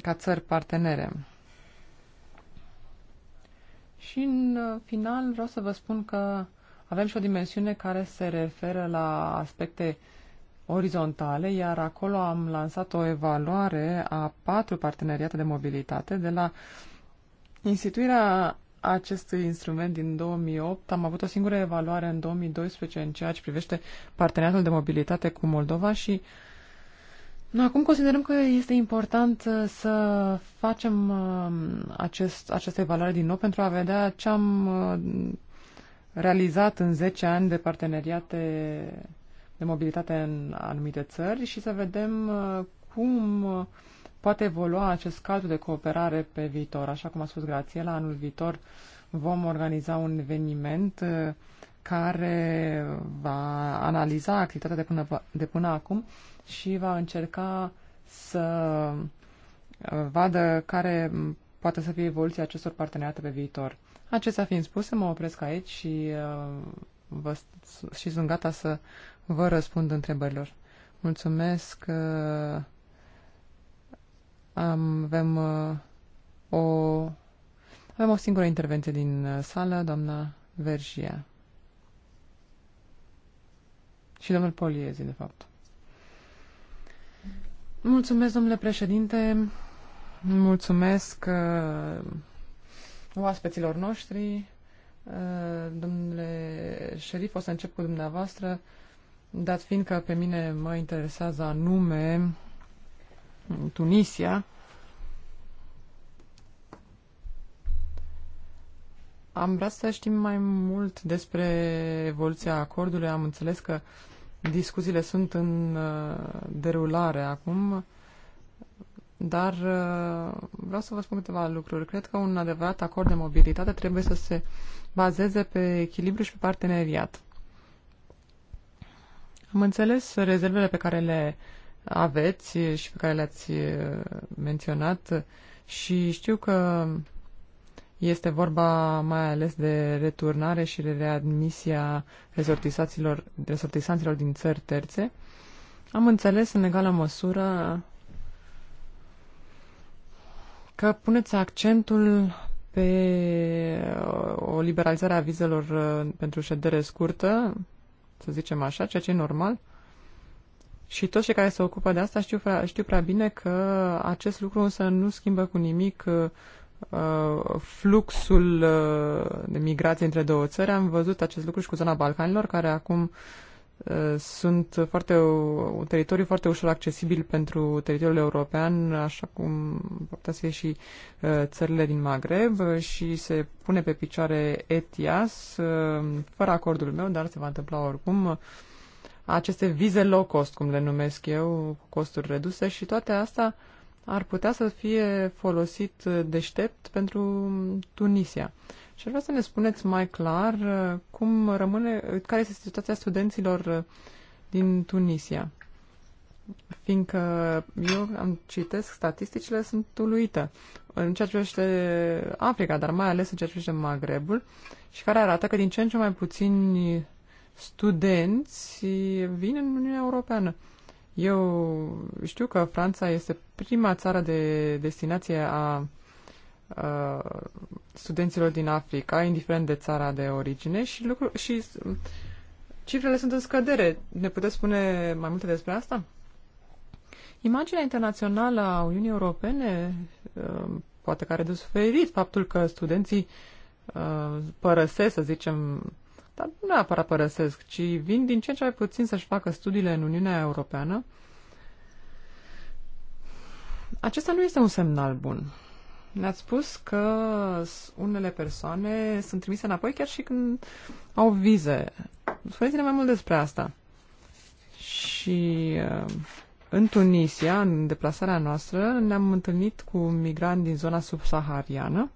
ca țări partenere. Și în final vreau să vă spun că avem și o dimensiune care se referă la aspecte orizontale, iar acolo am lansat o evaluare a patru parteneriate de mobilitate. De la instituirea acestui instrument din 2008, am avut o singură evaluare în 2012 în ceea ce privește parteneriatul de mobilitate cu Moldova și uh, Acum considerăm că este important uh, să facem um, acest, această evaluare din nou pentru a vedea ce am uh, realizat în 10 ani de parteneriate de mobilitate în anumite țări și să vedem uh, cum poate evolua acest cadru de cooperare pe viitor. Așa cum a spus la anul viitor vom organiza un eveniment care va analiza activitatea de până, de până acum și va încerca să uh, vadă care poate să fie evoluția acestor parteneriate pe viitor. Acestea fiind spuse, mă opresc aici și, uh, vă, și sunt gata să vă răspund întrebărilor. Mulțumesc! Uh, am Avem o, avem o singură intervenție din sală, doamna Vergia. Și domnul Poliezi, de fapt. Mulțumesc, domnule președinte. Mulțumesc uh, oaspeților noștri. Uh, domnule șerif, o să încep cu dumneavoastră, dat fiind că pe mine mă interesează anume Tunisia. Am vrea să știm mai mult despre evoluția acordului. Am înțeles că uh, Discuțiile sunt în uh, derulare acum, dar uh, vreau să vă spun câteva lucruri. Cred că un adevărat acord de mobilitate trebuie să se bazeze pe echilibru și pe parteneriat. Am înțeles rezervele pe care le aveți și pe care le-ați uh, menționat și știu că este vorba mai ales de returnare și de readmisia resortisanților, resortisanților din țări terțe. Am înțeles în egală măsură că puneți accentul pe uh, o liberalizare a vizelor uh, pentru ședere scurtă, să zicem așa, ceea ce e normal. Și toți cei care se ocupă de asta știu știu prea bine că acest lucru însă nu schimbă cu nimic uh, Uh, fluxul uh, de migrație între două țări. Am văzut acest lucru și cu zona Balcanilor, care acum uh, sunt foarte, un teritoriu foarte ușor accesibil pentru teritoriul european, așa cum putea să fie și țările din Maghreb și se pune pe picioare ETIAS, fără acordul meu, dar se va întâmpla oricum, aceste vize low cost, cum le numesc eu, cu costuri reduse și toate astea ar putea să fie folosit deștept pentru Tunisia. Și aș vrea să ne spuneți mai clar uh, cum rămâne, uh, care este situația studenților uh, din Tunisia. Fiindcă eu am citesc statisticile, sunt uluită în ceea ce privește Africa, dar mai ales în ceea ce privește Magrebul, și care arată că din ce în ce mai puțini studenți vin în Uniunea Europeană. Eu știu că Franța este prima țară de destinație a, a studenților din Africa, indiferent de țara de origine și, lucru, și cifrele sunt în scădere. Ne puteți spune mai multe despre asta? Imaginea internațională a Uniunii Europene ă, poate că are de suferit faptul că studenții ă, părăsesc, să zicem, dar nu neapărat părăsesc, ci vin din ce în ce mai puțin să-și facă studiile în Uniunea Europeană, acesta nu este un semnal bun. Ne-ați spus că unele persoane sunt trimise înapoi chiar și când au vize. Spuneți-ne mai mult despre asta. Și uh, în Tunisia, în deplasarea noastră, ne-am întâlnit cu migranți din zona subsahariană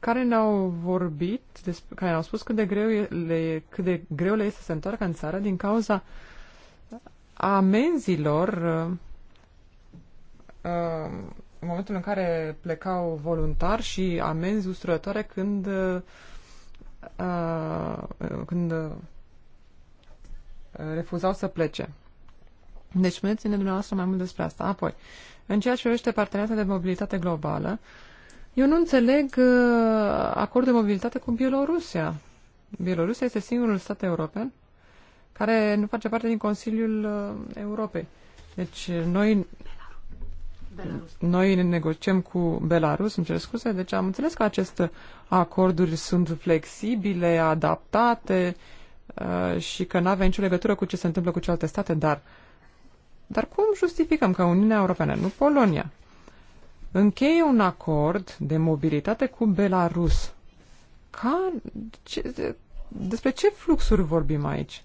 care ne-au vorbit, despre, care ne-au spus cât de, greu le, cât de greu le este să se întoarcă în țară din cauza amenzilor uh, uh, în momentul în care plecau voluntar și amenzi usturătoare când uh, când refuzau să plece. Deci, spuneți-ne dumneavoastră mai mult despre asta. Apoi, în ceea ce privește parteneriatul de mobilitate globală, uh, eu nu înțeleg uh, acordul de mobilitate cu Bielorusia. Bielorusia este singurul stat european care nu face parte din Consiliul uh, Europei. Deci uh, noi Noi ne negociem cu Belarus, îmi cer scuze, deci am înțeles că aceste acorduri sunt flexibile, adaptate și că nu avea nicio legătură cu ce se întâmplă cu celelalte state, dar, dar cum justificăm că Uniunea Europeană, nu Polonia, încheie un acord de mobilitate cu Belarus. Ca, ce, despre ce fluxuri vorbim aici?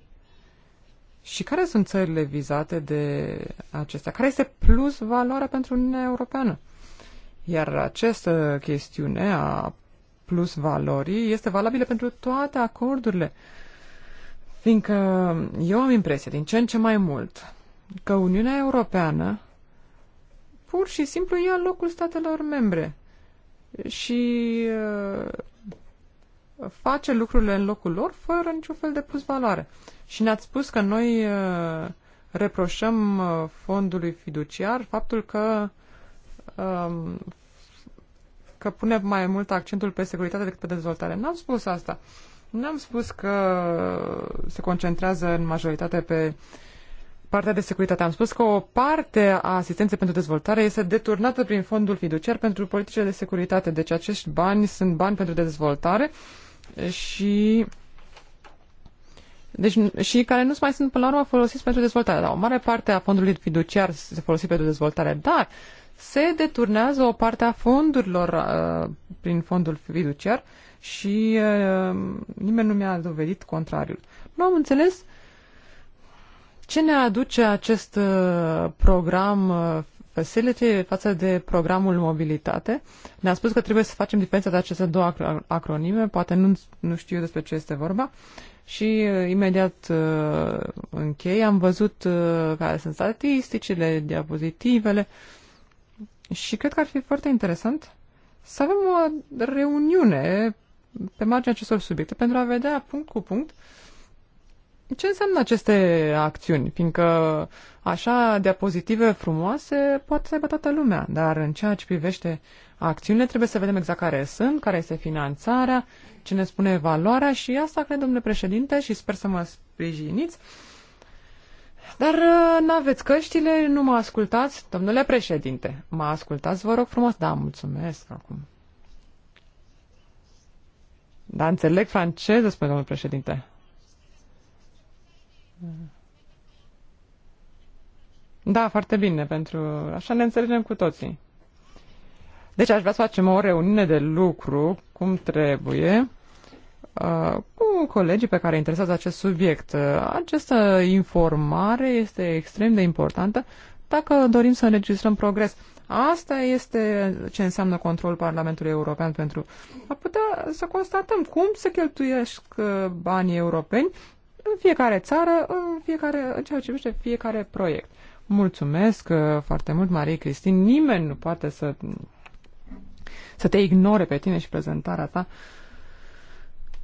Și care sunt țările vizate de acestea? Care este plus valoarea pentru Uniunea Europeană? Iar această chestiune a plus valorii este valabilă pentru toate acordurile. Fiindcă eu am impresia din ce în ce mai mult că Uniunea Europeană pur și simplu ia locul statelor membre și uh, face lucrurile în locul lor fără niciun fel de pus valoare. Și ne-ați spus că noi uh, reproșăm uh, fondului fiduciar faptul că um, că pune mai mult accentul pe securitate decât pe dezvoltare. N-am spus asta. N-am spus că se concentrează în majoritate pe uh, partea de securitate. Am spus că o parte a asistenței pentru dezvoltare este deturnată prin fondul fiduciar pentru politicile de securitate. Deci acești bani sunt bani pentru dezvoltare și deci, și care nu mai sunt până la urmă folosiți pentru dezvoltare. Dar o mare parte a fondului fiduciar se folosește pentru dezvoltare, dar se deturnează o parte a fondurilor uh, prin fondul fiduciar și uh, nimeni nu mi-a dovedit contrariul. Nu am înțeles uh, ce ne aduce acest uh, program uh, Facility față de programul mobilitate? Ne-a spus că trebuie să facem diferența de aceste două acronime, poate nu, nu știu despre ce este vorba. Și uh, imediat închei, am văzut care sunt statisticile, diapozitivele și cred că ar fi foarte interesant să avem o reuniune pe marginea acestor subiecte pentru a vedea punct cu punct uh, ce înseamnă aceste acțiuni? Fiindcă așa diapozitive frumoase poate să aibă toată lumea, dar în ceea ce privește acțiunile trebuie să vedem exact care sunt, care este finanțarea, ce ne spune valoarea și asta cred, domnule președinte, și sper să mă sprijiniți. Dar uh, n-aveți căștile, nu mă ascultați, domnule președinte. Mă ascultați, vă rog frumos? Da, mulțumesc acum. Da, înțeleg franceză, spune domnul președinte. Da, foarte bine, pentru așa ne înțelegem cu toții. Deci aș vrea să facem o reuniune de lucru, cum trebuie, uh, cu colegii pe care interesează acest subiect. Această informare este extrem de importantă dacă dorim să înregistrăm progres. Asta este ce înseamnă controlul Parlamentului European pentru a putea să constatăm cum se cheltuiesc uh, banii europeni în fiecare țară, în, fiecare, în ceea ce privește fiecare proiect. Mulțumesc uh, foarte mult, Marie Cristin. Nimeni nu poate să, să te ignore pe tine și prezentarea ta.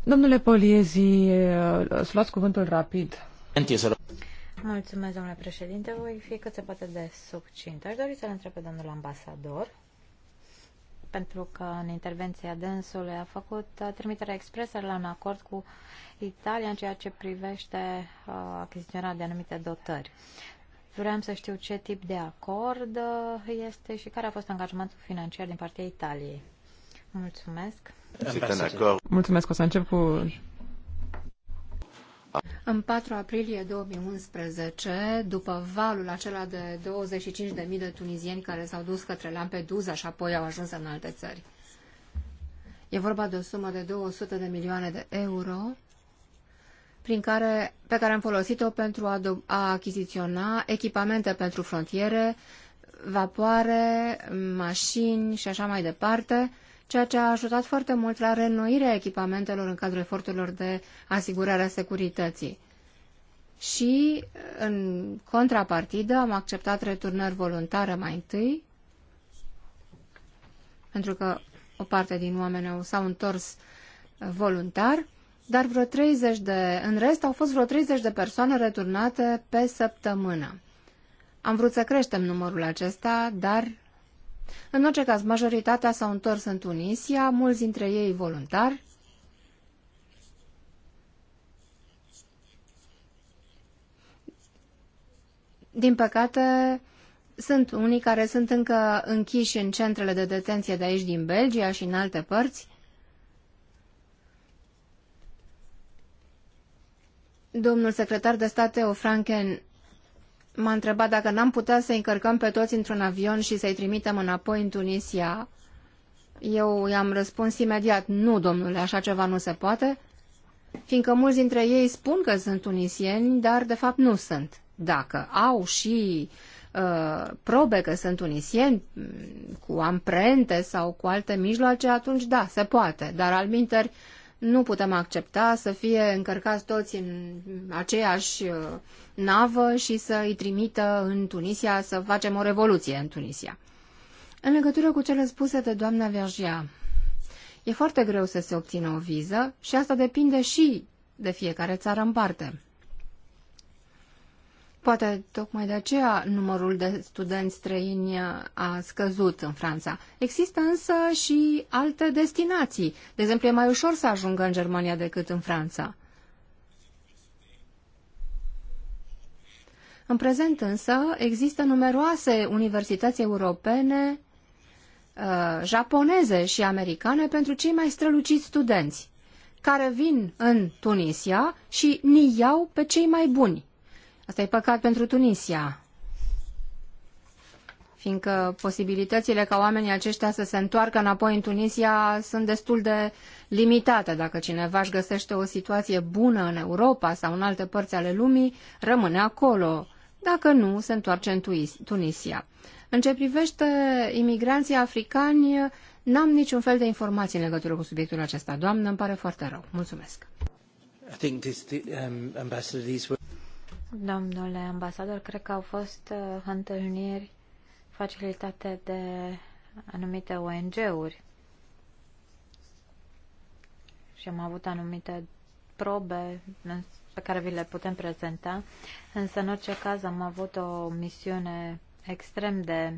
Domnule Poliezi, uh, să luați cuvântul rapid. Mulțumesc, domnule președinte. Voi fi cât se poate de succint. Aș dori să-l întreb pe domnul ambasador pentru că în intervenția dânsului a făcut trimiterea expresă la un acord cu Italia în ceea ce privește uh, achiziționarea de anumite dotări. Vreau să știu ce tip de acord uh, este și care a fost angajamentul financiar din partea Italiei. Mulțumesc. Mulțumesc. O să încep cu în 4 aprilie 2011, după valul acela de 25.000 de tunizieni care s-au dus către Lampedusa și apoi au ajuns în alte țări. E vorba de o sumă de 200 de milioane de euro prin care, pe care am folosit-o pentru a, do- a achiziționa echipamente pentru frontiere, vapoare, mașini și așa mai departe, ceea ce a ajutat foarte mult la reînnoirea echipamentelor în cadrul eforturilor de asigurare a securității. Și, în contrapartidă, am acceptat returnări voluntare mai întâi, pentru că o parte din oameni s-au întors uh, voluntar, dar vreo 30 de, în rest au fost vreo 30 de persoane returnate pe săptămână. Am vrut să creștem numărul acesta, dar în orice caz, majoritatea s-au întors în Tunisia, mulți dintre ei voluntari. Din păcate, sunt unii care sunt încă închiși în centrele de detenție de aici din Belgia și în alte părți. Domnul secretar de stat Ofranken m-a întrebat dacă n-am putea să încărcăm pe toți într-un avion și să-i trimitem înapoi în Tunisia. Eu i-am răspuns imediat, nu, domnule, așa ceva nu se poate, fiindcă mulți dintre ei spun că sunt tunisieni, dar de fapt nu sunt. Dacă au și uh, probe că sunt tunisieni, mm, cu amprente sau cu alte mijloace, atunci da, se poate, dar al uh, nu putem accepta să fie încărcați toți în aceeași uh, navă și să îi trimită în Tunisia, să facem o revoluție în Tunisia. În legătură cu cele spuse de doamna Vergia, e foarte greu să se obțină o viză și asta depinde și de fiecare țară în parte. Poate tocmai de aceea numărul de studenți străini a scăzut în Franța. Există însă și alte destinații. De exemplu, e mai ușor să ajungă în Germania decât în Franța. În prezent însă există numeroase universități europene, uh, japoneze și americane pentru cei mai străluciți studenți, care vin în Tunisia și ni iau pe cei mai buni. Asta e păcat pentru Tunisia, fiindcă posibilitățile ca oamenii aceștia să se întoarcă înapoi în Tunisia sunt destul de limitate. Dacă cineva își găsește o situație bună în Europa sau în alte părți ale lumii, rămâne acolo. Dacă nu, se întoarce în Tunisia. În ce privește imigranții africani, n-am niciun fel de informații în legătură cu subiectul acesta. Doamnă, îmi pare foarte rău. Mulțumesc. Um, Domnule ambasador, cred că au fost uh, întâlniri facilitate de anumite ONG-uri și am avut anumite probe pe care vi le putem prezenta, însă în orice caz am avut o misiune extrem de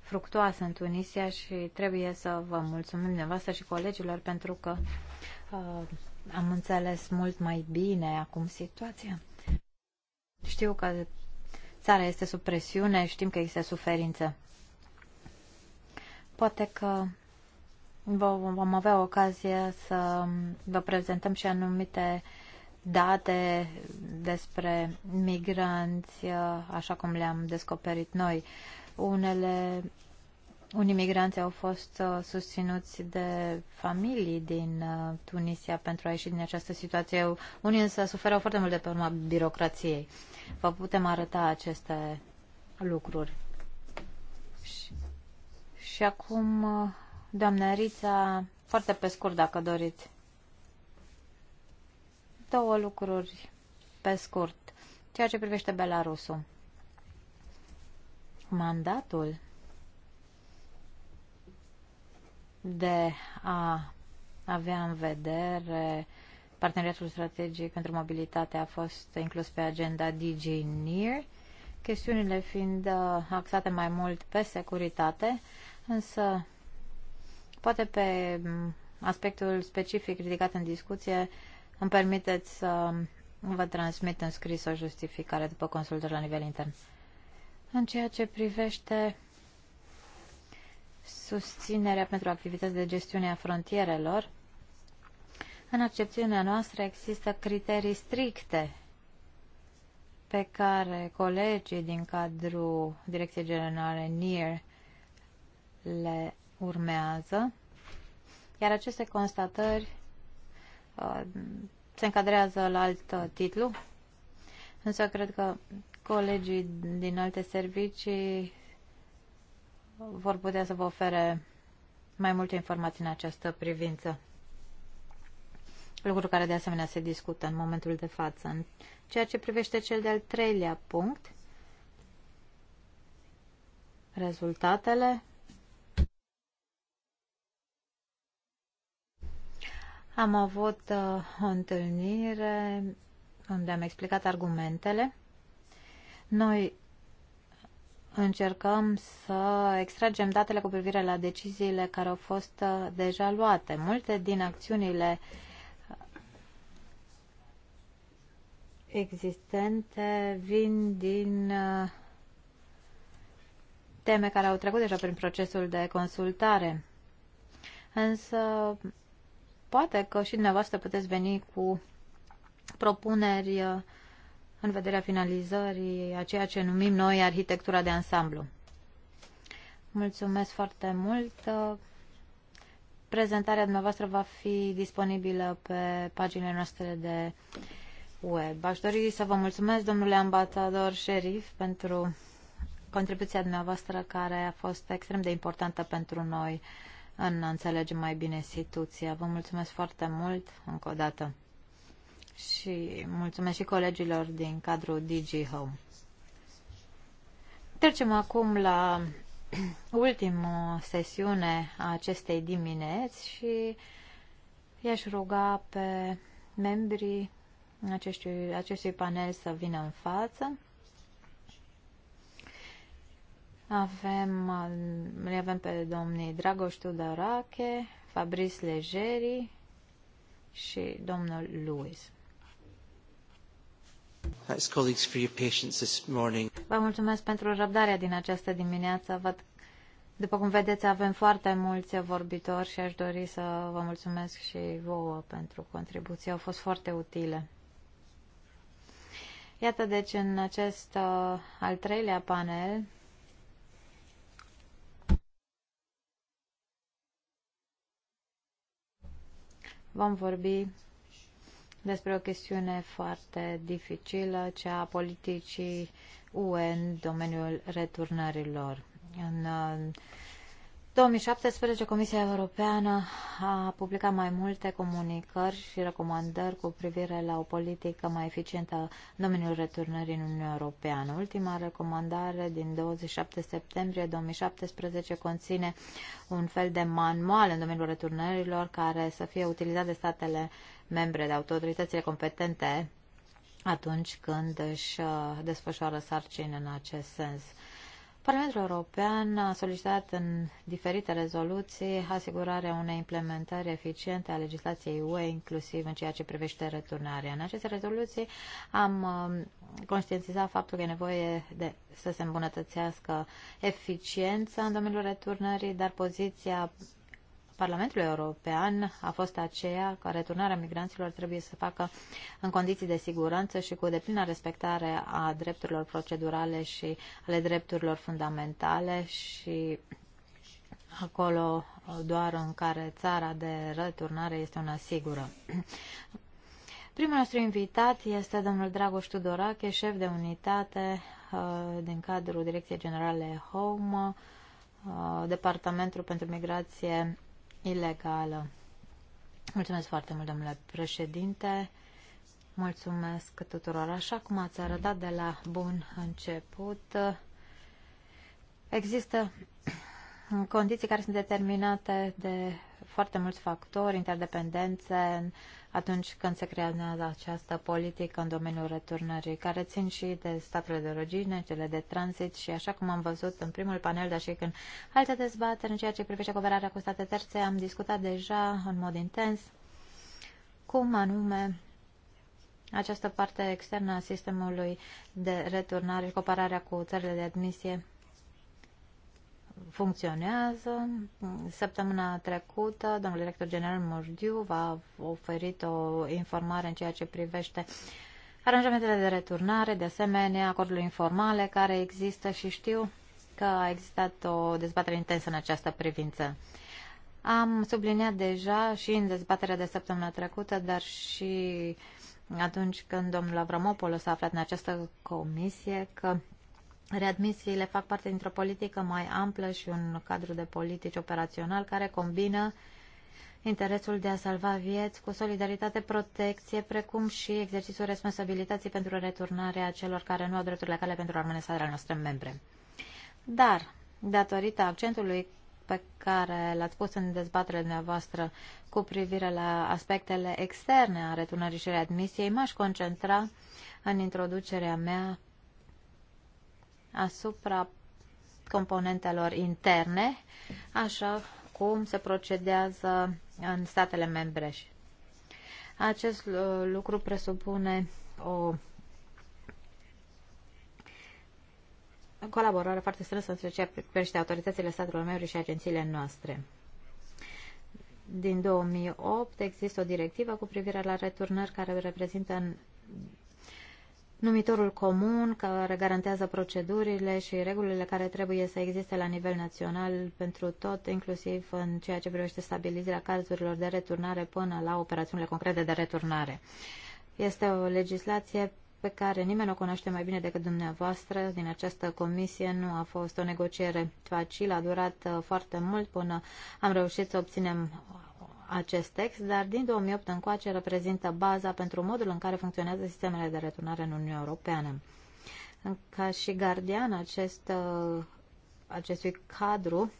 fructoasă în Tunisia și trebuie să vă mulțumim dumneavoastră și colegilor pentru că uh, am înțeles mult mai bine acum situația. Știu că țara este sub presiune, știm că există suferință. Poate că vom avea ocazia să vă prezentăm și anumite date despre migranți, așa cum le-am descoperit noi. Unele unii migranți au fost uh, susținuți de familii din uh, Tunisia pentru a ieși din această situație. Unii însă suferau foarte mult de pe urma birocrației. Vă putem arăta aceste lucruri. Și, și acum, uh, doamna Rița, foarte pe scurt, dacă doriți. Două lucruri pe scurt. Ceea ce privește Belarusul. Mandatul de a avea în vedere parteneriatul strategic pentru mobilitate a fost inclus pe agenda DG chestiunile fiind uh, axate mai mult pe securitate, însă poate pe mm, aspectul specific ridicat în discuție îmi permiteți să vă transmit în scris o justificare după consultări la nivel intern. În ceea ce privește susținerea pentru activități de gestiune a frontierelor, în accepțiunea noastră există criterii stricte pe care colegii din cadrul Direcției Generale NIR le urmează, iar aceste constatări uh, se încadrează la alt uh, titlu, însă cred că colegii din alte servicii vor putea să vă ofere mai multe informații în această privință. Lucru care de asemenea se discută în momentul de față. În ceea ce privește cel de-al treilea punct, rezultatele Am avut uh, o întâlnire unde am explicat argumentele. Noi încercăm să extragem datele cu privire la deciziile care au fost uh, deja luate. Multe din acțiunile uh, existente vin din uh, teme care au trecut deja prin procesul de consultare. Însă, poate că și dumneavoastră puteți veni cu propuneri în vederea finalizării a ceea ce numim noi arhitectura de ansamblu. Mulțumesc foarte mult! Prezentarea dumneavoastră va fi disponibilă pe paginile noastre de web. Aș dori să vă mulțumesc, domnule ambasador șerif, pentru contribuția dumneavoastră care a fost extrem de importantă pentru noi în a înțelege mai bine situația. Vă mulțumesc foarte mult încă o dată și mulțumesc și colegilor din cadrul DG Home. Trecem acum la ultima sesiune a acestei dimineți și i-aș ruga pe membrii acestui, acestui panel să vină în față. Avem, le avem pe domnii Dragoș Tudorache, Fabrice Legeri și domnul Luis. Vă mulțumesc pentru răbdarea din această dimineață. Văd, după cum vedeți, avem foarte mulți vorbitori și aș dori să vă mulțumesc și vouă pentru contribuții. Au fost foarte utile. Iată, deci, în acest uh, al treilea panel, vom vorbi despre o chestiune foarte dificilă, cea a politicii UE în domeniul returnărilor. În 2017, uh, Comisia Europeană a publicat mai multe comunicări și recomandări cu privire la o politică mai eficientă în domeniul returnării în Uniunea Europeană. Ultima recomandare din 27 septembrie 2017 conține un fel de manual în domeniul returnărilor care să fie utilizat de statele membre de autoritățile competente atunci când își uh, desfășoară sarcini în acest sens. Parlamentul European a solicitat în diferite rezoluții asigurarea unei implementări eficiente a legislației UE, inclusiv în ceea ce privește returnarea. În aceste rezoluții am uh, conștientizat faptul că e nevoie de, să se îmbunătățească eficiența în domeniul returnării, dar poziția Parlamentul European a fost aceea că returnarea migranților trebuie să facă în condiții de siguranță și cu deplină respectare a drepturilor procedurale și ale drepturilor fundamentale și acolo doar în care țara de returnare este una sigură. Primul nostru invitat este domnul Dragoș Tudorache, șef de unitate uh, din cadrul Direcției Generale Home, uh, Departamentul pentru Migrație ilegală. Mulțumesc foarte mult, domnule președinte. Mulțumesc tuturor. Așa cum ați arătat de la bun început, există condiții care sunt determinate de foarte mulți factori, interdependențe, atunci când se creează această politică în domeniul returnării, care țin și de statele de origine, cele de tranzit și așa cum am văzut în primul panel, dar și în alte dezbateri în ceea ce privește cooperarea cu state terțe, am discutat deja în mod intens cum anume această parte externă a sistemului de returnare și cooperarea cu țările de admisie funcționează. Săptămâna trecută, domnul director general Mordiu v-a oferit o informare în ceea ce privește aranjamentele de returnare, de asemenea acordurile informale care există și știu că a existat o dezbatere intensă în această privință. Am subliniat deja și în dezbaterea de săptămâna trecută, dar și atunci când domnul Avramopoulos a aflat în această comisie că Readmisiile fac parte dintr-o politică mai amplă și un cadru de politici operațional care combină interesul de a salva vieți cu solidaritate, protecție, precum și exercițiul responsabilității pentru returnarea celor care nu au drepturi legale pentru a rămâne statele noastre membre. Dar, datorită accentului pe care l-ați pus în dezbaterea dumneavoastră cu privire la aspectele externe a returnării și readmisiei, m-aș concentra în introducerea mea asupra componentelor interne, așa cum se procedează în statele membre. Acest lucru presupune o colaborare foarte strânsă între ce autoritățile statelor membre și agențiile noastre. Din 2008 există o directivă cu privire la returnări care reprezintă în numitorul comun care garantează procedurile și regulile care trebuie să existe la nivel național pentru tot, inclusiv în ceea ce privește stabilizarea cazurilor de returnare până la operațiunile concrete de returnare. Este o legislație pe care nimeni o cunoaște mai bine decât dumneavoastră. Din această comisie nu a fost o negociere facilă, a durat uh, foarte mult până am reușit să obținem acest text, dar din 2008 încoace reprezintă baza pentru modul în care funcționează sistemele de returnare în Uniunea Europeană. Ca și gardian acest, uh, acestui cadru,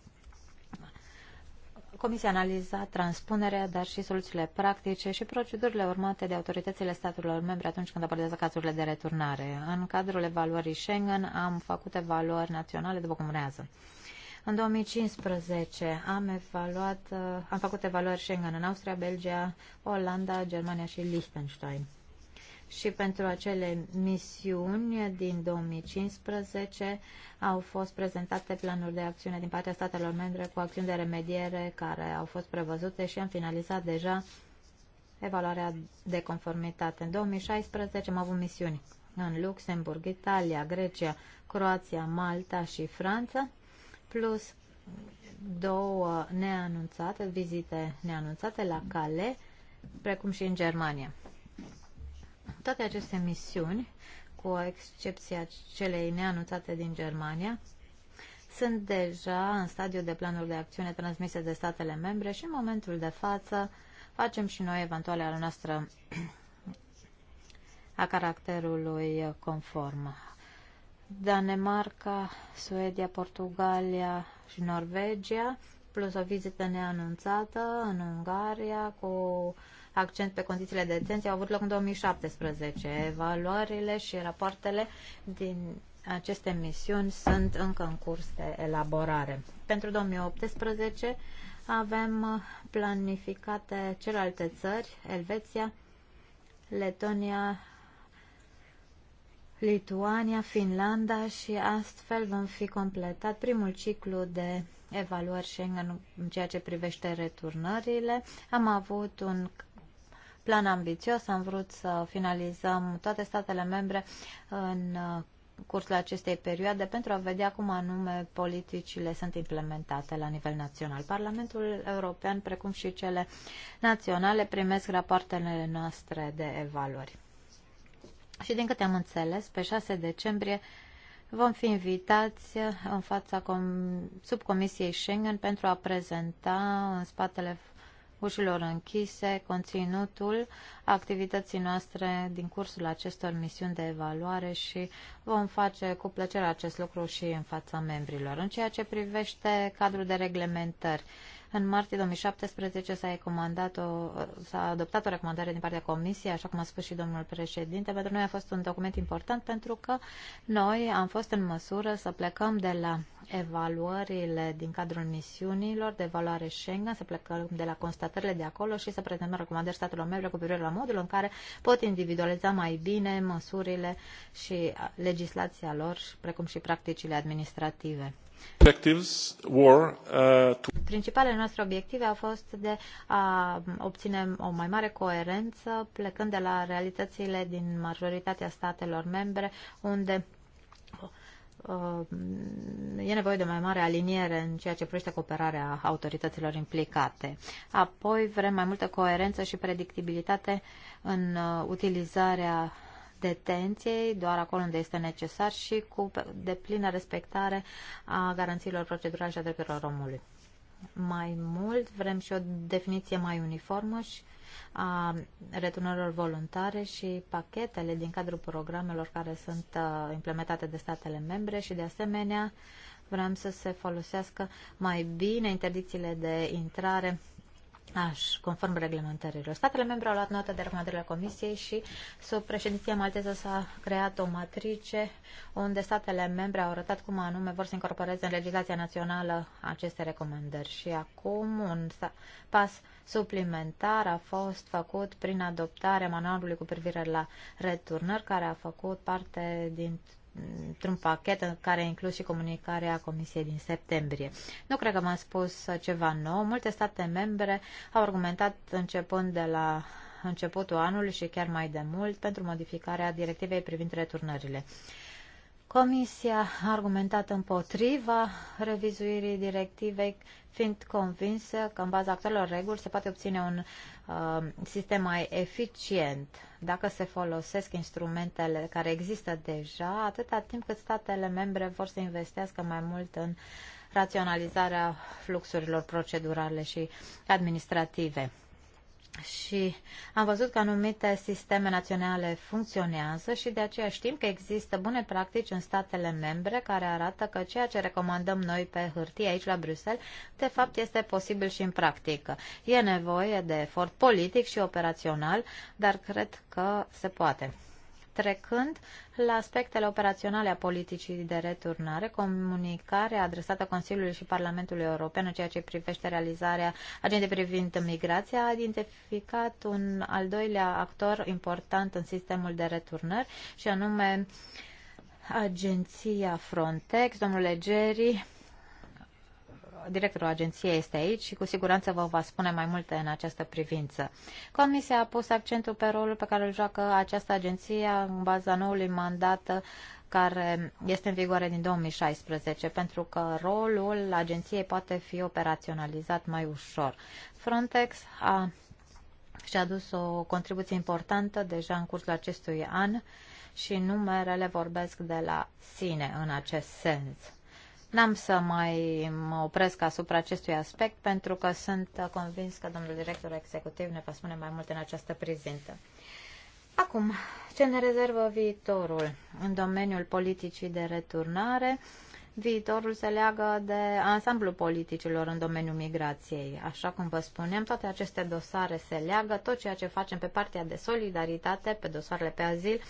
Comisia analiza transpunerea, dar și soluțiile practice și procedurile urmate de autoritățile statelor membre atunci când abordează cazurile de returnare. În cadrul evaluării Schengen am făcut evaluări naționale după cum urmează. În 2015 am evaluat, uh, am făcut evaluări Schengen în Austria, Belgia, Olanda, Germania și Liechtenstein. Și pentru acele misiuni din 2015 au fost prezentate planuri de acțiune din partea statelor membre cu acțiuni de remediere care au fost prevăzute și am finalizat deja evaluarea de conformitate. În 2016 am avut misiuni în Luxemburg, Italia, Grecia, Croația, Malta și Franța plus două neanunțate, vizite neanunțate la Cale, precum și în Germania. Toate aceste misiuni, cu excepția celei neanunțate din Germania, sunt deja în stadiu de planuri de acțiune transmise de statele membre și în momentul de față facem și noi eventuale ale noastră a caracterului conform. Danemarca, Suedia, Portugalia și Norvegia, plus o vizită neanunțată în Ungaria cu accent pe condițiile de detenție au avut loc în 2017. Evaluările și rapoartele din aceste misiuni sunt încă în curs de elaborare. Pentru 2018 avem planificate celelalte țări, Elveția, Letonia, Lituania, Finlanda și astfel vom fi completat primul ciclu de evaluări Schengen în ceea ce privește returnările. Am avut un plan ambițios, am vrut să finalizăm toate statele membre în uh, cursul acestei perioade pentru a vedea cum anume politicile sunt implementate la nivel național. Parlamentul European, precum și cele naționale, primesc rapoartele noastre de evaluări. Și din câte am înțeles, pe 6 decembrie vom fi invitați în fața com- subcomisiei Schengen pentru a prezenta în spatele ușilor închise conținutul activității noastre din cursul acestor misiuni de evaluare și vom face cu plăcere acest lucru și în fața membrilor. În ceea ce privește cadrul de reglementări, uh, în martie 2017 s-a, recomandat o, s-a adoptat o recomandare din partea Comisiei, așa cum a spus și domnul președinte. Pentru noi a fost un document important pentru că noi am fost în măsură să plecăm de la evaluările din cadrul misiunilor de evaluare Schengen, să plecăm de la constatările de acolo și să prezentăm recomandări statelor membre cu privire la modul în care pot individualiza mai bine măsurile și legislația lor, precum și practicile administrative. Uh, Principalele noastre obiective au fost de a obține o mai mare coerență, plecând de la realitățile din majoritatea statelor membre, unde uh, e nevoie de mai mare aliniere în ceea ce privește cooperarea autorităților implicate. Apoi vrem mai multă coerență și predictibilitate în uh, utilizarea detenției, doar acolo unde este necesar și cu deplină respectare a garanțiilor procedurale și a drepturilor omului. Mai mult vrem și o definiție mai uniformă și a returnărilor voluntare și pachetele din cadrul programelor care sunt uh, implementate de statele membre și de asemenea vrem să se folosească mai bine interdicțiile de intrare Aș, conform reglementărilor. Statele membre au luat notă de recomandările Comisiei și sub președinția malteză s-a creat o matrice unde statele membre au arătat cum anume vor să incorporeze în legislația națională aceste recomandări. Și acum un pas suplimentar a fost făcut prin adoptarea manualului cu privire la returnări, care a făcut parte din într-un pachet în care inclus și comunicarea Comisiei din septembrie. Nu cred că m-am spus ceva nou. Multe state membre au argumentat începând de la începutul anului și chiar mai de mult pentru modificarea directivei privind returnările. Comisia a argumentat împotriva revizuirii directivei, fiind convinsă că în baza actualelor reguli se poate obține un Um, sistem mai eficient dacă se folosesc instrumentele care există deja, atâta timp cât statele membre vor să investească mai mult în raționalizarea fluxurilor procedurale și administrative și am văzut că anumite sisteme naționale funcționează și de aceea știm că există bune practici în statele membre care arată că ceea ce recomandăm noi pe hârtie aici la Bruxelles, de fapt este posibil și în practică. E nevoie de efort politic și operațional, dar cred că se poate. Trecând la aspectele operaționale a politicii de returnare, comunicare adresată Consiliului și Parlamentului European în ceea ce privește realizarea agendei privind migrația a identificat un al doilea actor important în sistemul de returnări și anume Agenția Frontex. Domnule Geri, directorul agenției este aici și cu siguranță vă va spune mai multe în această privință. Comisia a pus accentul pe rolul pe care îl joacă această agenție în baza noului mandat care este în vigoare din 2016, pentru că rolul agenției poate fi operaționalizat mai ușor. Frontex a și-a adus o contribuție importantă deja în cursul acestui an și numerele vorbesc de la sine în acest sens. N-am să mai mă opresc asupra acestui aspect pentru că sunt convins că domnul director executiv ne va spune mai mult în această prezintă. Acum, ce ne rezervă viitorul în domeniul politicii de returnare? viitorul se leagă de ansamblu politicilor în domeniul migrației. Așa cum vă spuneam, toate aceste dosare se leagă, tot ceea ce facem pe partea de solidaritate, pe dosarele pe azil,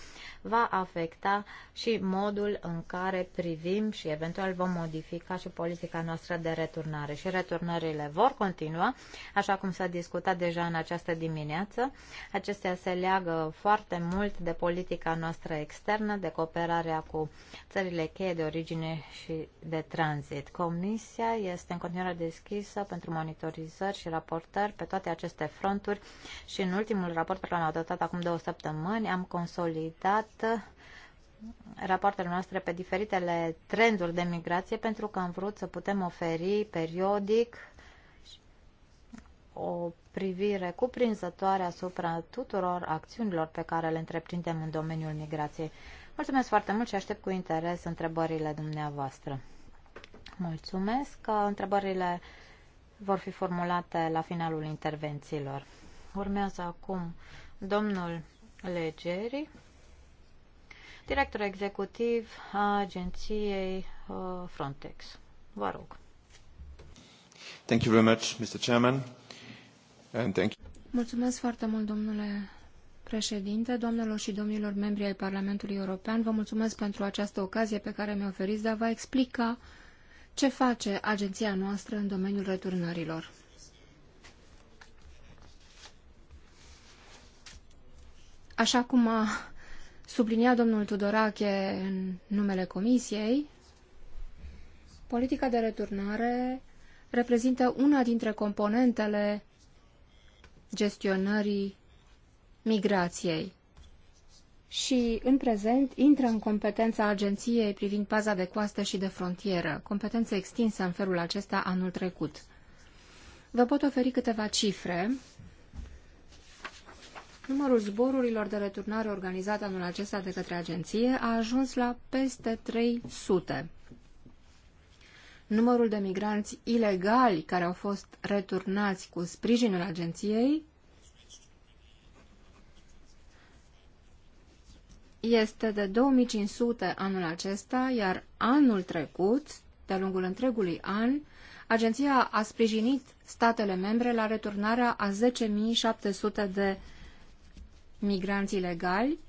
va afecta și modul în care privim și eventual vom modifica și politica noastră de returnare. Și returnările vor continua, așa cum s-a discutat deja în această dimineață. Acestea se leagă foarte mult de politica noastră externă, de cooperarea cu țările cheie de origine și de tranzit. Comisia este în continuare deschisă pentru monitorizări și raportări pe toate aceste fronturi și în ultimul raport pe care l-am adoptat acum două săptămâni am consolidat rapoartele noastre pe diferitele trenduri de migrație pentru că am vrut să putem oferi periodic o privire cuprinzătoare asupra tuturor acțiunilor pe care le întreprindem în domeniul migrației. Mulțumesc foarte mult și aștept cu interes întrebările dumneavoastră. Mulțumesc. Întrebările vor fi formulate la finalul intervențiilor. Urmează acum domnul Legeri, director executiv a agenției uh, Frontex. Vă rog. Thank you very much, Mr. Chairman, and thank you. Mulțumesc foarte mult, domnule președinte, doamnelor și domnilor membri ai Parlamentului European, vă mulțumesc pentru această ocazie pe care mi-o oferiți de a vă explica ce face agenția noastră în domeniul returnărilor. Așa cum a subliniat domnul Tudorache în numele Comisiei, politica de returnare reprezintă una dintre componentele gestionării migrației și, în prezent, intră în competența agenției privind paza de coastă și de frontieră, competență extinsă în felul acesta anul trecut. Vă pot oferi câteva cifre. Numărul zborurilor de returnare organizat anul acesta de către agenție a ajuns la peste 300. Numărul de migranți ilegali care au fost returnați cu sprijinul agenției este de 2500 anul acesta, iar anul trecut, de-a lungul întregului an, agenția a sprijinit statele membre la returnarea a 10.700 de migranți ilegali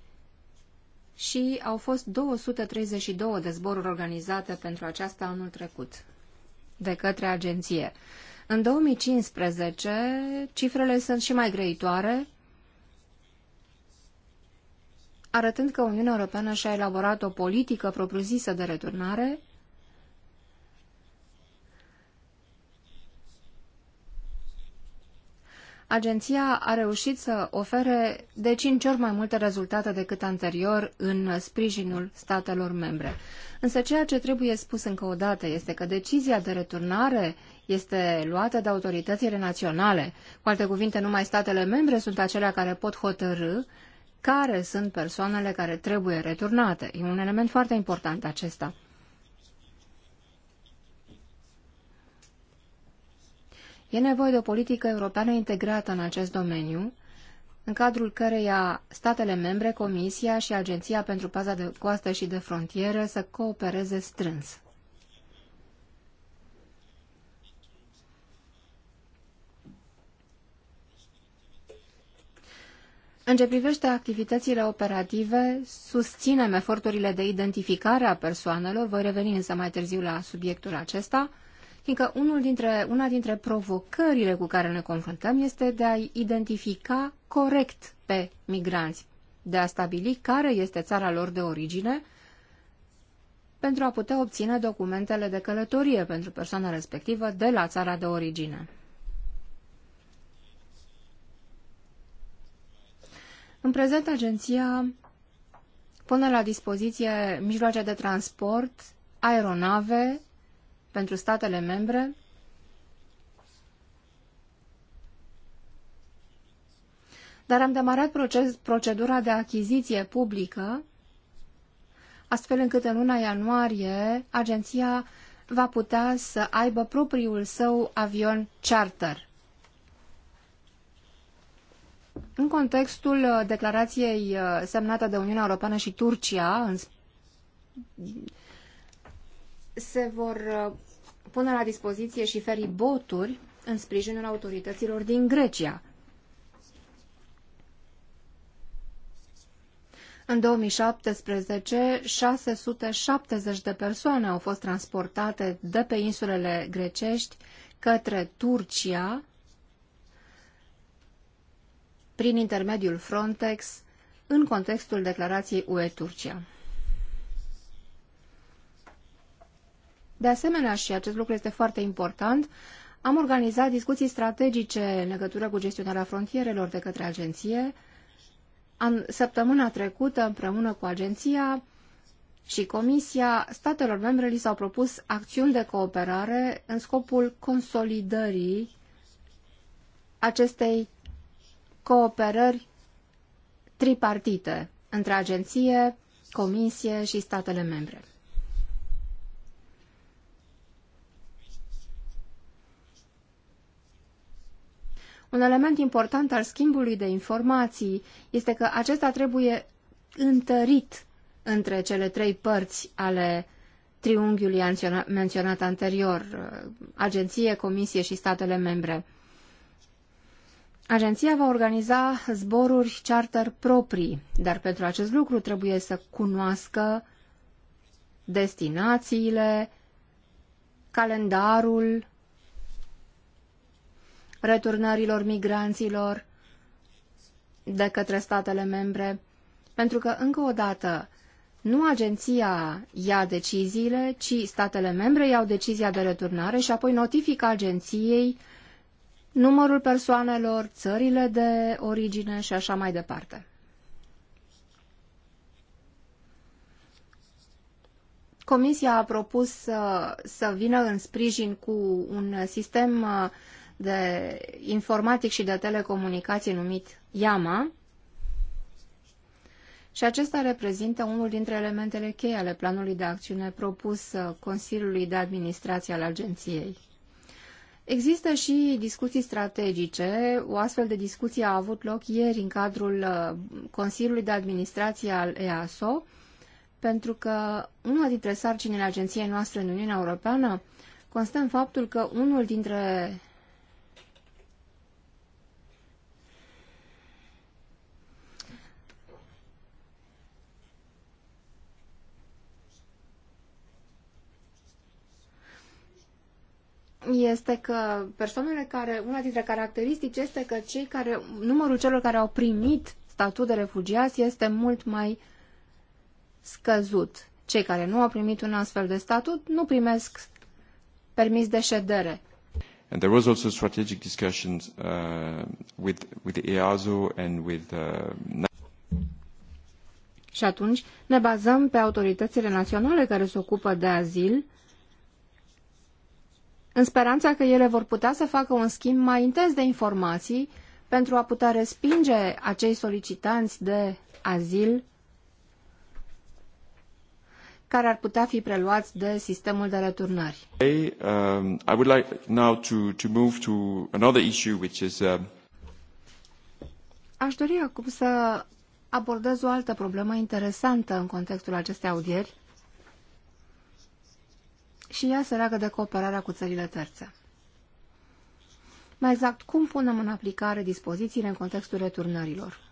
și au fost 232 de zboruri organizate pentru aceasta anul trecut de către agenție. În 2015, cifrele sunt și mai greitoare, arătând că Uniunea Europeană și-a elaborat o politică propriu-zisă de returnare, agenția a reușit să ofere de cinci ori mai multe rezultate decât anterior în sprijinul statelor membre. Însă ceea ce trebuie spus încă o dată este că decizia de returnare este luată de autoritățile naționale. Cu alte cuvinte, numai statele membre sunt acelea care pot hotărâ care sunt persoanele care trebuie returnate. E un element foarte important acesta. E nevoie de o politică europeană integrată în acest domeniu, în cadrul căreia statele membre, Comisia și Agenția pentru Paza de Coastă și de Frontieră să coopereze strâns. În ce privește activitățile operative, susținem eforturile de identificare a persoanelor, voi reveni însă mai târziu la subiectul acesta, fiindcă unul dintre, una dintre provocările cu care ne confruntăm este de a identifica corect pe migranți, de a stabili care este țara lor de origine, pentru a putea obține documentele de călătorie pentru persoana respectivă de la țara de origine. În prezent, agenția pune la dispoziție mijloace de transport, aeronave pentru statele membre, dar am demarat proces, procedura de achiziție publică, astfel încât în luna ianuarie agenția va putea să aibă propriul său avion charter. În contextul uh, declarației uh, semnată de Uniunea Europeană și Turcia, se vor uh, pune la dispoziție și feriboturi în sprijinul autorităților din Grecia. În 2017, 670 de persoane au fost transportate de pe insulele grecești către Turcia prin intermediul Frontex în contextul declarației UE-Turcia. De asemenea, și acest lucru este foarte important, am organizat discuții strategice în legătură cu gestionarea frontierelor de către agenție. Am, săptămâna trecută, împreună cu agenția și comisia, statelor membre li s-au propus acțiuni de cooperare în scopul consolidării acestei cooperări tripartite între agenție, comisie și statele membre. Un element important al schimbului de informații este că acesta trebuie întărit între cele trei părți ale triunghiului menționat anterior, uh, agenție, comisie și statele membre. Agenția va organiza zboruri charter proprii, dar pentru acest lucru trebuie să cunoască destinațiile, calendarul returnărilor migranților de către statele membre, pentru că, încă o dată, nu agenția ia deciziile, ci statele membre iau decizia de returnare și apoi notifică agenției uh, numărul persoanelor, țările de origine și așa mai departe. Comisia a propus să, să vină în sprijin cu un sistem uh, de informatic și de telecomunicații numit IAMA și acesta reprezintă unul dintre elementele cheie ale planului de acțiune propus uh, Consiliului de Administrație al Agenției. Există și discuții strategice. O astfel de discuție a avut loc ieri în cadrul uh, Consiliului de Administrație al EASO, pentru că una dintre sarcinile agenției noastre în Uniunea Europeană constă în faptul că unul dintre este că persoanele care, una dintre caracteristici este că cei care, numărul celor care au primit statut de refugiați este mult mai scăzut. Cei care nu au primit un astfel de statut nu primesc permis de ședere. And there was also strategic discussions uh, with, with the EASO and with uh, și atunci ne bazăm pe autoritățile naționale care se ocupă de azil în speranța că ele vor putea să facă un schimb mai intens de informații pentru a putea respinge acei solicitanți de azil care ar putea fi preluați de sistemul de returnări. Um, I would like now to, to move to another issue which is uh, Aș dori acum să abordez o altă problemă interesantă în contextul acestei audieri și ea se leagă de cooperarea cu țările terțe. Mai exact, cum punem în aplicare dispozițiile în contextul returnărilor?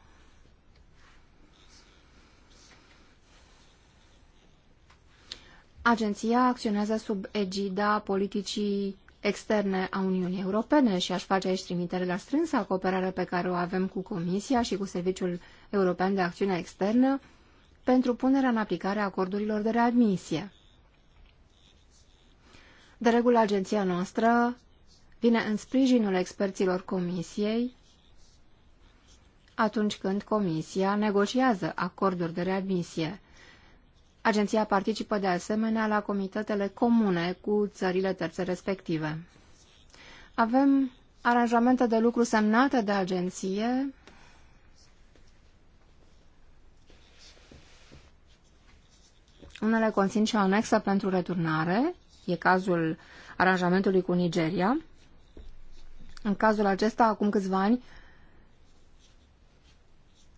Agenția acționează sub egida politicii externe a Uniunii Europene și aș face aici trimitere la strânsa cooperare pe care o avem cu Comisia și cu Serviciul European de Acțiune Externă pentru punerea în aplicare a acordurilor de readmisie. De regulă, agenția noastră vine în sprijinul experților comisiei atunci când comisia negociază acorduri de readmisie. Agenția participă de asemenea la comitetele comune cu țările terțe respective. Avem aranjamente de lucru semnate de agenție Unele conțin și o anexă pentru returnare E cazul aranjamentului cu Nigeria. În cazul acesta, acum câțiva ani,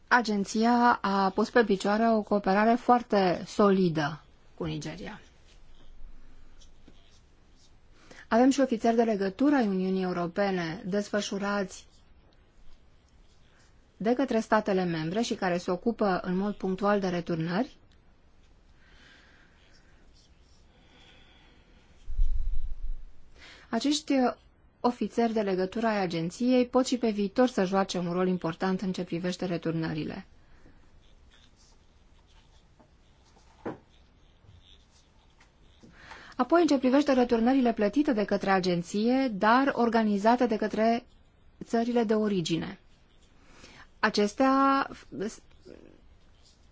agenția a pus pe picioare o cooperare foarte solidă cu Nigeria. Avem și ofițeri de legătură ai Uniunii Europene desfășurați de către statele membre și care se ocupă în mod punctual de returnări. Acești uh, ofițeri de legătură ai agenției pot și pe viitor să joace un rol important în ce privește returnările. Apoi, în ce privește returnările plătite de către agenție, dar organizate de către țările de origine. Acestea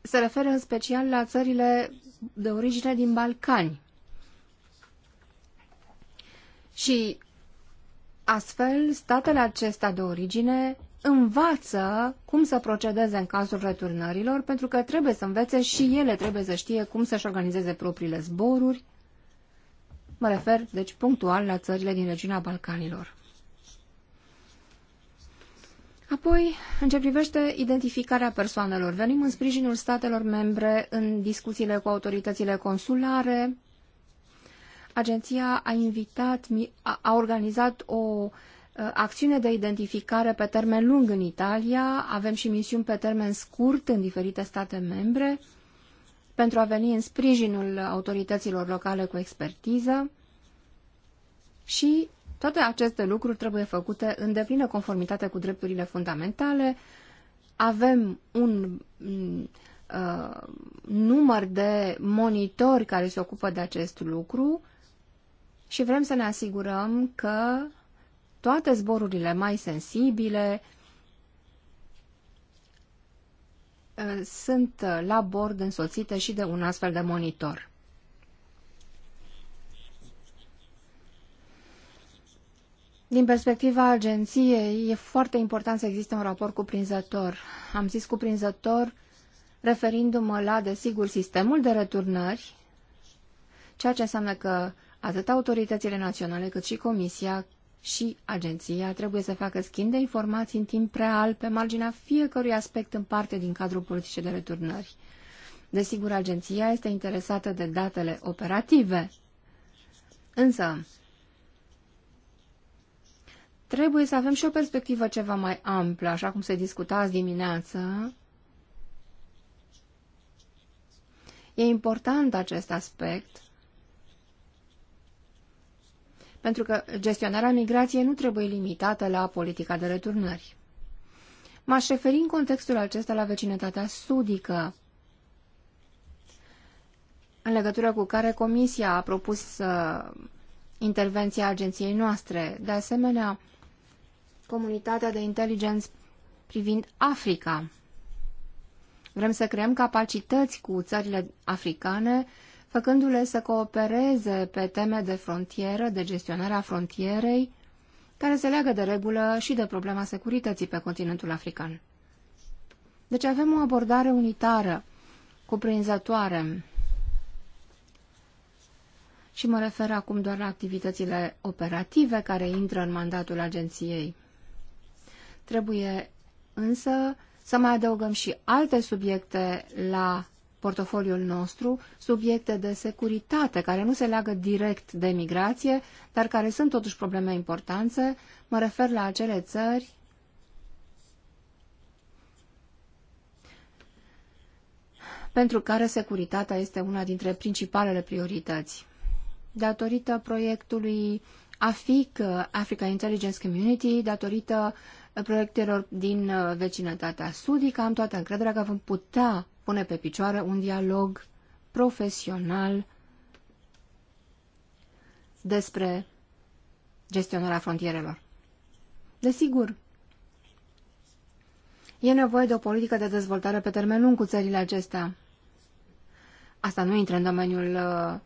se referă în special la țările de origine din Balcani. Și astfel, statele acestea de origine învață cum să procedeze în cazul returnărilor, pentru că trebuie să învețe și ele trebuie să știe cum să-și organizeze propriile zboruri. Mă refer, deci, punctual la țările din regiunea Balcanilor. Apoi, în ce privește identificarea persoanelor, venim în sprijinul statelor membre în discuțiile cu autoritățile consulare, agenția a invitat, a organizat o ă, acțiune de identificare pe termen lung în Italia, avem și misiuni pe termen scurt în diferite state membre pentru a veni în sprijinul autorităților locale cu expertiză și toate aceste lucruri trebuie făcute în deplină conformitate cu drepturile fundamentale. Avem un uh, număr de monitori care se ocupă de acest lucru, și vrem să ne asigurăm că toate zborurile mai sensibile uh, sunt uh, la bord însoțite și de un astfel de monitor. Din perspectiva agenției, e foarte important să existe un raport cuprinzător. Am zis cuprinzător referindu-mă la, desigur, sistemul de returnări, ceea ce înseamnă că Atât autoritățile naționale cât și Comisia și agenția trebuie să facă schimb de informații în timp real pe marginea fiecărui aspect în parte din cadrul politice de returnări. Desigur, agenția este interesată de datele operative, însă trebuie să avem și o perspectivă ceva mai amplă, așa cum se discuta azi dimineață. E important acest aspect pentru că gestionarea migrației nu trebuie limitată la politica de returnări. M-aș referi în contextul acesta la vecinătatea sudică, în legătură cu care Comisia a propus uh, intervenția agenției noastre. De asemenea, comunitatea de inteligență privind Africa. Vrem să creăm capacități cu țările africane făcându-le să coopereze pe teme de frontieră, de gestionarea frontierei, care se leagă de regulă și de problema securității pe continentul african. Deci avem o abordare unitară, cuprinzătoare, și mă refer acum doar la activitățile operative care intră în mandatul agenției. Trebuie însă să mai adăugăm și alte subiecte la portofoliul nostru subiecte de securitate care nu se leagă direct de migrație, dar care sunt totuși probleme importante. Mă refer la acele țări pentru care securitatea este una dintre principalele priorități. Datorită proiectului AFIC, Africa Intelligence Community, datorită proiectelor din vecinătatea sudică, am toată încrederea că vom putea pune pe picioare un dialog profesional despre gestionarea frontierelor. Desigur, e nevoie de o politică de dezvoltare pe termen lung cu țările acestea. Asta nu intră în domeniul uh,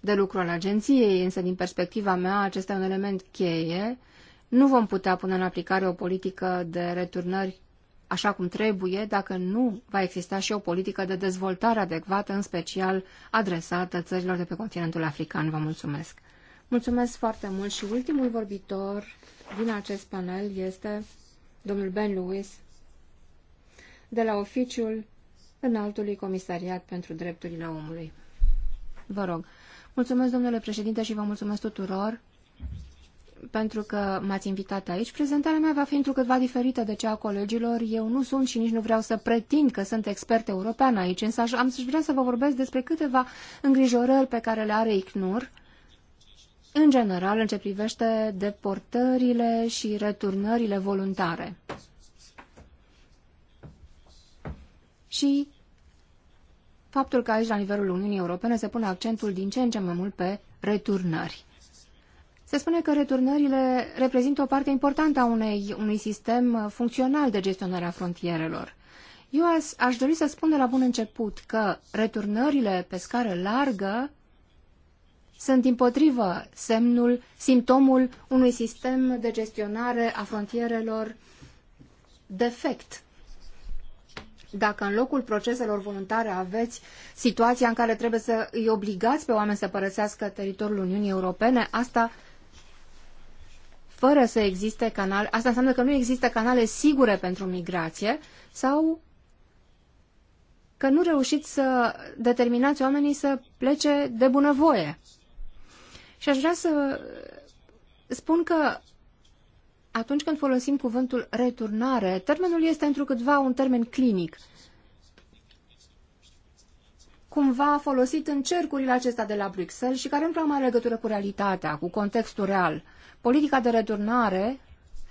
de lucru al agenției, însă din perspectiva mea acesta e un element cheie. Nu vom putea pune în aplicare o politică de returnări așa cum trebuie dacă nu va exista și o politică de dezvoltare adecvată, în special adresată țărilor de pe continentul african. Vă mulțumesc! Mulțumesc foarte mult și ultimul vorbitor din acest panel este domnul Ben Lewis de la Oficiul Înaltului Comisariat pentru Drepturile Omului. Vă rog. Mulțumesc, domnule președinte, și vă mulțumesc tuturor pentru că m-ați invitat aici. Prezentarea mea va fi câtva diferită de cea a colegilor. Eu nu sunt și nici nu vreau să pretind că sunt expert european aici, însă am să vreau să vă vorbesc despre câteva îngrijorări pe care le are ICNUR, în general în ce privește deportările și returnările voluntare. Și faptul că aici, la nivelul Uniunii Europene, se pune accentul din ce în ce mai mult pe returnări. Se spune că returnările reprezintă o parte importantă a unei, unui sistem uh, funcțional de gestionare a frontierelor. Eu aș, aș dori să spun de la bun început că returnările pe scară largă sunt împotrivă semnul, simptomul unui sistem de gestionare a frontierelor defect. Dacă în locul proceselor voluntare aveți situația în care trebuie să îi obligați pe oameni să părăsească teritoriul Uniunii Europene, asta fără să existe canale, asta înseamnă că nu există canale sigure pentru migrație sau că nu reușiți să determinați oamenii să plece de bunăvoie. Și aș vrea să spun că atunci când folosim cuvântul returnare, termenul este câtva un termen clinic, cumva folosit în cercurile acesta de la Bruxelles și care nu prea mai are legătură cu realitatea, cu contextul real politica de returnare,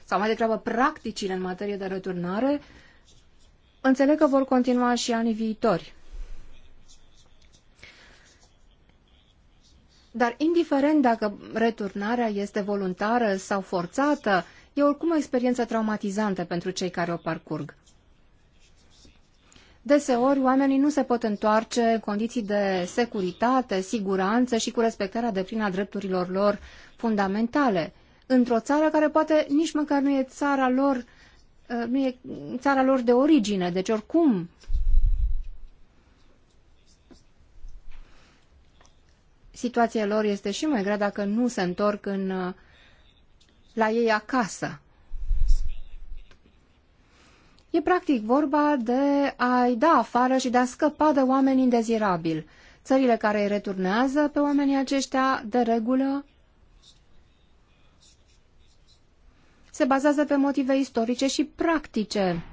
sau mai degrabă practicile în materie de returnare, înțeleg că vor continua și anii viitori. Dar indiferent dacă returnarea este voluntară sau forțată, e oricum o experiență traumatizantă pentru cei care o parcurg. Deseori, oamenii nu se pot întoarce în condiții de securitate, siguranță și cu respectarea de a drepturilor lor fundamentale într-o țară care poate nici măcar nu e țara lor, uh, nu e țara lor de origine. Deci oricum situația lor este și mai grea dacă nu se întorc în, uh, la ei acasă. E practic vorba de a-i da afară și de a scăpa de oameni indezirabili. Țările care îi returnează pe oamenii aceștia, de regulă, se bazează pe motive istorice și practice.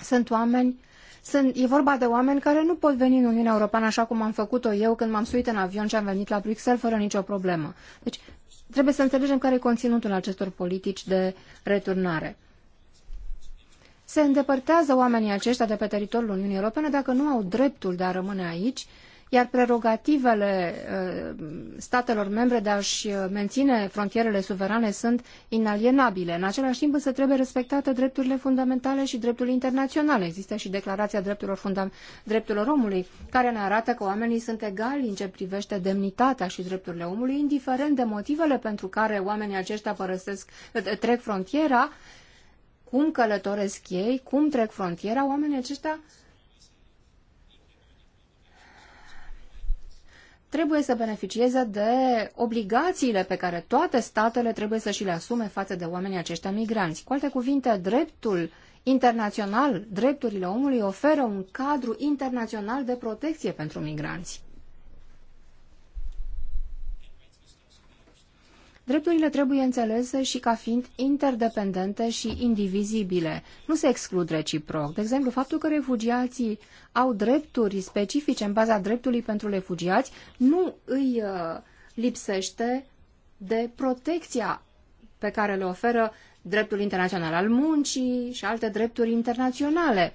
Sunt oameni sunt, e vorba de oameni care nu pot veni în Uniunea Europeană așa cum am făcut-o eu când m-am suit în avion și am venit la Bruxelles fără nicio problemă. Deci trebuie să înțelegem care e conținutul acestor politici de returnare. Se îndepărtează oamenii aceștia de pe teritoriul Uniunii Europene dacă nu au dreptul de a rămâne aici iar prerogativele uh, statelor membre de a-și uh, menține frontierele suverane sunt inalienabile. În același timp însă trebuie respectate drepturile fundamentale și dreptul internaționale. Există și Declarația Drepturilor, Fundam- drepturilor Omului, care ne arată că oamenii sunt egali în ce privește demnitatea și drepturile omului, indiferent de motivele pentru care oamenii aceștia părăsesc, trec frontiera, cum călătoresc ei, cum trec frontiera, oamenii aceștia trebuie să beneficieze de obligațiile pe care toate statele trebuie să și le asume față de oamenii aceștia migranți. Cu alte cuvinte, dreptul internațional, drepturile omului oferă un cadru internațional de protecție pentru migranți. Drepturile trebuie înțelese și ca fiind interdependente și indivizibile. Nu se exclud reciproc. De exemplu, faptul că refugiații au drepturi specifice în baza dreptului pentru refugiați nu îi uh, lipsește de protecția pe care le oferă dreptul internațional al muncii și alte drepturi internaționale.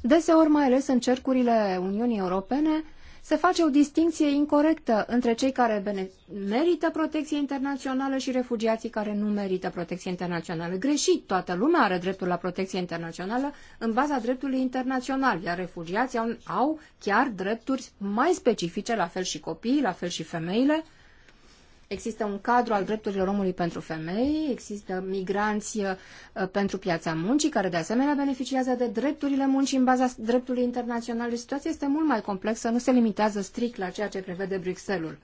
Deseori, mai ales în cercurile Uniunii Europene, se face o distinție incorrectă între cei care merită protecție internațională și refugiații care nu merită protecție internațională. Greșit, toată lumea are dreptul la protecție internațională în baza dreptului internațional, iar refugiații au, au chiar drepturi mai specifice, la fel și copiii, la fel și femeile, Există un cadru al drepturilor omului pentru femei, există migranți uh, pentru piața muncii, care de asemenea beneficiază de drepturile muncii în baza dreptului internațional. Deci situația este mult mai complexă, nu se limitează strict la ceea ce prevede Bruxelles.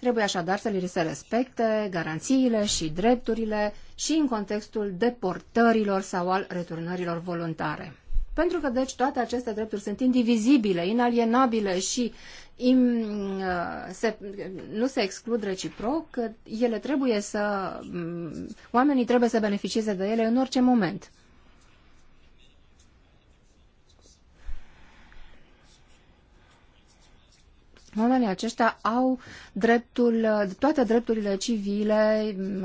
Trebuie așadar să li se respecte garanțiile și drepturile și în contextul deportărilor sau al returnărilor voluntare. Pentru că, deci, toate aceste drepturi sunt indivizibile, inalienabile și Uh, se, nu se exclud reciproc, că ele trebuie să, mm, oamenii trebuie să beneficieze de ele în orice moment. Oamenii aceștia au dreptul, uh, toate drepturile civile mm,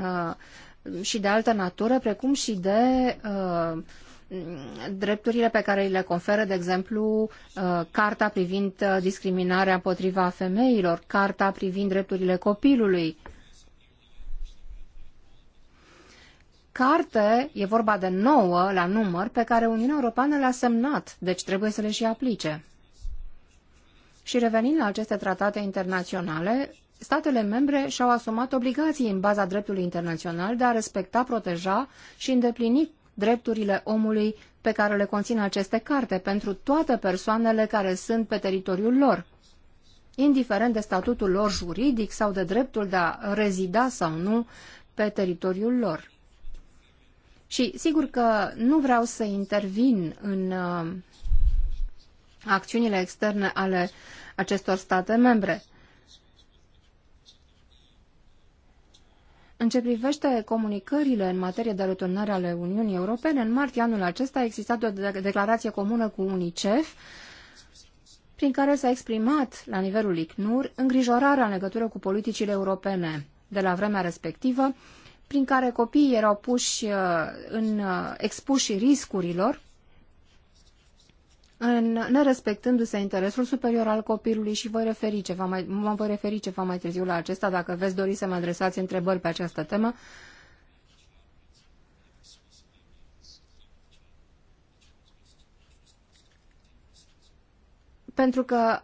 uh, și de altă natură, precum și de uh, Mm, drepturile pe care le conferă, de exemplu, uh, Carta privind uh, discriminarea împotriva femeilor, Carta privind drepturile copilului. Carte, e vorba de nouă la număr, pe care Uniunea Europeană le-a semnat, deci trebuie să le și aplice. Și revenind la aceste tratate internaționale, statele membre și-au asumat obligații în baza dreptului internațional de a respecta, proteja și îndeplini drepturile omului pe care le conțin aceste carte pentru toate persoanele care sunt pe teritoriul lor, indiferent de statutul lor juridic sau de dreptul de a rezida sau nu pe teritoriul lor. Și sigur că nu vreau să intervin în uh, acțiunile externe ale acestor state membre. În ce privește comunicările în materie de returnare ale Uniunii Europene, în martie anul acesta a existat o declarație comună cu UNICEF prin care s-a exprimat la nivelul ICNUR îngrijorarea în legătură cu politicile europene de la vremea respectivă, prin care copiii erau puși uh, în uh, expuși riscurilor în nerespectându-se interesul superior al copilului și voi referi ceva mai, mă voi referi ceva mai târziu la acesta dacă veți dori să mă adresați întrebări pe această temă. Pentru că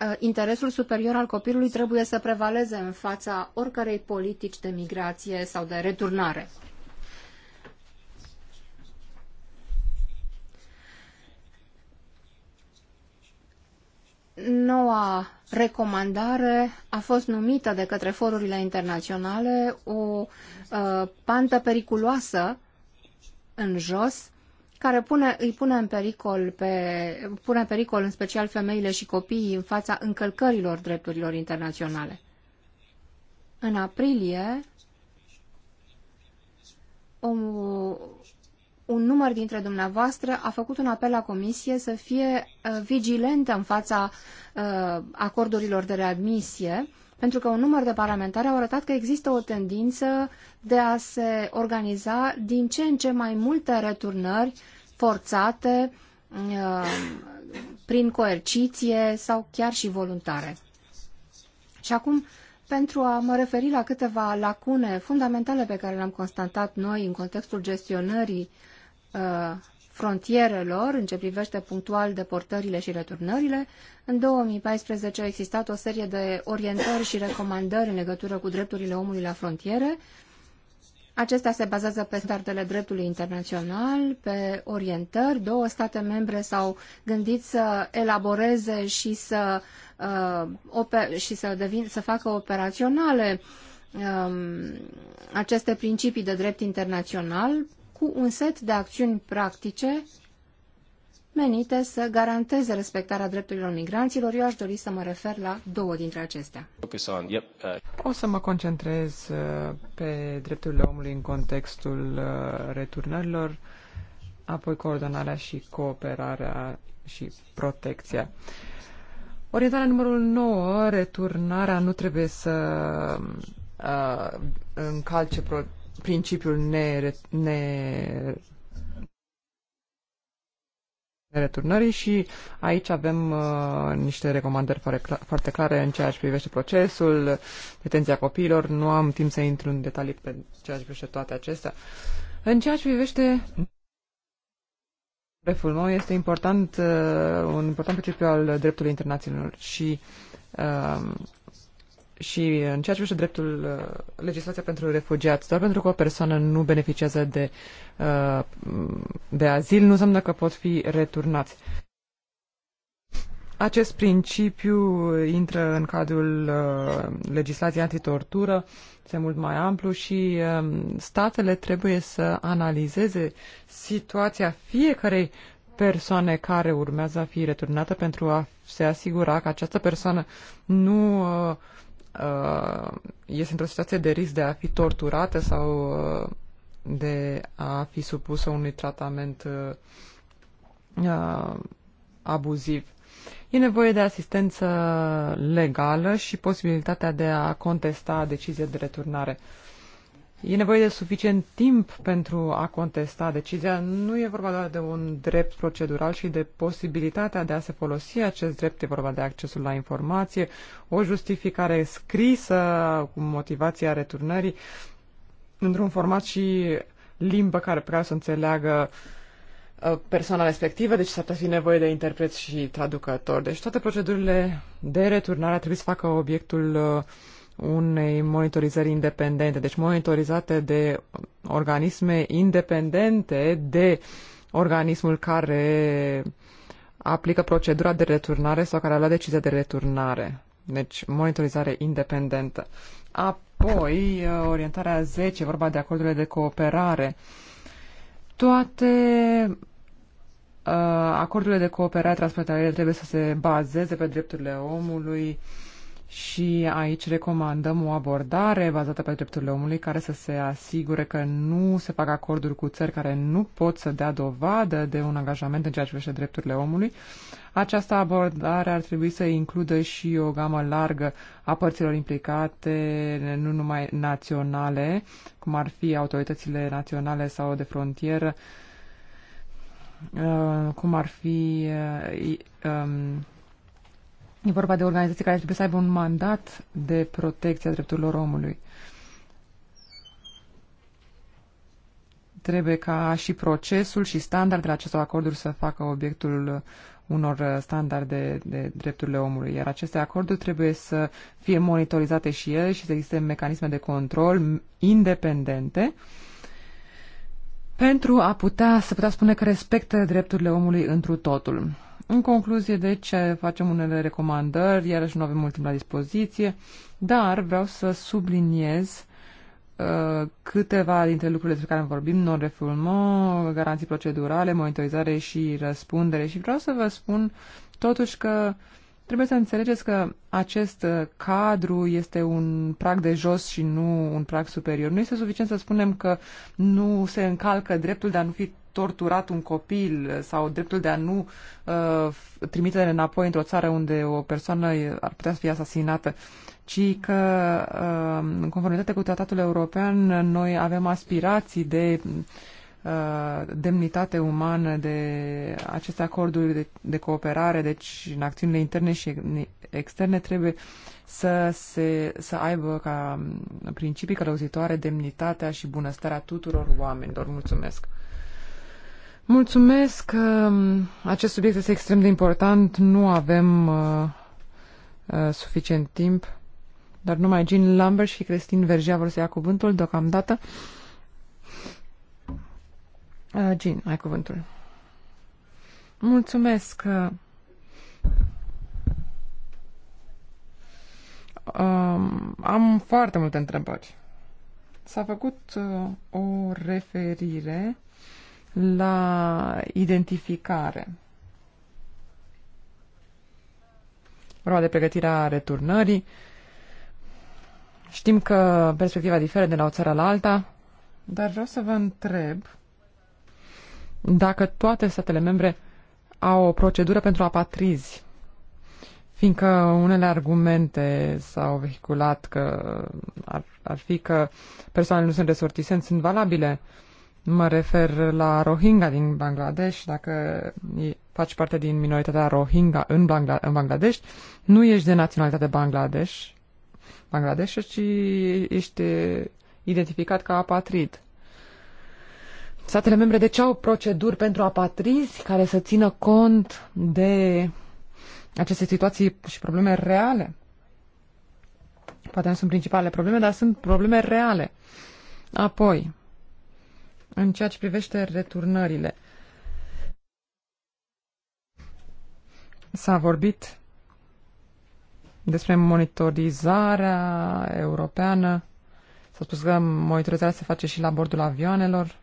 uh, interesul superior al copilului trebuie să prevaleze în fața oricărei politici de migrație sau de returnare. noua recomandare a fost numită de către forurile internaționale o uh, pantă periculoasă în jos, care pune, îi pune în pericol, pe, pune în pericol în special femeile și copiii în fața încălcărilor drepturilor internaționale. În aprilie, o un număr dintre dumneavoastră a făcut un apel la Comisie să fie uh, vigilentă în fața uh, acordurilor de readmisie, pentru că un număr de parlamentari au arătat că există o tendință de a se organiza din ce în ce mai multe returnări forțate uh, prin coerciție sau chiar și voluntare. Și acum, pentru a mă referi la câteva lacune fundamentale pe care le-am constatat noi în contextul gestionării Uh, frontierelor în ce privește punctual deportările și returnările. În 2014 a existat o serie de orientări și recomandări în legătură cu drepturile omului la frontiere. Acestea se bazează pe standardele dreptului internațional, pe orientări. Două state membre s-au gândit să elaboreze și să, uh, și să, devin, să facă operaționale um, aceste principii de drept internațional cu un set de acțiuni practice menite să garanteze respectarea drepturilor migranților. Eu aș dori să mă refer la două dintre acestea. Uh, o să mă concentrez uh, pe drepturile omului în contextul uh, returnărilor, apoi coordonarea și cooperarea și protecția. Orientarea numărul 9, returnarea nu trebuie să uh, încalce pro- principiul nereturnării ne, returnării și aici avem uh, niște recomandări foarte clare în ceea ce privește procesul, detenția copiilor. Nu am timp să intru în detalii pe ceea ce privește toate acestea. În ceea ce privește reful meu, este important, uh, un important principiu al dreptului internațional și uh, și în ceea ce privește dreptul, uh, legislația pentru refugiați, doar pentru că o persoană nu beneficiază de, uh, de azil, nu înseamnă că pot fi returnați. Acest principiu intră în cadrul uh, legislației antitortură, este mult mai amplu și um, statele trebuie să analizeze situația fiecarei persoane care urmează a fi returnată pentru a se asigura că această persoană nu uh, Uh, este într-o situație de risc de a fi torturată sau uh, de a fi supusă unui tratament uh, abuziv. E nevoie de asistență legală și posibilitatea de a contesta decizia de returnare. Uh, E nevoie de suficient timp pentru a contesta decizia. Nu e vorba doar de un drept procedural și de posibilitatea de a se folosi acest drept. E vorba de accesul la informație, o justificare scrisă cu motivația returnării într-un format și limbă care prea să înțeleagă uh, persoana respectivă, deci s-ar fi nevoie de interpreți și traducători. Deci toate procedurile de returnare trebuie să facă obiectul uh, unei monitorizări independente, deci monitorizate de organisme independente de organismul care aplică procedura de returnare sau care a luat decizia de returnare. Deci monitorizare independentă. Apoi, orientarea 10, vorba de acordurile de cooperare. Toate uh, acordurile de cooperare transfrontaliere trebuie să se bazeze pe drepturile omului, și aici recomandăm o abordare bazată pe drepturile omului care să se asigure că nu se fac acorduri cu țări care nu pot să dea dovadă de un angajament în ceea ce privește drepturile omului. Această abordare ar trebui să includă și o gamă largă a părților implicate, nu numai naționale, cum ar fi autoritățile naționale sau de frontieră, uh, cum ar fi uh, um, E vorba de organizații care trebuie să aibă un mandat de protecție a drepturilor omului. Trebuie ca și procesul și standardele acestor acorduri să facă obiectul unor standarde de drepturile omului. Iar aceste acorduri trebuie să fie monitorizate și ele și să existe mecanisme de control independente pentru a putea, să putea spune că respectă drepturile omului întru totul. În concluzie, deci, facem unele recomandări, iarăși nu avem mult timp la dispoziție, dar vreau să subliniez uh, câteva dintre lucrurile despre care vorbim, non-refoulement, garanții procedurale, monitorizare și răspundere și vreau să vă spun totuși că uh, Trebuie să înțelegeți că acest uh, cadru este un prag de jos și nu un prag superior. Nu este suficient să spunem că nu se încalcă dreptul de a nu fi torturat un copil uh, sau dreptul de a nu uh, trimite înapoi într-o țară unde o persoană uh, ar putea să fie asasinată, ci că, uh, în conformitate cu tratatul european, noi avem aspirații de uh, Uh, demnitate umană, de aceste acorduri de, de cooperare, deci în acțiunile interne și externe trebuie să, se, să aibă ca principii călăuzitoare demnitatea și bunăstarea tuturor oamenilor. Mulțumesc! Mulțumesc! Um, acest subiect este extrem de important. Nu avem uh, uh, suficient timp, dar numai Jean Lambert și Cristin Vergea vor să ia cuvântul deocamdată. Uh, Uh, Jean, ai cuvântul. Mulțumesc. Uh, um, am foarte multe întrebări. S-a făcut uh, o referire la identificare. Vorba de pregătirea returnării. Știm că perspectiva diferă de la o țară la alta, dar vreau să vă întreb uh, dacă toate statele membre au o procedură pentru apatrizi, fiindcă unele argumente s-au vehiculat că ar, ar fi că persoanele nu sunt resortisente, sunt valabile. Mă refer la Rohingya din Bangladesh. Dacă faci parte din minoritatea Rohingya în, Bangla- în Bangladesh, nu ești de naționalitate Bangladesh, Bangladesh, ci ești identificat ca apatrid statele membre de deci, ce au proceduri pentru apatrizi care să țină cont de aceste situații și probleme reale? Poate nu sunt principalele probleme, dar sunt probleme reale. Apoi, în ceea ce privește returnările, s-a vorbit despre monitorizarea europeană. S-a spus că monitorizarea se face și la bordul avioanelor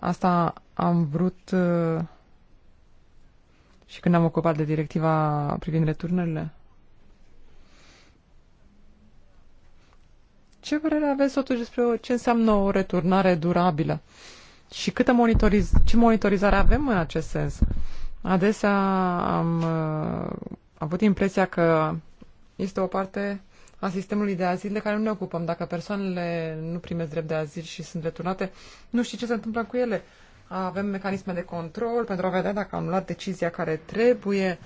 Asta am vrut uh, și când am ocupat de directiva privind returnările. Ce părere aveți totuși despre ce înseamnă o returnare durabilă? Și câtă monitoriz- ce monitorizare avem în acest sens? Adesea am uh, avut impresia că este o parte a sistemului de azil de care nu ne ocupăm. Dacă persoanele nu primesc drept de azil și sunt returnate, nu știi ce se întâmplă cu ele. Avem mecanisme de control pentru a vedea dacă am luat decizia care trebuie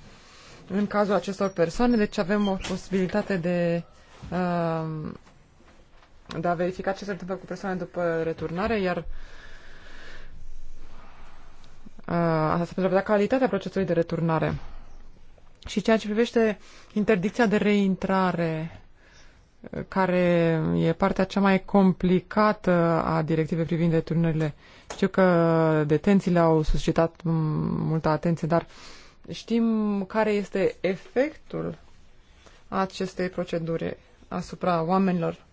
în cazul acestor persoane, deci avem o posibilitate de, um, de a verifica ce se întâmplă cu persoane după returnare, iar uh, asta pentru a vedea calitatea procesului de returnare. Și ceea ce privește interdicția de reintrare, care e partea cea mai complicată a directivei privind deturnările. Știu că detențiile au suscitat multă atenție, dar știm care este efectul acestei proceduri asupra oamenilor.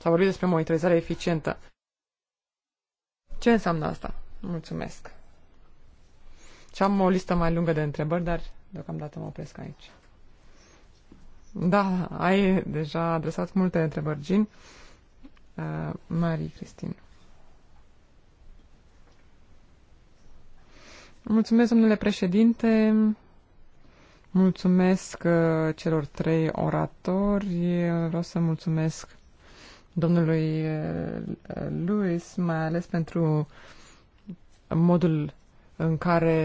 S-a vorbit despre monitorizare eficientă. Ce înseamnă asta? Mulțumesc. Și am o listă mai lungă de întrebări, dar deocamdată mă opresc aici. Da, ai deja adresat multe întrebări, Jean. Uh, Marie Cristin. Mulțumesc, domnule președinte. Mulțumesc uh, celor trei oratori. Vreau să mulțumesc domnului uh, Luis, mai ales pentru modul în care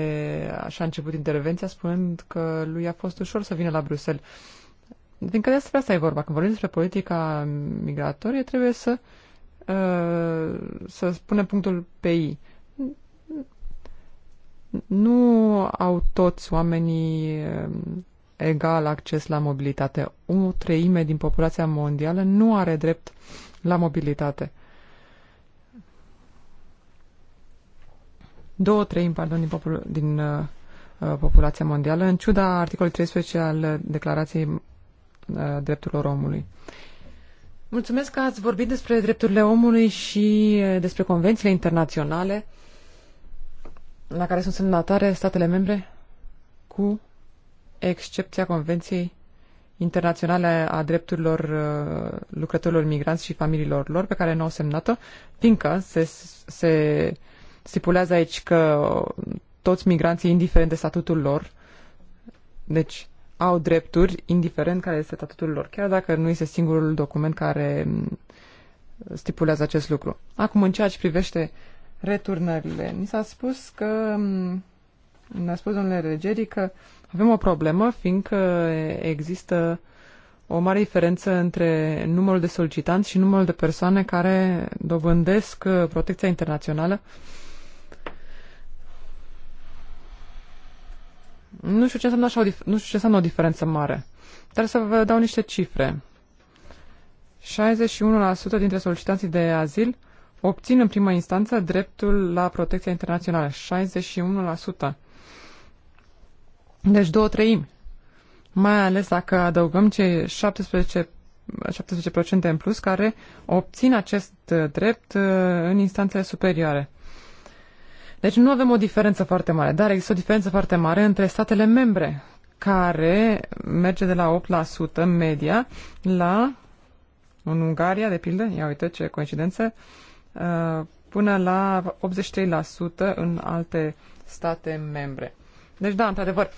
așa a început intervenția, spunând că lui a fost ușor să vină la Bruxelles din că despre asta e vorba. Când vorbim despre politica migratorie, trebuie să, uh, să spunem punctul pe I. Nu au toți oamenii uh, egal acces la mobilitate. O treime din populația mondială nu are drept la mobilitate. Două treimi, pardon, din, popul- din uh, uh populația mondială, în ciuda articolului 13 al declarației Uh, drepturilor omului. Mulțumesc că ați vorbit despre drepturile omului și uh, despre convențiile internaționale la care sunt semnatare statele membre, cu excepția Convenției Internaționale a Drepturilor uh, Lucrătorilor Migranți și Familiilor lor, pe care nu au semnat-o, fiindcă se, se stipulează aici că toți migranții, indiferent de statutul lor, deci au drepturi, indiferent care este statutul lor, chiar dacă nu este singurul document care mm, stipulează acest lucru. Acum, în ceea ce privește returnările, ni s-a spus că mm, ne-a spus domnule Regeri că avem o problemă, fiindcă există o mare diferență între numărul de solicitanți și numărul de persoane care dobândesc uh, protecția internațională uh, Nu știu ce înseamnă, așa o, nu știu ce înseamnă o diferență mare. Dar să vă dau niște cifre. 61% dintre solicitanții de azil obțin în prima instanță dreptul la protecția internațională. 61%. Deci două treimi. Mai ales dacă adăugăm cei 17 17% în plus care obțin acest drept uh, în instanțele superioare. Deci nu avem o diferență foarte mare, dar există o diferență foarte mare între statele membre, care merge de la 8% media la, în Ungaria, de pildă, ia uite ce coincidență, uh, până la 83% în alte state membre. Deci da, într-adevăr,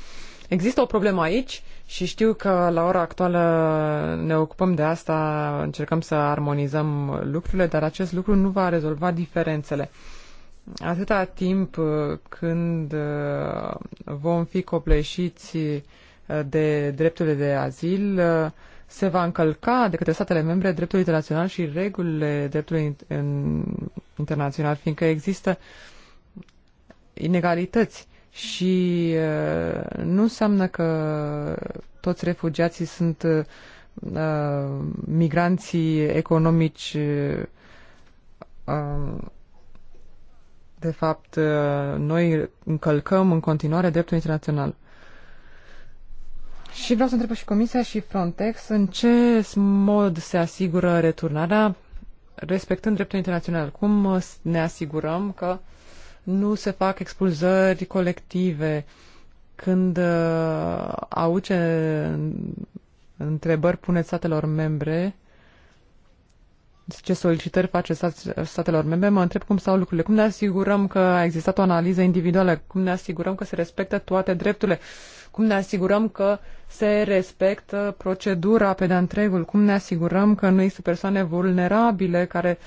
există o problemă aici și știu că la ora actuală ne ocupăm de asta, încercăm să armonizăm lucrurile, dar acest lucru nu va rezolva diferențele atâta timp uh, când uh, vom fi copleșiți uh, de drepturile de azil, se va încălca de către statele membre dreptul internațional și regulile dreptului internațional, fiindcă există inegalități și nu înseamnă că toți refugiații sunt migranții economici de fapt, uh, noi încălcăm în continuare dreptul internațional. Și vreau să întreb și Comisia și Frontex în ce mod se asigură returnarea respectând dreptul internațional. Cum uh, ne asigurăm că nu se fac expulzări colective când uh, auce întrebări puneți statelor membre ce solicitări face statelor membre, mă întreb cum stau lucrurile. Cum ne asigurăm că a existat o analiză individuală? Cum ne asigurăm că se respectă toate drepturile? Cum ne asigurăm că se respectă procedura pe de întregul? Cum ne asigurăm că nu există persoane vulnerabile care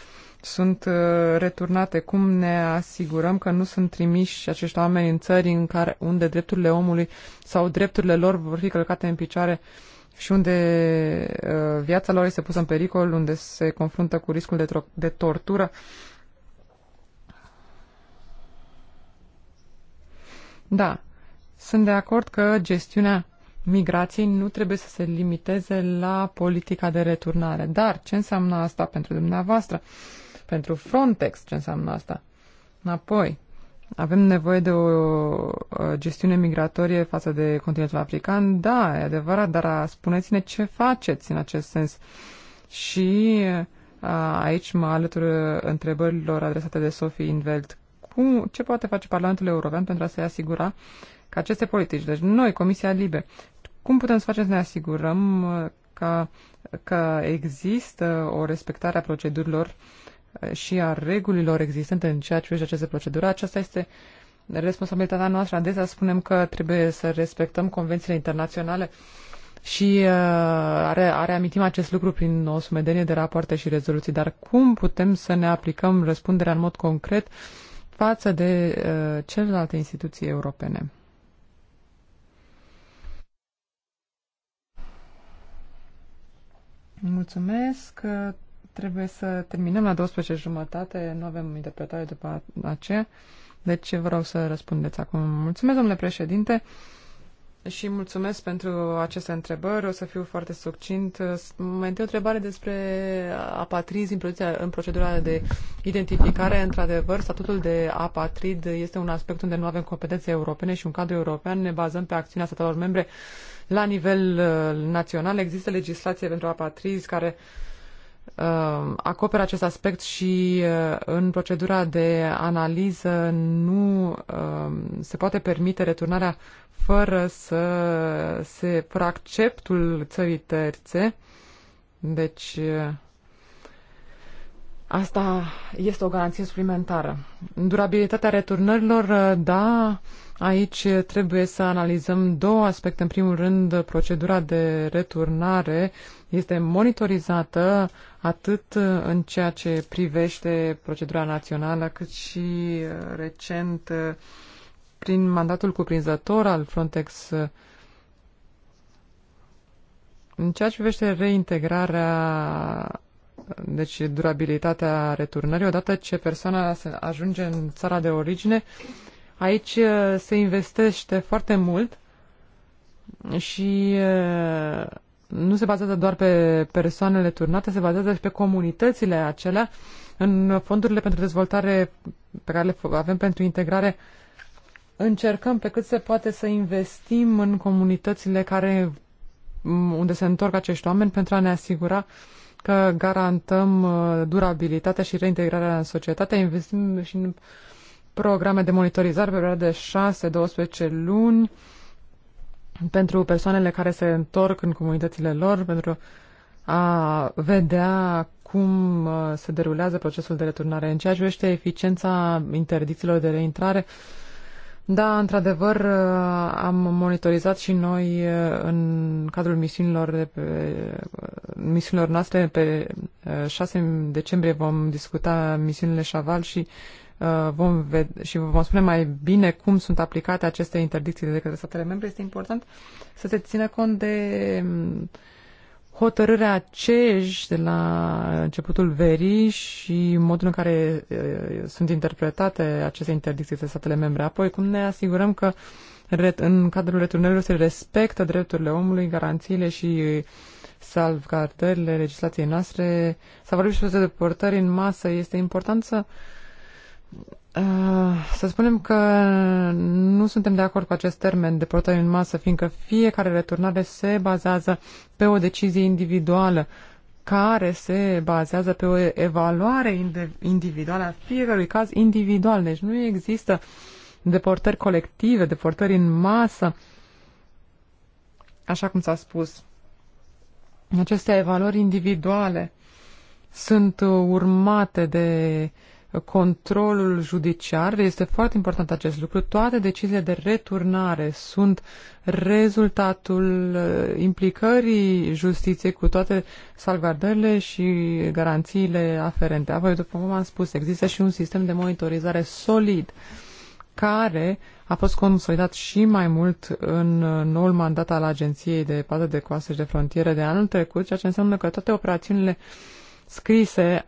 sunt uh, returnate? Cum ne asigurăm că nu sunt trimiși acești oameni în țări în care, unde drepturile omului sau drepturile lor vor fi călcate în picioare? Uh, și unde uh, viața lor este pusă în pericol, unde se confruntă cu riscul de, de tortură. Da, sunt de acord că gestiunea migrației nu trebuie să se limiteze la politica de returnare. Dar ce înseamnă asta pentru dumneavoastră? Pentru Frontex, ce înseamnă asta? Înapoi, avem nevoie de o gestiune migratorie față de continentul african? Da, e adevărat, dar spuneți-ne ce faceți în acest sens. Și aici mă alătur întrebărilor adresate de Sophie Invelt. Cum, ce poate face Parlamentul European pentru a se asigura că aceste politici, deci noi, Comisia Libe, cum putem să facem să ne asigurăm uh, că, că există o respectare a procedurilor uh, și a regulilor existente în ceea ce privește aceste procedură. Aceasta este responsabilitatea noastră. Adesea spunem că trebuie să respectăm convențiile internaționale și uh, are, are amintim acest lucru prin o sumedenie de rapoarte și rezoluții. Dar cum putem să ne aplicăm răspunderea în mod concret față de uh, celelalte instituții europene? Mulțumesc. Trebuie să terminăm la 12 jumătate, nu avem interpretare după aceea, deci vreau să răspundeți acum. Mulțumesc, domnule președinte, și mulțumesc pentru aceste întrebări. O să fiu foarte succint. Mai întâi o întrebare despre apatrizi în, în procedura de identificare. Într-adevăr, statutul de apatrid este un aspect unde nu avem competențe europene și un cadru european. Ne bazăm pe acțiunea statelor membre la nivel uh, național există legislație pentru apatrizi care Uh, acoperă acest aspect și uh, în procedura de analiză nu uh, se poate permite returnarea fără să se fără acceptul țării terțe. Deci asta este o garanție suplimentară. Durabilitatea returnărilor, da, Aici trebuie să analizăm două aspecte. În primul rând, procedura de returnare este monitorizată atât în ceea ce privește procedura națională, cât și uh, recent uh, prin mandatul cuprinzător al Frontex în ceea ce privește reintegrarea, deci durabilitatea returnării, odată ce persoana ajunge în țara de origine, uh, Aici uh, se investește foarte mult și uh, nu se bazează doar pe persoanele turnate, se bazează și pe comunitățile acelea. În fondurile pentru dezvoltare pe care le avem pentru integrare, încercăm pe cât se poate să investim în comunitățile care unde se întorc acești oameni pentru a ne asigura că garantăm uh, durabilitatea și reintegrarea în societate, investim și în programe de monitorizare pe perioada de 6-12 luni pentru persoanele care se întorc în comunitățile lor, pentru a vedea cum uh, se derulează procesul de returnare. În ceea ce privește eficiența interdicțiilor de reintrare, da, într-adevăr, uh, am monitorizat și noi uh, în cadrul misiunilor, de pe, misiunilor noastre. Pe 6 decembrie vom discuta misiunile Chaval și Uh, vom vede- și vom spune mai bine cum sunt aplicate aceste interdicții de către statele membre, este important să se țină cont de um, hotărârea CEJ de la începutul verii și modul în care uh, sunt interpretate aceste interdicții de statele membre. Apoi, cum ne asigurăm că în cadrul returnărilor se respectă drepturile omului, garanțiile și uh, salvgardările legislației noastre. S-a vorbit și despre deportări în masă. Este important să uh, Ah, să spunem că nu suntem de acord cu acest termen de proteină în masă, fiindcă fiecare returnare se bazează pe o decizie individuală care se bazează pe o evaluare individuală a fiecărui caz individual. Deci nu există deportări colective, deportări în masă, așa cum s-a spus. Aceste evaluări individuale sunt urmate de uh, controlul judiciar. Este foarte important acest lucru. Toate deciziile de returnare sunt rezultatul uh, implicării justiției cu toate salvardările și garanțiile aferente. Apoi, după cum am spus, există și un sistem de monitorizare solid care a fost consolidat și mai mult în noul mandat al Agenției de Pază de Coase și de Frontiere de anul trecut, ceea ce înseamnă că toate operațiunile scrise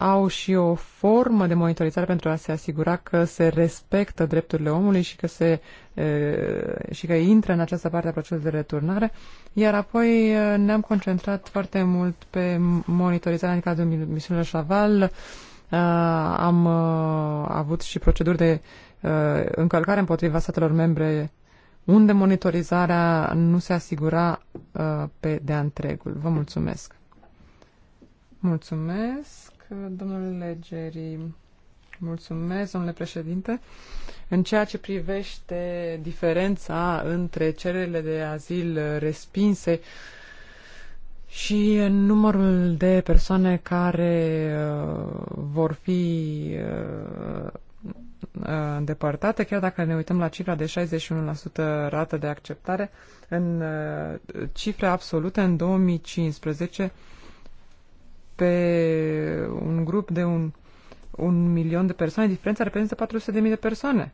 au și o formă de monitorizare pentru a se asigura că se respectă drepturile omului și că, se, și că intră în această parte a procesului de returnare. Iar apoi ne-am concentrat foarte mult pe monitorizarea în cadrul misiunilor Chaval. Am avut și proceduri de încălcare împotriva statelor membre unde monitorizarea nu se asigura pe de-a întregul. Vă mulțumesc! Mulțumesc. Domnule Legeri. Mulțumesc, domnule președinte. În ceea ce privește diferența între cererile de azil respinse și numărul de persoane care uh, vor fi uh, uh, îndepărtate, chiar dacă ne uităm la cifra de 61% rată de acceptare, în cifre absolute, în 2015, pe un grup de un, un milion de persoane, diferența reprezintă 400.000 de persoane.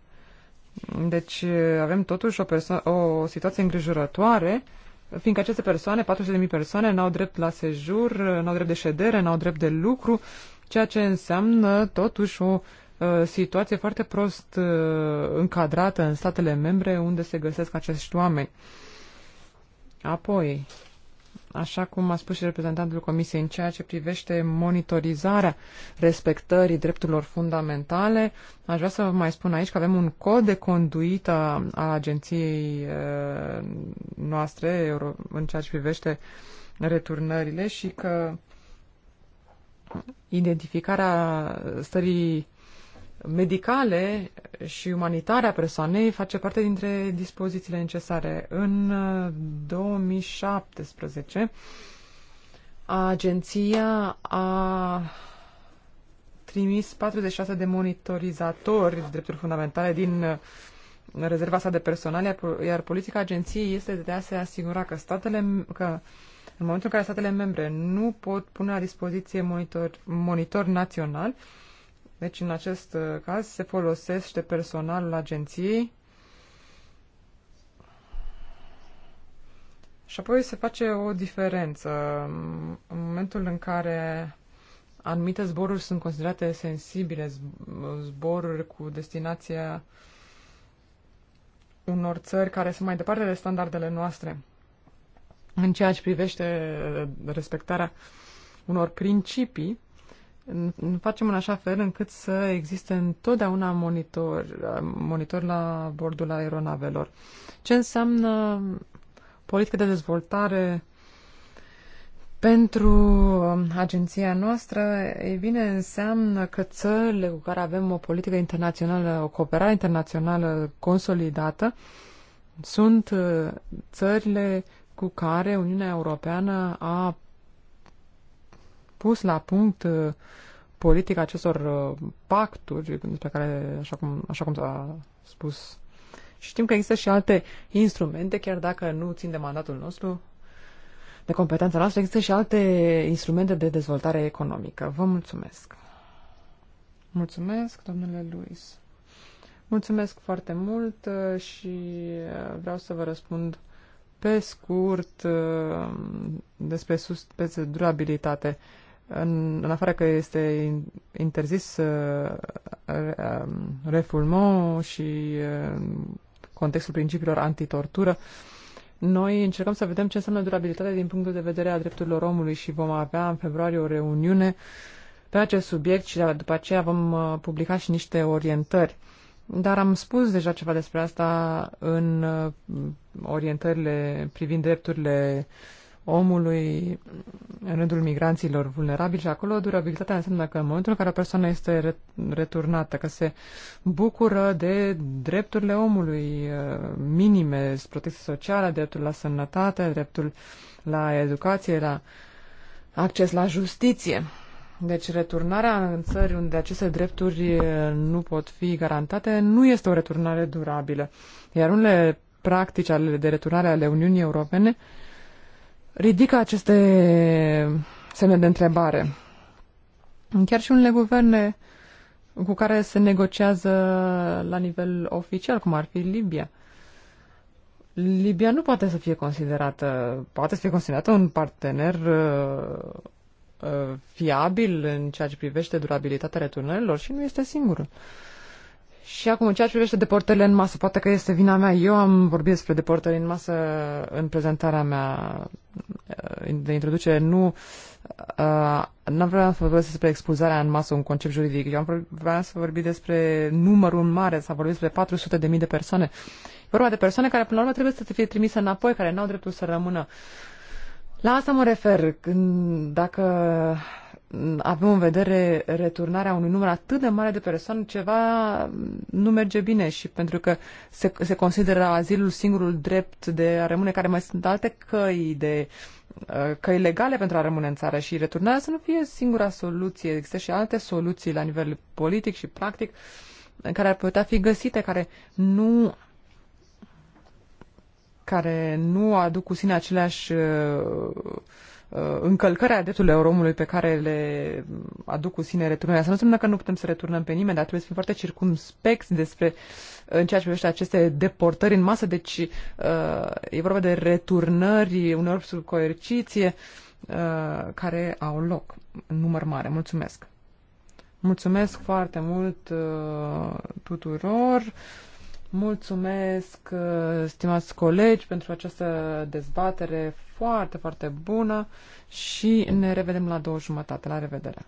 Deci eh, avem totuși o, o situație îngrijorătoare, fiindcă aceste persoane, 400.000 persoane, n-au drept la sejur, n-au drept de ședere, n-au drept de lucru, ceea ce înseamnă totuși o eh, situație foarte prost eh, încadrată în statele membre unde se găsesc acești oameni. Apoi, așa cum a spus și reprezentantul Comisiei, în ceea ce privește monitorizarea respectării drepturilor fundamentale, aș vrea să vă mai spun aici că avem un cod de conduită al agenției eh, noastre în ceea ce privește returnările și că identificarea stării medicale și umanitare a persoanei face parte dintre dispozițiile necesare. În 2017, uh, agenția a trimis 46 de monitorizatori de drepturi fundamentale din uh, rezerva sa de personal, iar politica agenției este de a se asigura că statele, că în momentul în care statele membre nu pot pune la dispoziție monitor, monitor național, uh, deci, în acest uh, caz, se folosește personalul agenției și apoi se face o diferență. În momentul în care anumite zboruri sunt considerate sensibile, zboruri cu destinația unor țări care sunt mai departe de standardele noastre în ceea ce privește respectarea unor principii, facem în așa fel încât să existe întotdeauna monitor, monitor la bordul aeronavelor. Ce înseamnă politică de dezvoltare pentru um, agenția noastră, e bine, înseamnă că țările cu care avem o politică internațională, o cooperare internațională consolidată, sunt uh, țările cu care Uniunea Europeană a pus la punct uh, politica acestor uh, pacturi despre care, așa cum, așa cum s-a spus, și știm că există și alte instrumente, chiar dacă nu țin de mandatul nostru, de competența noastră, există și alte instrumente de dezvoltare economică. Vă mulțumesc! Mulțumesc, domnule Luis! Mulțumesc foarte mult uh, și vreau să vă răspund pe scurt despre, sus, despre durabilitate în, în afară că este interzis uh, um, refulmon și um, contextul principiilor antitortură, noi încercăm să vedem ce înseamnă durabilitatea din punctul de vedere a drepturilor omului și vom avea în februarie o reuniune pe acest subiect și după aceea vom uh, publica și niște orientări. Dar am spus deja ceva despre asta în uh, orientările privind drepturile uh, omului în rândul migranților vulnerabili și acolo durabilitatea înseamnă că în momentul în care o persoană este returnată, că se bucură de drepturile omului uh, minime, protecție socială, dreptul la sănătate, dreptul la educație, la acces la justiție. Deci returnarea în țări unde aceste drepturi uh, nu pot fi garantate nu este o returnare durabilă. Iar unele practici ale de returnare ale Uniunii Europene uh, ridică aceste semne de întrebare. Chiar și unele guverne cu care se negociază la nivel oficial, cum ar fi Libia. Libia nu poate să fie considerată, poate să fie considerată un partener uh, uh, fiabil în ceea ce privește durabilitatea returnărilor și nu este singurul. Uh, și acum, în ceea ce privește deportările în masă, poate că este vina mea. Eu am vorbit despre deportările în masă în prezentarea mea uh, de introducere. Nu Uh, am vrea să vorbesc despre expulzarea în masă, un concept juridic. Eu am vrea să vorbesc despre numărul mare, s-a vorbit despre 400 de mii de persoane. E vorba de persoane care, până la urmă, trebuie să fie trimise înapoi, care n-au dreptul să rămână. La asta mă refer. Când, dacă avem în vedere returnarea unui număr atât de mare de persoane, ceva nu merge bine și pentru că se, se consideră azilul singurul drept de a rămâne, care mai sunt alte căi de uh, căi legale pentru a rămâne în țară și returnarea să nu fie singura soluție. Există și alte soluții la nivel politic și practic care ar putea fi găsite, care nu care nu aduc cu sine aceleași uh, Uh, încălcări ale drepturilor omului pe care le aduc cu sine returnarea. Să nu înseamnă că nu putem să returnăm pe nimeni, dar trebuie să fim foarte circumspecți despre uh, în ceea ce privește aceste deportări în masă. Deci uh, e vorba de returnări uneori sub coerciție uh, care au loc în număr mare. Mulțumesc! Mulțumesc foarte mult uh, tuturor! Mulțumesc, uh, stimați colegi, pentru această dezbatere foarte, foarte bună și ne revedem la două jumătate. La revedere!